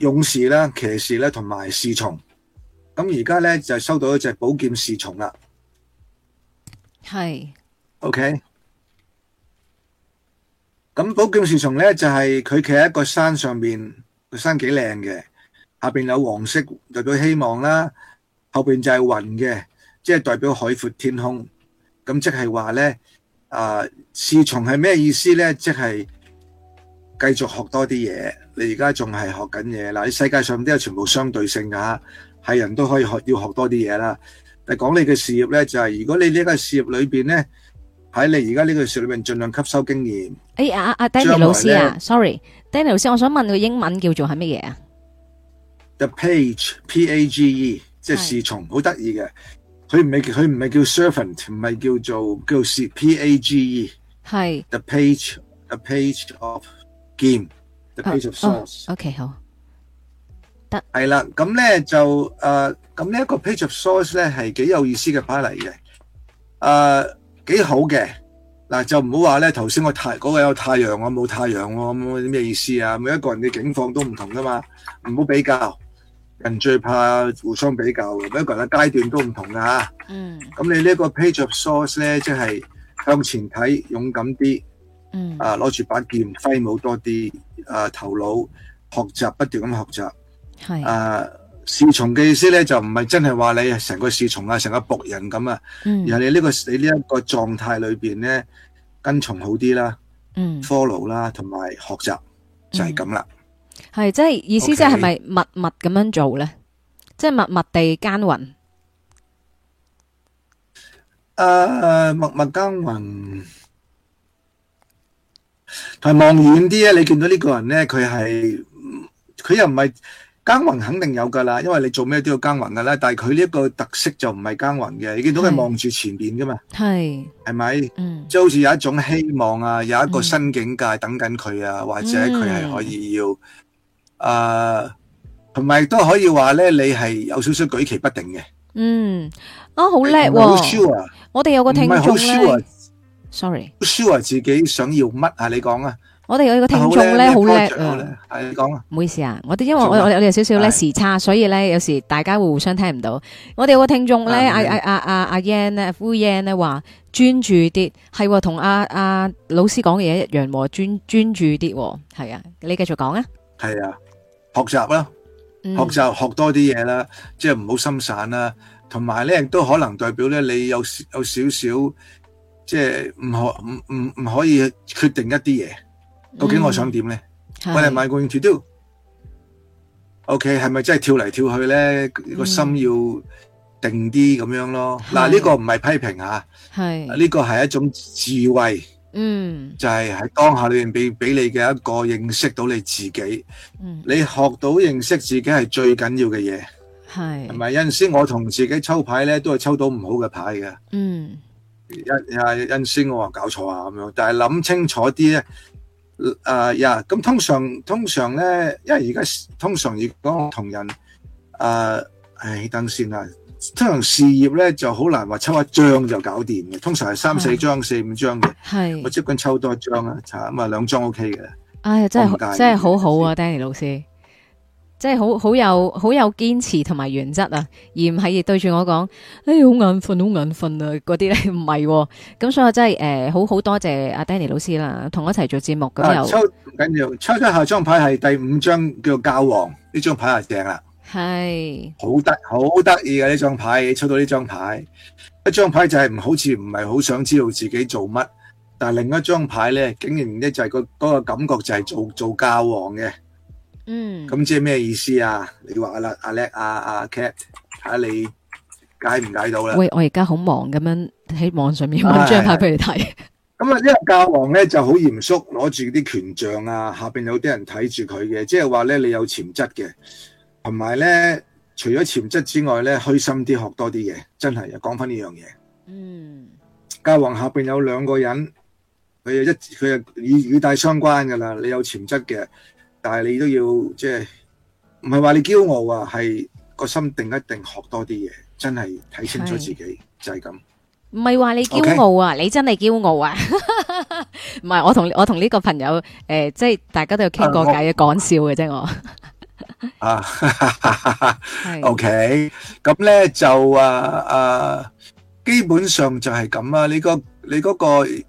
勇士啦、騎士啦同埋侍從，咁而家咧就收到了一隻寶劍侍從啦。
係
，OK。咁寶劍侍從咧就係佢企喺一個山上面，個山幾靚嘅，下邊有黃色代表希望啦，後邊就係雲嘅，即係代表海闊天空。咁即係話咧，啊，侍從係咩意思咧？即係繼續學多啲嘢。你而家仲係學緊嘢啦。世界上都有全部相對性噶吓，係人都可以學，要學多啲嘢啦。但係講你嘅事業咧，就係、是、如果你呢個事業裏邊咧，喺你而家呢個事業裏邊，盡量吸收經驗。
哎呀，阿、啊啊啊、Danny 老師啊，sorry，Danny 老師，我想問個英文叫做係乜嘢啊
？The page，P-A-G-E，即係侍從，好得意嘅。G e，是佢唔係佢唔係叫 servant，唔係叫做 S ant, 叫，做叫做 P A G E，係是 the page the page of game、啊、
the page of source。哦、OK 好
得係啦，咁咧就誒，咁呢一個 page of source 咧係幾有意思嘅排列嚟嘅。誒、呃、幾好嘅嗱、呃，就唔好話咧，頭先我太嗰、那個有太陽我冇太陽、啊，咁啲咩意思啊？每一個人嘅境況都唔同噶嘛，唔好比較。人最怕互相比較，每一個人嘅階段都唔同㗎吓。嗯，咁你呢個 page of source 咧，即係向前睇，勇敢啲。
嗯。
啊，攞住把劍揮舞多啲。啊，頭腦學習，不斷咁學習。係。啊，侍從嘅意思咧，就唔係真係話你成個侍從啊，成個僕人咁啊。嗯。而係你呢個你呢一個狀態裏邊咧，跟從好啲啦。嗯。follow 啦，同埋學習就係咁啦。嗯。
係，即係意思即係，係咪默默咁樣做咧？即係默默地耕耘。
誒，默默耕耘，同埋望遠啲咧。你見到呢個人咧，佢係佢又唔係耕耘，肯定有噶啦。因為你做咩都要耕耘噶啦。但係佢呢一個特色就唔係耕耘嘅。你見到佢望住前面噶嘛？係係咪？嗯，即係好似有一種希望啊，有一個新境界等緊佢啊，或者佢係可以要。誒，同埋都可以話咧，你係有少少舉棋不定嘅。
嗯，啊好叻，好 sure。我哋有個聽眾。唔係好 sure。
Sorry。自己想要乜啊？你講啊。
我哋有個聽眾咧，好叻。係你講啊。唔好意思啊，我哋因為我哋有少少咧時差，所以咧有時大家會互相聽唔到。我哋有個聽眾咧，阿阿阿阿 Yan 咧話專注啲，係同阿阿老師講嘅嘢一樣喎，專專注啲。係啊，你繼續講啊。
係啊。學習啦，學習學多啲嘢啦，即係唔好心散啦。同埋咧，亦都可能代表咧，你有有少少，即係唔可唔唔唔可以決定一啲嘢。究竟我想點咧？嗯、我哋 m going to do。對 OK，係咪真係跳嚟跳去咧？個、嗯、心要定啲咁樣咯。嗱是，呢、啊呢個唔係批評啊，係呢個係一種智慧。嗯，mm hmm. 就係喺當下裏面俾俾你嘅一個認識到你自己，mm hmm. 你學到認識自己係最緊要嘅嘢。係
是，同埋
有陣時我同自己抽牌咧，都係抽到唔好嘅牌嘅。嗯、mm，一啊有陣時我話搞錯啊咁樣，但係諗清楚啲咧，誒、呃、呀，咁、yeah, 通常通常咧，因為而家通常如果同人，誒、呃，唉，等先啦。通常事業咧就好難話抽一張就搞掂嘅，通常係三四張、四五唉張嘅。係是，我即管抽多一張啦，慘啊，兩張 O K 嘅啦。
唉，真係真係好好啊，Danny 老師，真係好好有好有，有堅持同埋原則啊，而唔係對住我講，哎，好眼瞓，好眼瞓啊，嗰啲咧唔係。咁所以我真係誒、呃，好好多謝阿、啊、Danny 老師啦，同我一齊做節目咁、啊、又。唔
緊要，抽出下張牌係第五張叫做教皇，呢張牌係正啦。係好得好得意嘅呢張牌，出到呢張牌，一張牌就係唔好似唔係好想知道自己做乜，但係另一張牌咧，竟然咧就係個個感覺就係做做教皇嘅，嗯，
咁
即係咩意思啊？你話阿叻阿叻阿阿 cat 睇下你解唔解到啦？喂，我而
家好忙咁樣喺網上面揾張牌俾你睇。
咁啊，因為教皇咧就好嚴肅，攞住啲權杖啊，下邊有啲人睇住佢嘅，即係話咧你有潛質嘅。同埋咧，除咗潛質之外咧，虛心啲學多啲嘢，真係又講翻呢樣嘢。嗯，交往下邊有兩個人，佢又一佢又與與大相關噶啦。你有潛質嘅，但係你都要即係，唔係話你驕傲啊，係個心定一定學多啲嘢，真係睇清楚自己是就係咁。唔
係話你驕傲啊，Okay 你真係驕傲啊。唔 係我同我同呢個朋友誒、呃，即係大家都有傾過偈，講笑嘅啫，我。
啊，OK，咁咧就啊啊，基本上就係咁啊。你個你嗰、那個誒，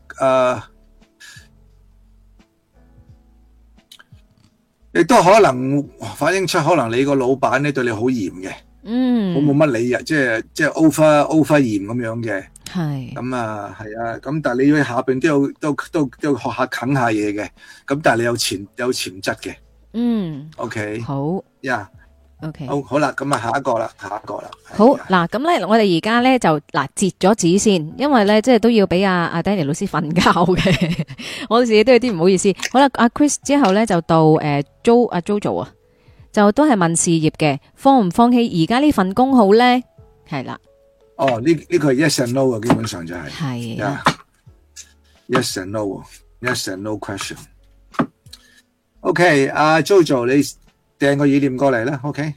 亦、啊、都可能反映出可能你個老闆咧對你好嚴嘅，嗯，
好冇
乜理由，即、就、係、是、即係、就是、o v e r o v e r 嚴咁樣嘅，係的，咁啊係啊，咁但係你下面要下邊都有都都都學下啃下嘢嘅，咁但係你有潛有潛質嘅。嗯，OK，好呀，OK，好，Yeah. okay. Oh, 好啦，咁啊，下一個啦，下一個啦，
好嗱是，咁咧，我哋而家咧就嗱截咗紙先，因為咧即係都要俾阿阿 Danny 老師瞓覺嘅， 我自己都有啲唔好意思。好啦，阿、啊、Chris 之後咧就到誒、呃、Jo 阿 Jo Jo 啊，JoJo, 就都係問事業嘅放唔放棄而家呢份工好咧，係啦。
哦，呢、這、呢個係 Yes and no、啊，基本上就係、是、係、啊 yeah.，Yes and no. Yes and No question。OK，阿 Jojo，你掟個意念過嚟啦。OK，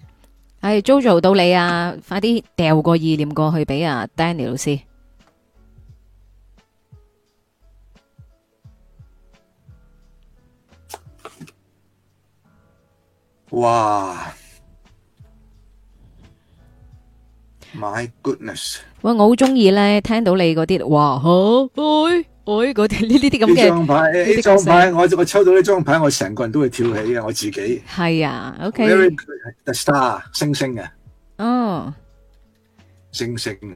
係 Jojo 到你啊，快啲掉個意念過去俾阿 Danny 老師。
哇！My goodness，
喂，我好中意咧，聽到你嗰啲哇呵，喂！會嗰啲呢啲啲咁嘅。呢張牌，呢啲牌，
我我抽到呢張牌，我成個人都會跳起嘅，我自己。
係啊，OK。
The Star 星星嘅。哦。星星嘅。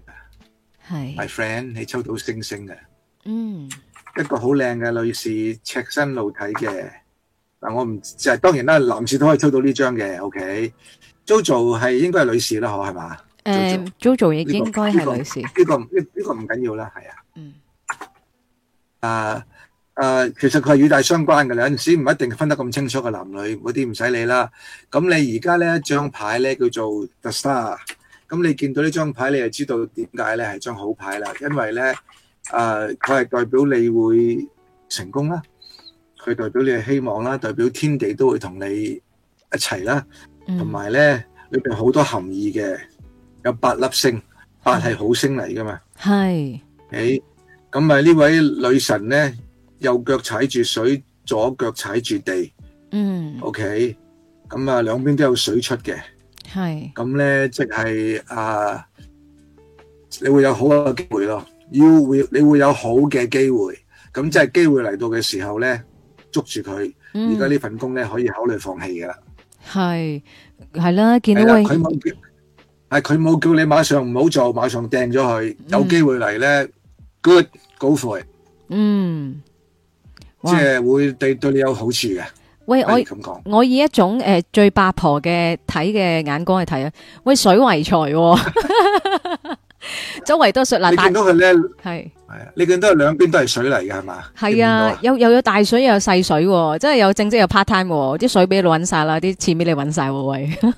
係。My friend，你抽到星星嘅。嗯。一個好靚嘅女士，赤身露體嘅。嗱，我唔就當然啦，男士都可以抽到呢張嘅。OK。Jojo 係應該係女士啦，嗬，係嘛
？Jojo 亦應該係女士。
呢個呢呢個唔緊要啦，係啊。嗯。啊啊，其實佢係與大相關嘅，有陣時唔一定分得咁清楚嘅男女嗰啲唔使理啦。咁你而家呢張牌呢叫做 The Star，咁你見到呢張牌，你就知道點解呢係張好牌啦，因為呢，誒，佢係代表你會成功啦，佢代表你嘅希望啦，代表天地都會同你一齊啦，
同埋
呢裏邊好多含義嘅，有八粒星，八係好星嚟噶嘛，
係，誒。
咁咪呢位女神咧，右腳踩住水，左腳踩住地。
嗯，OK。
咁啊，兩邊都有水出嘅。係。咁咧，即係啊，你會有好嘅機會咯。要會，你會有好嘅機會。咁即係機會嚟到嘅時候咧，捉住佢。而家呢份工咧，可以考慮放棄噶啦。
係，係啦。見到佢冇
叫，係佢冇叫你馬上唔好做，馬上掟咗佢。有機會嚟咧。
good，g
o 嗯，即係會對對你有好處嘅。
喂，我我以一種誒、呃、最八婆嘅睇嘅眼光去睇啊，喂，水為財，周圍都係嗱，你見到佢咧係係
啊，你見到兩邊都係水嚟嘅係嘛？
係啊，又有有大水，又有細水，哦，真係有正職，又 part time，啲、哦、水俾你搵晒啦，啲錢俾你搵晒喎，喂。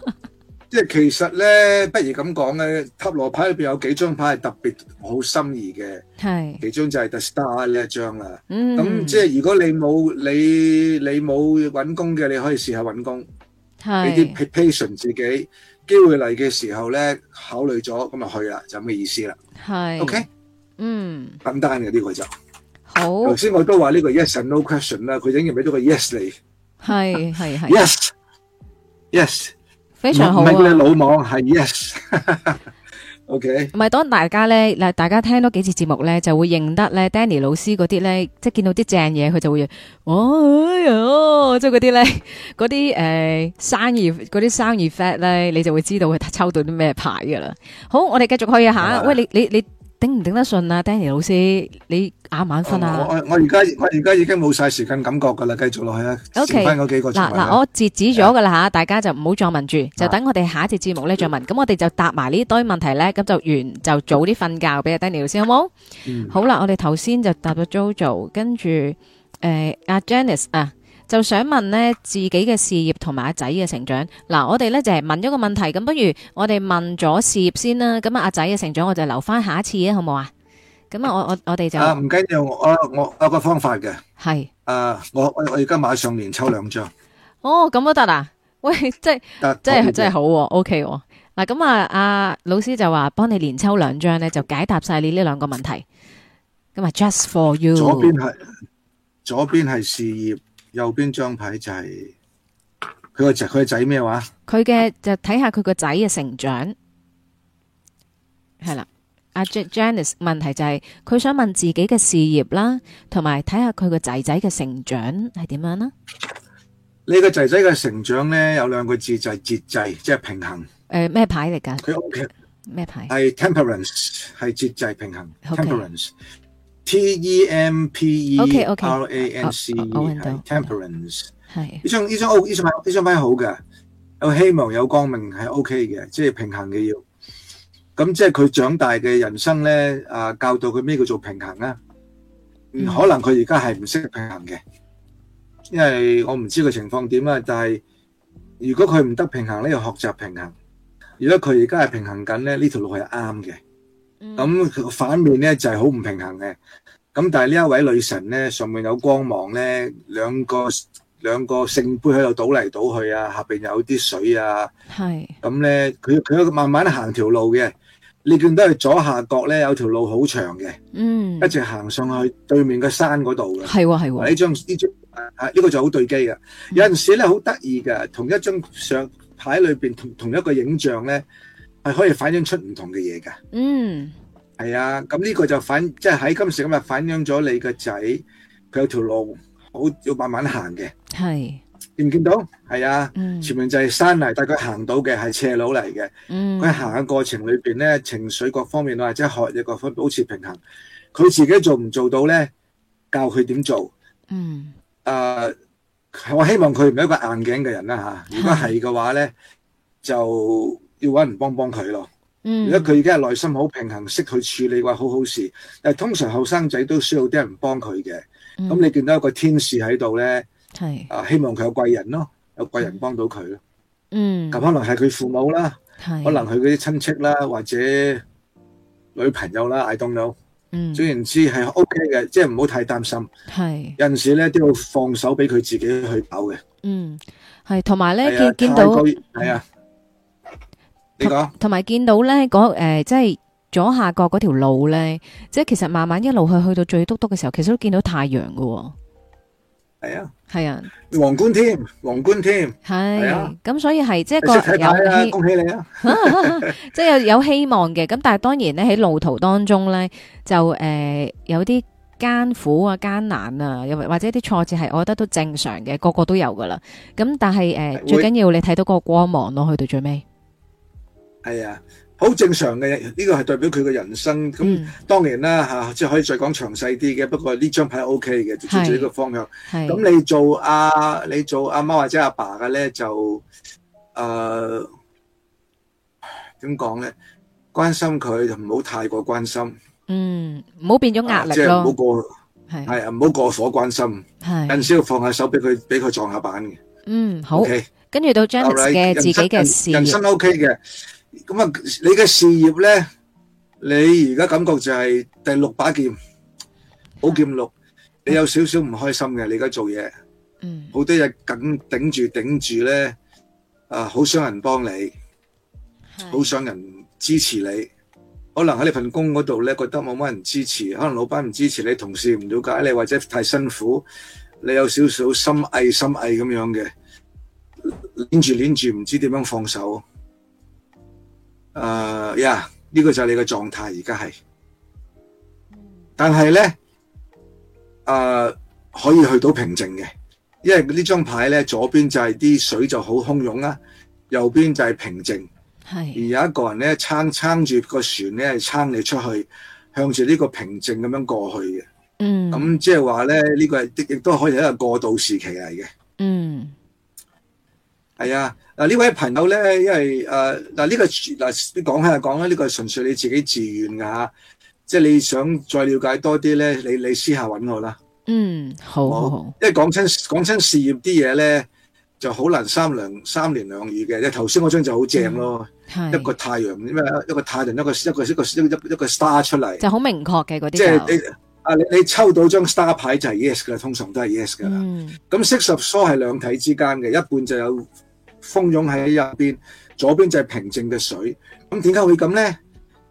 即係其實咧，不如咁講咧，塔羅牌裏邊有幾張牌係特別好心意嘅，係是其中就係 the star 呢一張啦。咁、嗯、即係如果你冇你你冇搵工嘅，你可以試下搵工，俾啲 patience 自己，機會嚟嘅時候咧，考慮咗咁就去啦，就咁嘅意思啦。
係是，OK，嗯，
簡單嘅呢個就，好。頭先我都話呢個 yes and no question 啦，佢已經俾咗個 yes 嚟，係係
係，yes yes。
Yes
非常好啊！唔係
老網係 yes，OK。
唔係當大家咧，嗱，大家聽多幾次節目咧，就會認得咧，Danny 老師嗰啲咧，即係見到啲正嘢，佢就會，哦，哦，即係嗰啲咧，嗰啲誒生意，嗰啲生意 fat 咧，你就會知道佢抽到啲咩牌噶啦。好，我哋繼續去啊下。喂，你你你。頂唔頂得順啊，Danny 老師，你眼唔眼瞓啊！啊我
我而家我而家已經冇晒時間感覺噶啦，繼續落去啊！OK 嗰幾個。嗱嗱，我
截止咗噶啦吓，Yeah. 大家就唔好再問住，就等我哋下一節節目咧再問。咁 Yeah. 我哋就答埋呢堆問題咧，咁就完，就早啲瞓覺，俾阿 Danny 老師好冇？Mm hmm. 好啦，我哋頭先就答咗 JoJo，跟住誒 Janice 啊。就想問咧自己嘅事業同埋阿仔嘅成長。嗱，我哋咧就係問咗個問題，咁不如我哋問咗事業先啦。咁啊，阿仔嘅成長，我就留翻下一次好不好啊，好唔好啊？咁啊，我我我哋就唔
緊要，我我有個方法嘅。係是、啊。我我而家馬上連抽兩張。
哦，咁都得啦。喂，即係即係真係好、啊。OK。嗱，咁啊，阿、啊啊、老師就話幫你連抽兩張咧，就解答晒你呢兩個問題。咁啊，just for you。左邊
係左邊係事業。右邊張牌就係佢個仔，佢個仔咩話？
佢嘅就睇下佢個仔嘅成長係啦。阿 Janice 問題就係、是、佢想問自己嘅事業啦，同埋睇下佢個仔仔嘅成長係點樣啦。
呢個仔仔嘅成長咧有兩個字就係、是、節制，即、就、係、是、平衡。
誒、呃，咩牌嚟噶？佢屋企咩
牌？係 Temperance，係節制平衡 Temperance。Okay. Temperance T E M P E R A N C E，temperance 呢張呢張呢張牌，呢張好噶，有希望有光明係 OK 嘅，即係平衡嘅要。咁即係佢長大嘅人生咧，啊，教導佢咩叫做平衡啊？可能佢而家係唔識得平衡嘅，因為我唔知個情況點啊。但係如果佢唔得平衡呢，要學習平衡。如果佢而家係平衡緊咧，呢條路係啱嘅。咁反面咧就係好唔平衡嘅，咁但係呢一位女神咧上面有光芒咧，兩個兩個聖杯喺度倒嚟倒去啊，下邊有啲水啊，係，咁咧佢佢慢慢行條路嘅，你見到佢左下角咧有條路好長嘅，嗯，
一
直行上去對面嘅山嗰度嘅，係係，呢張呢張啊呢個就好對機噶，有陣時咧好得意噶，同一張相牌裏邊同同一個影像咧。係可以反映出唔同嘅嘢噶，
嗯，
係啊，咁呢個就反即係喺今時今日反映咗你個仔佢有條路好要慢慢行嘅，係見唔見到？係啊，前面就係山泥，但係佢行到嘅係斜路嚟嘅，嗯，佢行嘅過程裏邊咧，情緒各方面或者學業各方保持平衡，佢自己做唔做到咧？教佢點做，嗯，誒，我希望佢唔係一個硬頸嘅人啦吓，如果係嘅話咧就。要揾人幫幫佢咯。
如果佢
而家係內心好平衡，識去處理嘅話，好好事。但係通常後生仔都需要啲人幫佢嘅。咁你見到一個天使喺度咧，係啊，希望佢有貴人咯，有貴人幫到佢咯。嗯，
咁可
能係佢父母啦，可能佢嗰啲親戚啦，或者女朋友啦，I don't know。總言之係 OK 嘅，即係唔好太擔心。係有陣時咧都要放手俾佢自己去搞嘅。嗯，
係同埋咧見到係啊。同埋見到咧，誒、呃，即係左下角嗰條路咧，即係其實慢慢一路去去到最督篤嘅時候，其實都見到太陽噶、哦，係啊，係啊，皇
冠添，皇冠添，
係啊，咁、啊、所以係即係、嗰個、啊、有恭喜你啊， 啊即係有有希望嘅。咁但係當然咧，喺路途當中咧，就誒、呃、有啲艱苦啊、艱難啊，又或者啲挫折，係我覺得都正常嘅，個個都有噶啦。咁但係誒、呃、會最緊要你睇到嗰個光芒咯、啊，去到最尾。
係啊，好正常嘅，呢、這個係代表佢嘅人生。咁、嗯、當然啦、啊，吓即係可以再講詳細啲嘅。不過呢張牌 O K 嘅，就朝住呢個方向。咁是你做阿、啊、你做阿媽或者阿爸嘅咧，就誒點講咧？關心佢就唔好太過關心。
嗯，唔好變咗壓力咯。即係唔好過係啊，唔、就、
好、是過，是啊、過火關心。係是，有陣時要放下手俾佢，俾佢撞下板嘅。嗯，
好。Okay, 跟住到 j a 嘅自己嘅人生
O K 嘅。咁啊，你嘅事業咧，你而家感覺就係第六把劍，寶劍六，你有少少唔開心嘅，你而家做嘢，嗯，好多嘢緊頂住頂住咧，啊，好想人幫你，好想人支持你，的可能喺你份工嗰度咧，覺得冇乜人支持，可能老闆唔支持你，同事唔了解你，或者太辛苦，你有少少心翳心翳咁樣嘅，捻住捻住唔知點樣放手。誒呀，呢、uh, yeah, 個就係你嘅狀態而家係，但係呢誒、uh, 可以去到平靜嘅，因為呢張牌呢左邊就係啲水就好洶湧啦，右邊就係平靜，
係是而有
一個人呢撐撐住個船呢係撐你出去，向住呢個平靜咁樣過去嘅，嗯，咁即係話呢呢、這個係亦都可以係一個過渡時期嚟嘅，嗯，係啊。嗱呢位朋友咧，因為誒嗱呢個嗱講下講咧，呢、這個純粹你自己自願啊。即係你想再了解多啲咧，你你私下揾我啦。
嗯，好，好，好，
因為講親講親事業啲嘢咧，就好難三兩三言兩語嘅。你頭先嗰張就好正咯、嗯一，
一
個太陽咩一個太陽一個一個一個一個一個 star 出嚟，就
好明確嘅啲。即係
你啊，你抽到張 star 牌就係 yes 嘅，通常都係 yes 噶，嗯，咁 six of swords 係兩體之間嘅，一半就有。蜂擁喺入邊，左邊就係平靜嘅水。咁點解會咁咧？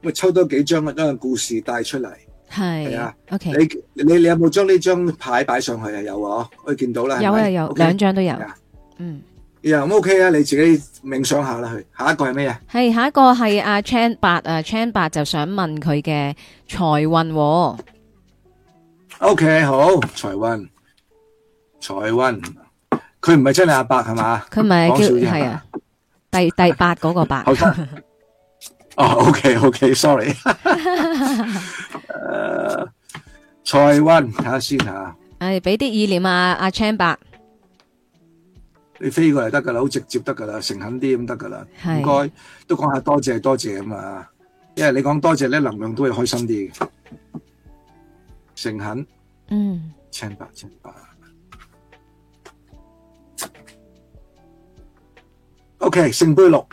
咪抽多幾張，將個故事帶出嚟。係
是，係啊。O Okay . K，
你你你有冇將呢張牌擺上去啊？有啊，可以見到啦有。有啊，有兩
張都
有。
啊、yeah, 嗯，又 O K 啊，你自己冥想下啦。去下一個係咩啊？
係下一個係阿 Chan 八啊，Chan 八就想問佢嘅財運。O、okay,
K，好財運，財運。財運佢唔係真係阿伯係嘛？佢咪叫係啊？
第第八嗰個八。好。
哦，OK，OK，Sorry。誒，再睇下先吓。
誒，俾啲意念啊，阿昌伯。
你飛過嚟得噶啦，好直接得噶啦，誠懇啲咁得噶啦。係。應該都講下多謝多謝咁啊，因為你講多謝咧，能量都會開心啲嘅。誠懇。嗯。昌伯，昌伯。O.K. 聖杯六，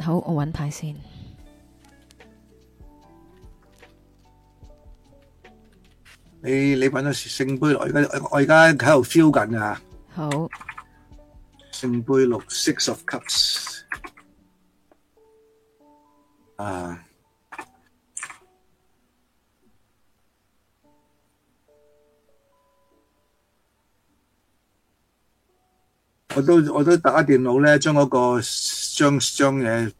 好，我揾牌先。
你你揾咗聖杯六？而家我我而家喺度 feel 緊啊。好，聖杯六，Six of Cups。啊。我都我都打電腦咧，將嗰個將將嘢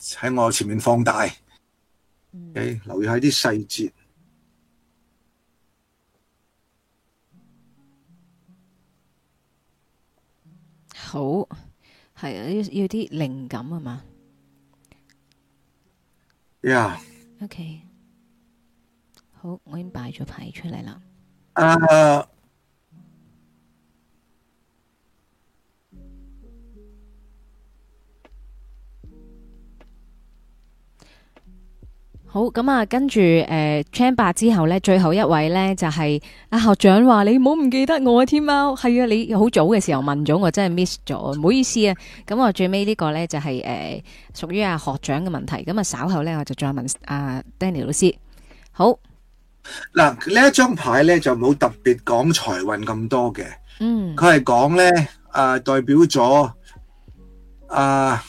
喺我前面放大，誒，留意下啲細節。
好，係啊，要要啲靈感啊嘛？
呀
，OK，好，我已經擺咗牌出嚟啦。啊。好咁啊，跟住誒，chain 八之後咧，最後一位咧就係、是、阿、啊、學長話你唔好唔記得我啊，天貓係啊，你好早嘅時候問咗我，真係 miss 咗，唔好意思啊。咁、嗯、我、嗯、最尾呢個咧就係、是、誒，屬於啊學長嘅問題。咁啊稍後咧我就再問阿、呃、Danny 老師。好
嗱，一張呢一張牌咧就冇特別講財運咁多嘅，嗯，佢係講咧啊代表咗啊、呃、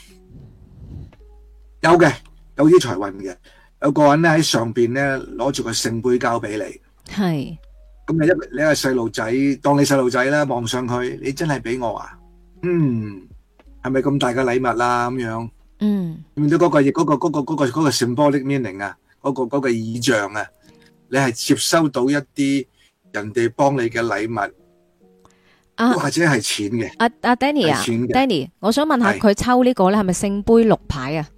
有嘅有啲財運嘅。有個人咧喺上邊咧，攞住個聖杯交俾你。
係是，
咁你一你係細路仔，當你細路仔啦，望上去，你真係俾我啊？嗯，係咪咁大嘅禮物啦、啊？咁樣，嗯，見到嗰個、嗰、那個、嗰、那個、嗰、那個、嗰、那個聖玻璃 meaning 啊，嗰、那個嗰、那個意象啊，你係接收到一啲人哋幫你嘅禮物，啊、或者係錢嘅。阿阿、啊
啊、Danny 啊，Danny，我想問下佢是抽呢、這個咧，係咪聖杯六牌啊？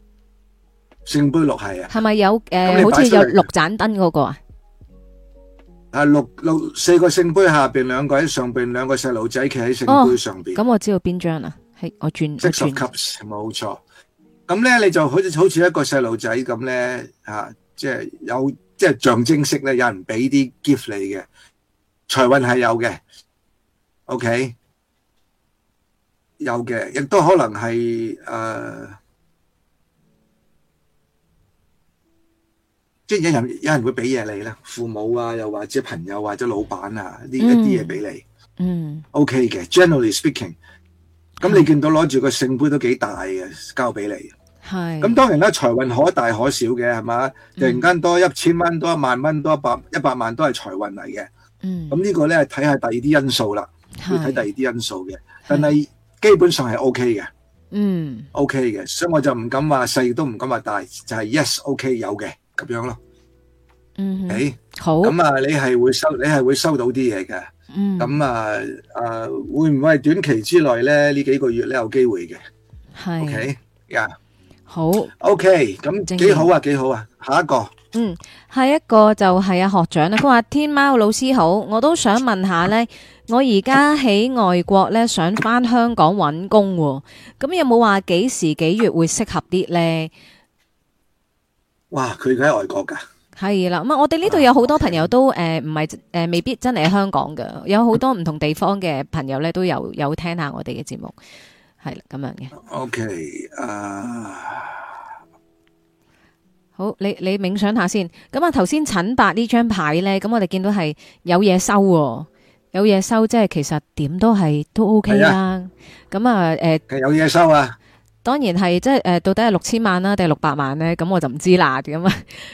聖杯六係啊，係咪
有誒？好似有六盞燈嗰個
啊？啊，六六四個聖杯下邊兩個，喺上邊兩個細路仔企喺聖杯上邊。
咁我知道邊張啊，係我轉。Six of Cups，
冇錯。咁咧，你就好似好似一個細路仔咁咧，吓，即係有，即係象徵式咧，有人俾啲 gift 你嘅，財運係有嘅。OK，有嘅，亦都可能係誒。即係有人有人會俾嘢你啦，父母啊，又或者朋友或者老闆啊，呢一啲嘢俾你，嗯，OK 嘅。Generally speaking，咁你見到攞住個聖杯都幾大嘅，交俾你，係。咁當然啦，財運可大可少嘅，係嘛？突然間多一千蚊，多一萬蚊，多一百一百萬，都係財運嚟嘅。嗯。咁呢個咧睇下第二啲因素啦，會睇第二啲因素嘅，但係基本上係 OK 嘅。嗯。OK 嘅，所以我就唔敢話細，都唔敢話大，就係 yes OK 有嘅。咁樣咯，嗯
哼，誒，Okay?
好，咁啊，你係會收，你係會收到啲嘢嘅，嗯，咁啊，誒、啊，會唔會係短期之內咧？呢幾個月咧有機會嘅，係，OK，呀是，Yeah.
好
，OK，咁這幾經好啊，幾好啊，下一個，嗯，
下一個就係阿學長啦，佢話天貓老師好，我都想問一下咧，我而家喺外國咧，想翻香港揾工，咁有冇話幾時幾月會適合啲咧？哇！佢喺外國噶，係啦咁啊！我哋呢度有好多朋友都誒唔係誒，未必真係喺香港嘅，有好多唔同地方嘅朋友咧都有有聽下我哋嘅節目，係啦咁樣嘅。OK，啊、
uh、
好，你你冥想一下先。咁啊，頭先陳伯呢張牌咧，咁我哋見到係有嘢收、哦，有嘢收即，即係其實點都係都 OK 啦。咁啊的，誒，呃、有嘢收啊！當然係，即係誒，到底係六千萬啦，定係六百萬咧？咁我就唔知啦。咁啊，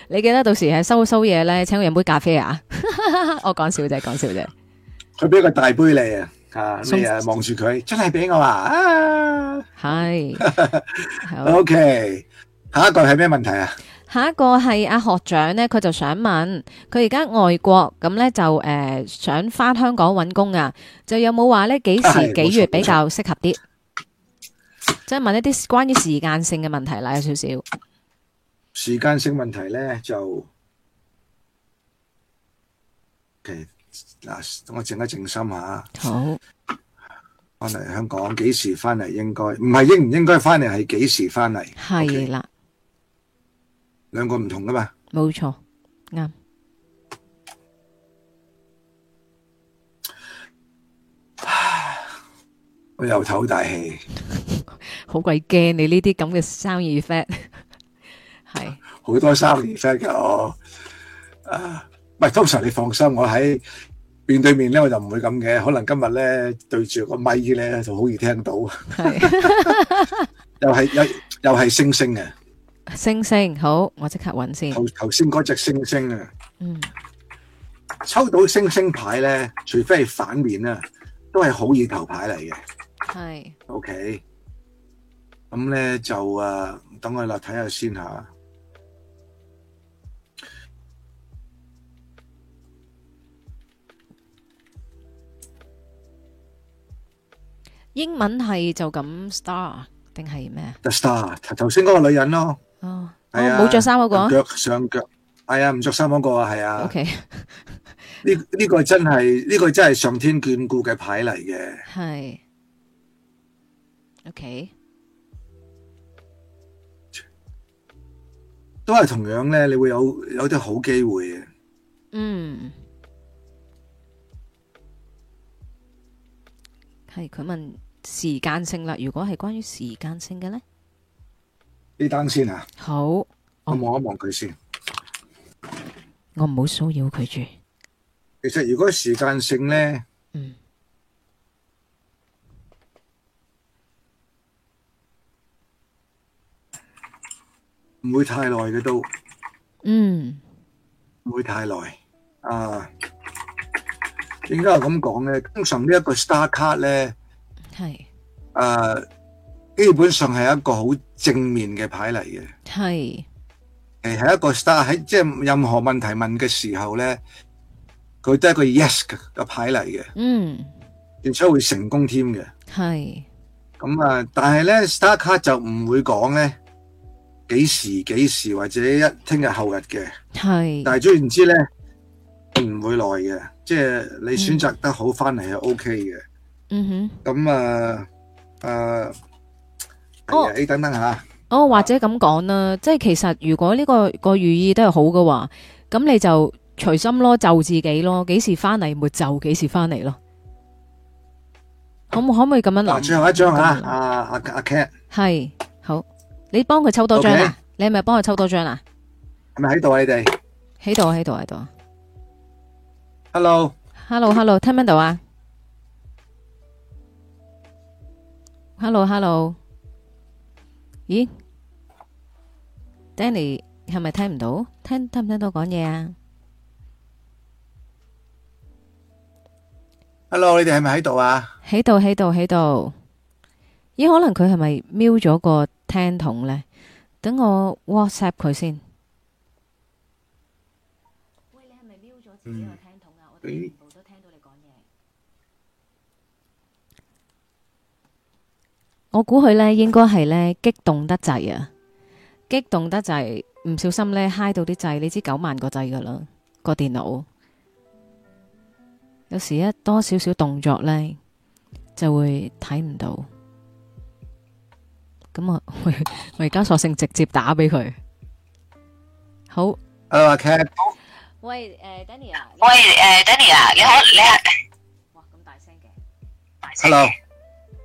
你記得到時係收收嘢咧，請我飲杯咖啡啊！ 我講笑啫，講笑啫。
佢俾個大杯你啊，咩望住佢，真係俾我啊！係 ，OK。下一個係咩問題啊？
下一個係阿學長咧，佢就想問，佢而家外國咁咧，就誒、呃、想翻香港揾工啊？就有冇話咧幾時、啊、幾月比較適合啲？即係問一啲關於時間性嘅問題啦，有少少
時間性問題咧就，OK 嗱，等我靜一靜心吓。
好，
翻嚟香港幾時翻嚟？應該唔係應唔應該翻嚟，係幾時翻嚟？
係啦，
兩個唔同噶嘛。
冇錯，啱。
我又唞大氣。
好鬼驚你呢啲咁嘅生意 friend，
係好多生意 friend 嘅我，啊唔係。通常你放心，我喺面對面咧我就唔會咁嘅，可能今日咧對住個咪咧就好易聽到，又係又又係星星嘅
星星，好，我即刻搵先。頭
頭先嗰隻星星啊，嗯，抽到星星牌咧，除非係反面啊，都係好意頭牌嚟嘅，係 OK。咁咧，就誒，等我嚟睇下先吓。
英文係就咁 Star 定係咩
啊？The Star，頭先嗰個女人咯，
哦，係啊，冇着衫嗰個，腳
上腳，係啊，唔着衫嗰個啊，係啊。OK，呢呢個真係呢個真係上天眷顧嘅牌嚟嘅。
係，OK。
都係同樣咧，你會有有啲好機會嘅。
嗯，係佢問
時間性啦，如果係關於時間性嘅咧，
呢單先啊。
好，哦，我望一望佢先。我唔好騷擾佢住。
其實如果時間性咧，嗯。唔會太耐嘅都，嗯，唔會太耐啊。點解我咁講咧？通常呢一個 star card 咧，係，誒，基本上係一個好正面嘅牌嚟嘅，係，誒，係一個 star 喺即係任何問題問嘅時候咧，佢都係一個 yes 嘅牌嚟嘅，
嗯，
而且會成功添嘅，係。咁啊，但係咧 star card 就唔會講咧。幾時幾時或者一聽日後日嘅，
係，但係
總然之咧唔會耐嘅，即係你選擇得好翻嚟係 O K 嘅，
嗯
哼，咁啊，誒，等等吓，
哦，或者咁講啦，即係其實如果呢個個寓意都係好嘅話，咁你就隨心咯，就自己咯，幾時翻嚟咪就幾時翻嚟咯，可唔可唔可以咁樣諗？嗱，最後一張吓，
阿阿阿 Cat
係。你幫佢抽多張 Okay？啊，啊！你係咪幫佢抽多張啊？
係咪喺度啊？你哋
喺度喺度喺度。Hello，Hello，Hello，聽唔聽到啊？Hello，Hello，咦，Danny 係咪聽唔到？聽聽唔聽到講嘢啊
？Hello，你哋係咪喺度啊？
喺度，喺度，喺度。咦？可能佢係咪瞄咗個？聽筒呢，等我 whatsapp 佢先。喂，你係咪瞄咗自己個聽筒啊？嗯。我哋全部都聽到你講嘢。我估佢 呢應該係呢激動得滯啊！激動得滯，唔小心呢嗨 i 到啲掣，你知九萬個掣噶啦個電腦。有時多一多少少動作呢，就會睇唔到。咁我我而家索性直接打俾佢，好。Hello 阿 Ken。誒，喂，誒，Danny，
喂，誒，Danny，你好，你好。哇，咁
大聲嘅，大
聲嘅。Hello，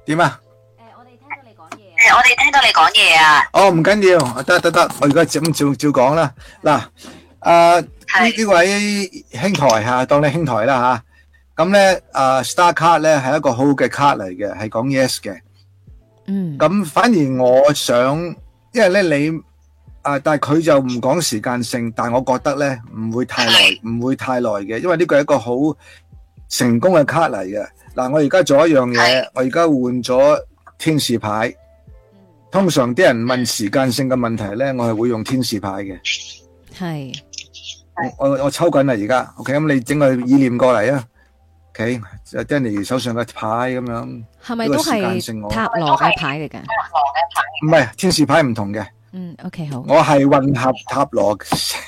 點啊？誒，我哋聽到你講嘢。誒，我哋聽
到你講嘢啊。哦，唔緊要，得得得，我而家咁照照講啦。嗱，誒呢呢位兄台吓，當你兄台啦吓。咁咧，誒，Star Card 咧係一個好嘅 card 嚟嘅，係講 yes 嘅。嗯，咁反而我想，因為咧你啊，但係佢就唔講時間性，但係我覺得咧唔會太耐，唔會太耐嘅，因為呢個係一個好成功嘅卡嚟嘅。嗱，我而家做一樣嘢，是我而家換咗天使牌。通常啲人問時間性嘅問題咧，我係會用天使牌嘅。
係是，
我我抽緊啦，而家，OK，咁你整個意念過嚟啊。O.K.，阿 Danny 手上嘅牌咁樣，係咪都係塔
羅嘅牌嚟嘅？
唔係，天使牌唔同嘅。嗯，O.K. 好。我係混合塔羅。誒，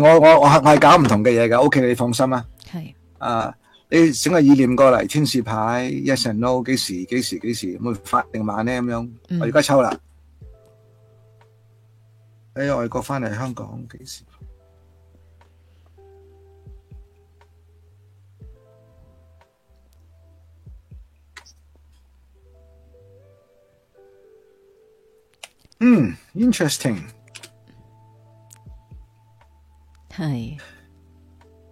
我我我係搞唔同嘅嘢噶。O.K. 你放心啊。係。啊，你整個意念過嚟，天使牌，yes and no？幾時？幾時？幾時？會發定晚咧？咁樣，我而家抽啦。喺外國翻嚟香港，幾時？
嗯，interesting，係。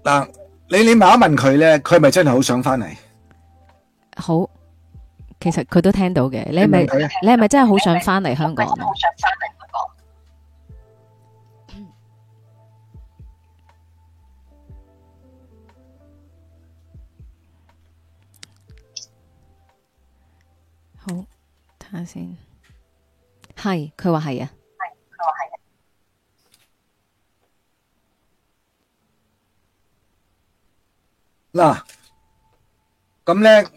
嗱，你你問一問佢咧，佢咪真係好想翻嚟？
好，其實佢都聽到嘅。你咪，你係咪真係好想翻嚟香港？好，睇
下
先。
係，佢話係啊。係，佢話係啊。嗱，咁咧，啊，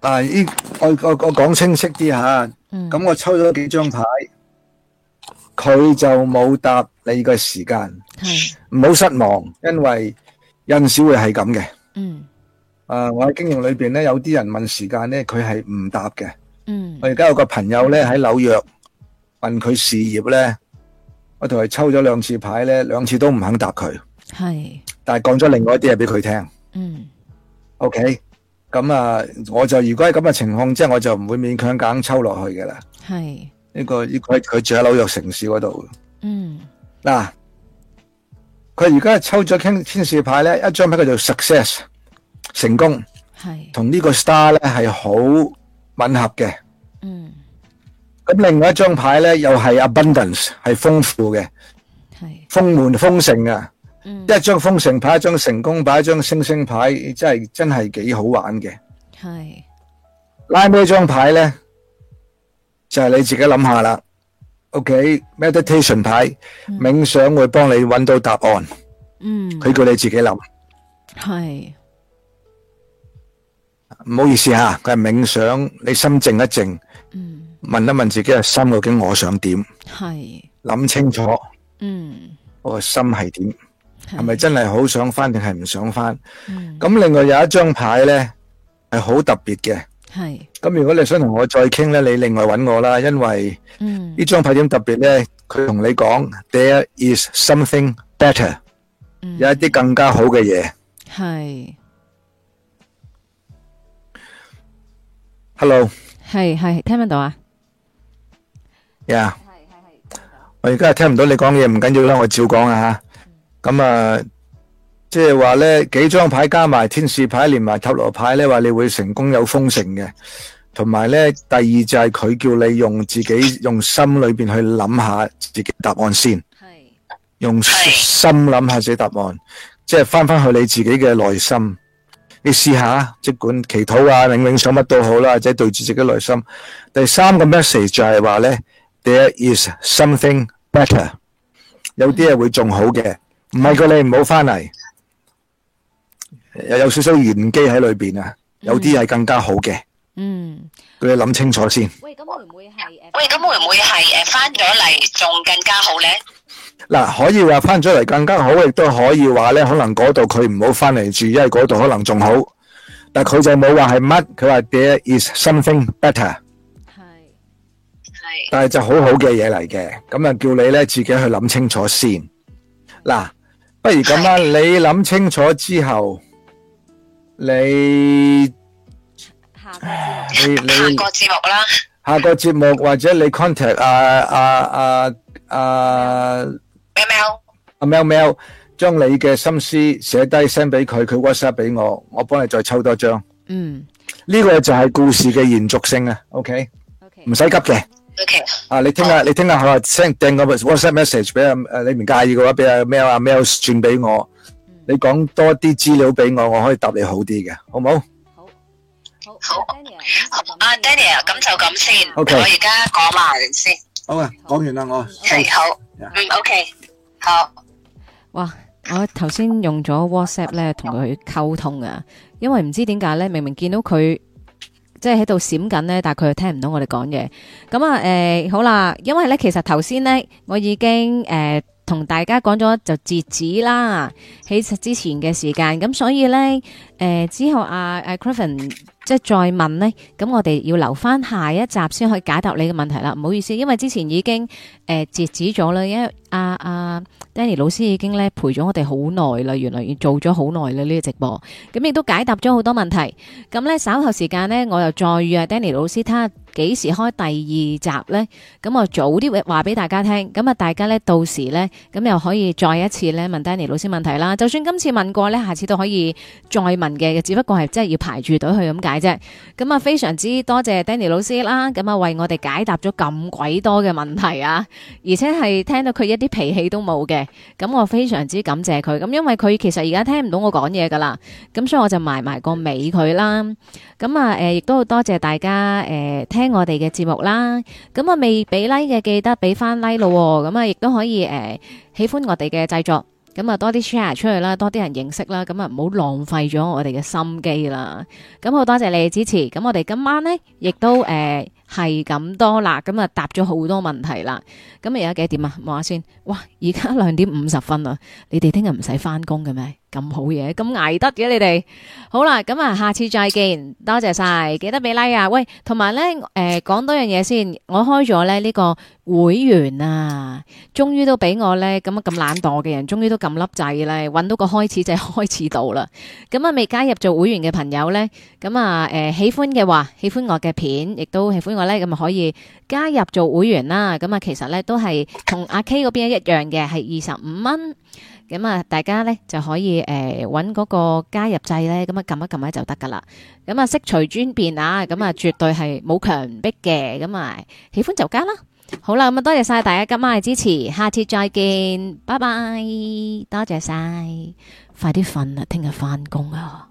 但係呢，我我我講清晰啲吓，咁、嗯、我抽咗幾張牌，佢就冇答你個時間。係，唔好失望，因為有時會係咁嘅。嗯。誒，uh, 我喺經營裏邊咧，有啲人問時間咧，佢係唔答嘅。嗯，我而家有個朋友咧喺紐約問佢事業咧，我同佢抽咗兩次牌咧，兩次都唔肯答佢。
係，
但係講咗另外一啲嘢俾佢聽。嗯，OK，咁啊，我就如果係咁嘅情況之下，即係我就唔會勉強揀抽落去嘅啦。係，呢個呢個佢住喺紐約城市嗰度。嗯，嗱，佢而家抽咗天使牌咧，一張牌叫做 Success 成功，
係
同呢個 Star 咧係好吻合嘅，嗯，咁另外一張牌咧，又係 abundance 係豐富嘅，係是，豐滿豐盛啊，嗯、一張豐盛牌，一張成功牌，一張星星牌，真係真係幾好玩嘅，
係
是，拉尾一張牌咧？就係、是、你自己諗下啦，OK，meditation、okay? 牌冥想會幫你揾到答案，嗯，佢叫你自己諗，
係。
唔好意思吓，佢係冥想，你心靜一靜，嗯，問一問自己個心究竟我想點，
係
諗清楚，
嗯，
我個心係點，係咪真係好想翻定係唔想翻？咁另外有一張牌呢係好特別嘅，係咁如果你想同我再傾呢，你另外揾我啦，因為嗯，呢張牌點特別呢，佢同你講 There is something better，有一啲更加好嘅嘢，係。Hello，
係係聽唔到啊。呀
，yeah，我而家聽唔到你講嘢，唔緊要啦，我照講啊吓，咁啊，即係話咧，幾張牌加埋天使牌，連埋塔羅牌咧，話你會成功有豐盛嘅，同埋咧，第二就係佢叫你用自己用心裏邊去諗下自己答案先，係是用心諗下自己答案，即係翻返去你自己嘅內心。你試下，即管祈禱啊，冥冥想乜都好啦，或者對住自己內心。第三個 message 就係話咧，there is something better，有啲嘢會仲好嘅，唔係佢你唔好翻嚟，又有少少玄機喺裏邊啊，有啲嘢更加好嘅。嗯，佢要諗清楚先。喂，咁會唔會係？
喂，咁會唔會係？誒，翻咗嚟仲更加好咧？
嗱，可以話翻咗嚟更加好，亦都可以話咧，可能嗰度佢唔好翻嚟住，因為嗰度可能仲好，但佢就冇話係乜，佢話 There is something better，係係，但係就好好嘅嘢嚟嘅，咁啊叫你咧自己去諗清楚先。嗱是，不如咁啊是你諗清楚之後，你下你你下個節目啦，下個節目或者你 contact 阿、啊、阿阿、啊啊啊阿喵，將你嘅心思寫低 send 俾佢，佢 WhatsApp 俾我，我幫你再抽多張。嗯，呢個就係故事嘅延續性啊。OK，OK，唔使急嘅。OK，啊，你聽下，你聽下，我 send 訂個 WhatsApp message 俾阿誒，你唔介意嘅話，俾阿喵阿喵轉俾我。你講多啲資料俾我，我可以答你好啲嘅，好唔好？好，好，
好。阿 Danny，咁就咁先。O K，我而家講埋先。好啊，講完啦我。係好，嗯，O K。哇！我頭先用咗 WhatsApp 咧，同佢去溝通啊，因為唔知點解咧，明明見到佢即係喺度閃緊咧，但係佢又聽唔到我哋講嘢。咁啊，誒、欸，好啦，因為咧，其實頭先咧我已經誒。欸同大家講咗就截止啦，其實之前嘅時間，咁所以咧，誒，之後阿阿 Kraven 即係再問咧，咁我哋要留翻下一集先去解答你嘅問題啦，唔好意思，因為之前已經誒截止咗啦，因為阿阿 Danny 老師已經咧陪咗我哋好耐啦，原來做咗好耐啦呢個直播，咁亦都解答咗好多問題，咁咧稍後時間咧我又再約 Danny 老師他。幾時開第二集呢？咁我早啲話俾大家聽，咁啊大家呢，到時呢，咁又可以再一次呢問 Danny 老師問題啦。就算今次問過呢，下次都可以再問嘅，只不過係真係要排住隊去咁解啫。咁啊非常之多謝 Danny 老師啦，咁啊為我哋解答咗咁鬼多嘅問題啊，而且係聽到佢一啲脾氣都冇嘅，咁我非常之感謝佢。咁因為佢其實而家聽唔到我講嘢噶啦，咁所以我就埋埋個尾佢啦。咁啊，誒亦都好多謝大家誒聽。呃聽我哋嘅節目啦，咁啊未俾 like 嘅記得俾翻 like 咯，咁啊亦都可以誒、呃、喜歡我哋嘅製作，咁啊多啲 share 出去啦，多啲人認識啦，咁啊唔好浪費咗我哋嘅心機啦。咁好多謝你嘅支持，咁我哋今晚咧亦都誒係咁多啦，咁啊答咗好多問題啦。咁而家幾多點啊？望下先，哇，而家兩點五十分啦。你哋聽日唔使翻工嘅咩？咁好嘢，咁捱得嘅你哋，好啦，咁啊，下次再見，多謝晒，記得俾 like 啊！喂，同埋呢，誒、呃，講多樣嘢先，我開咗呢個會員啊，終於都俾我呢。咁咁懶惰嘅人，終於都撳粒掣啦，搵到個開始就開始到啦。咁、嗯、啊，未加入做會員嘅朋友呢，咁、嗯、啊，誒、呃，喜歡嘅話，喜歡我嘅片，亦都喜歡我呢。咁啊，可以加入做會員啦。咁、嗯、啊，其實呢，都係同阿 K 嗰邊一樣嘅，係二十五蚊。咁啊，大家咧就可以誒揾嗰個加入掣咧，咁啊，撳一撳咧就得㗎喇。咁啊，悉隨尊便啊，咁啊絕對係冇強逼嘅。咁啊，喜歡就加啦。好啦，咁啊多謝晒大家今晚嘅支持，下次再見，拜拜，多謝晒，快啲瞓啦，聽日返工啊！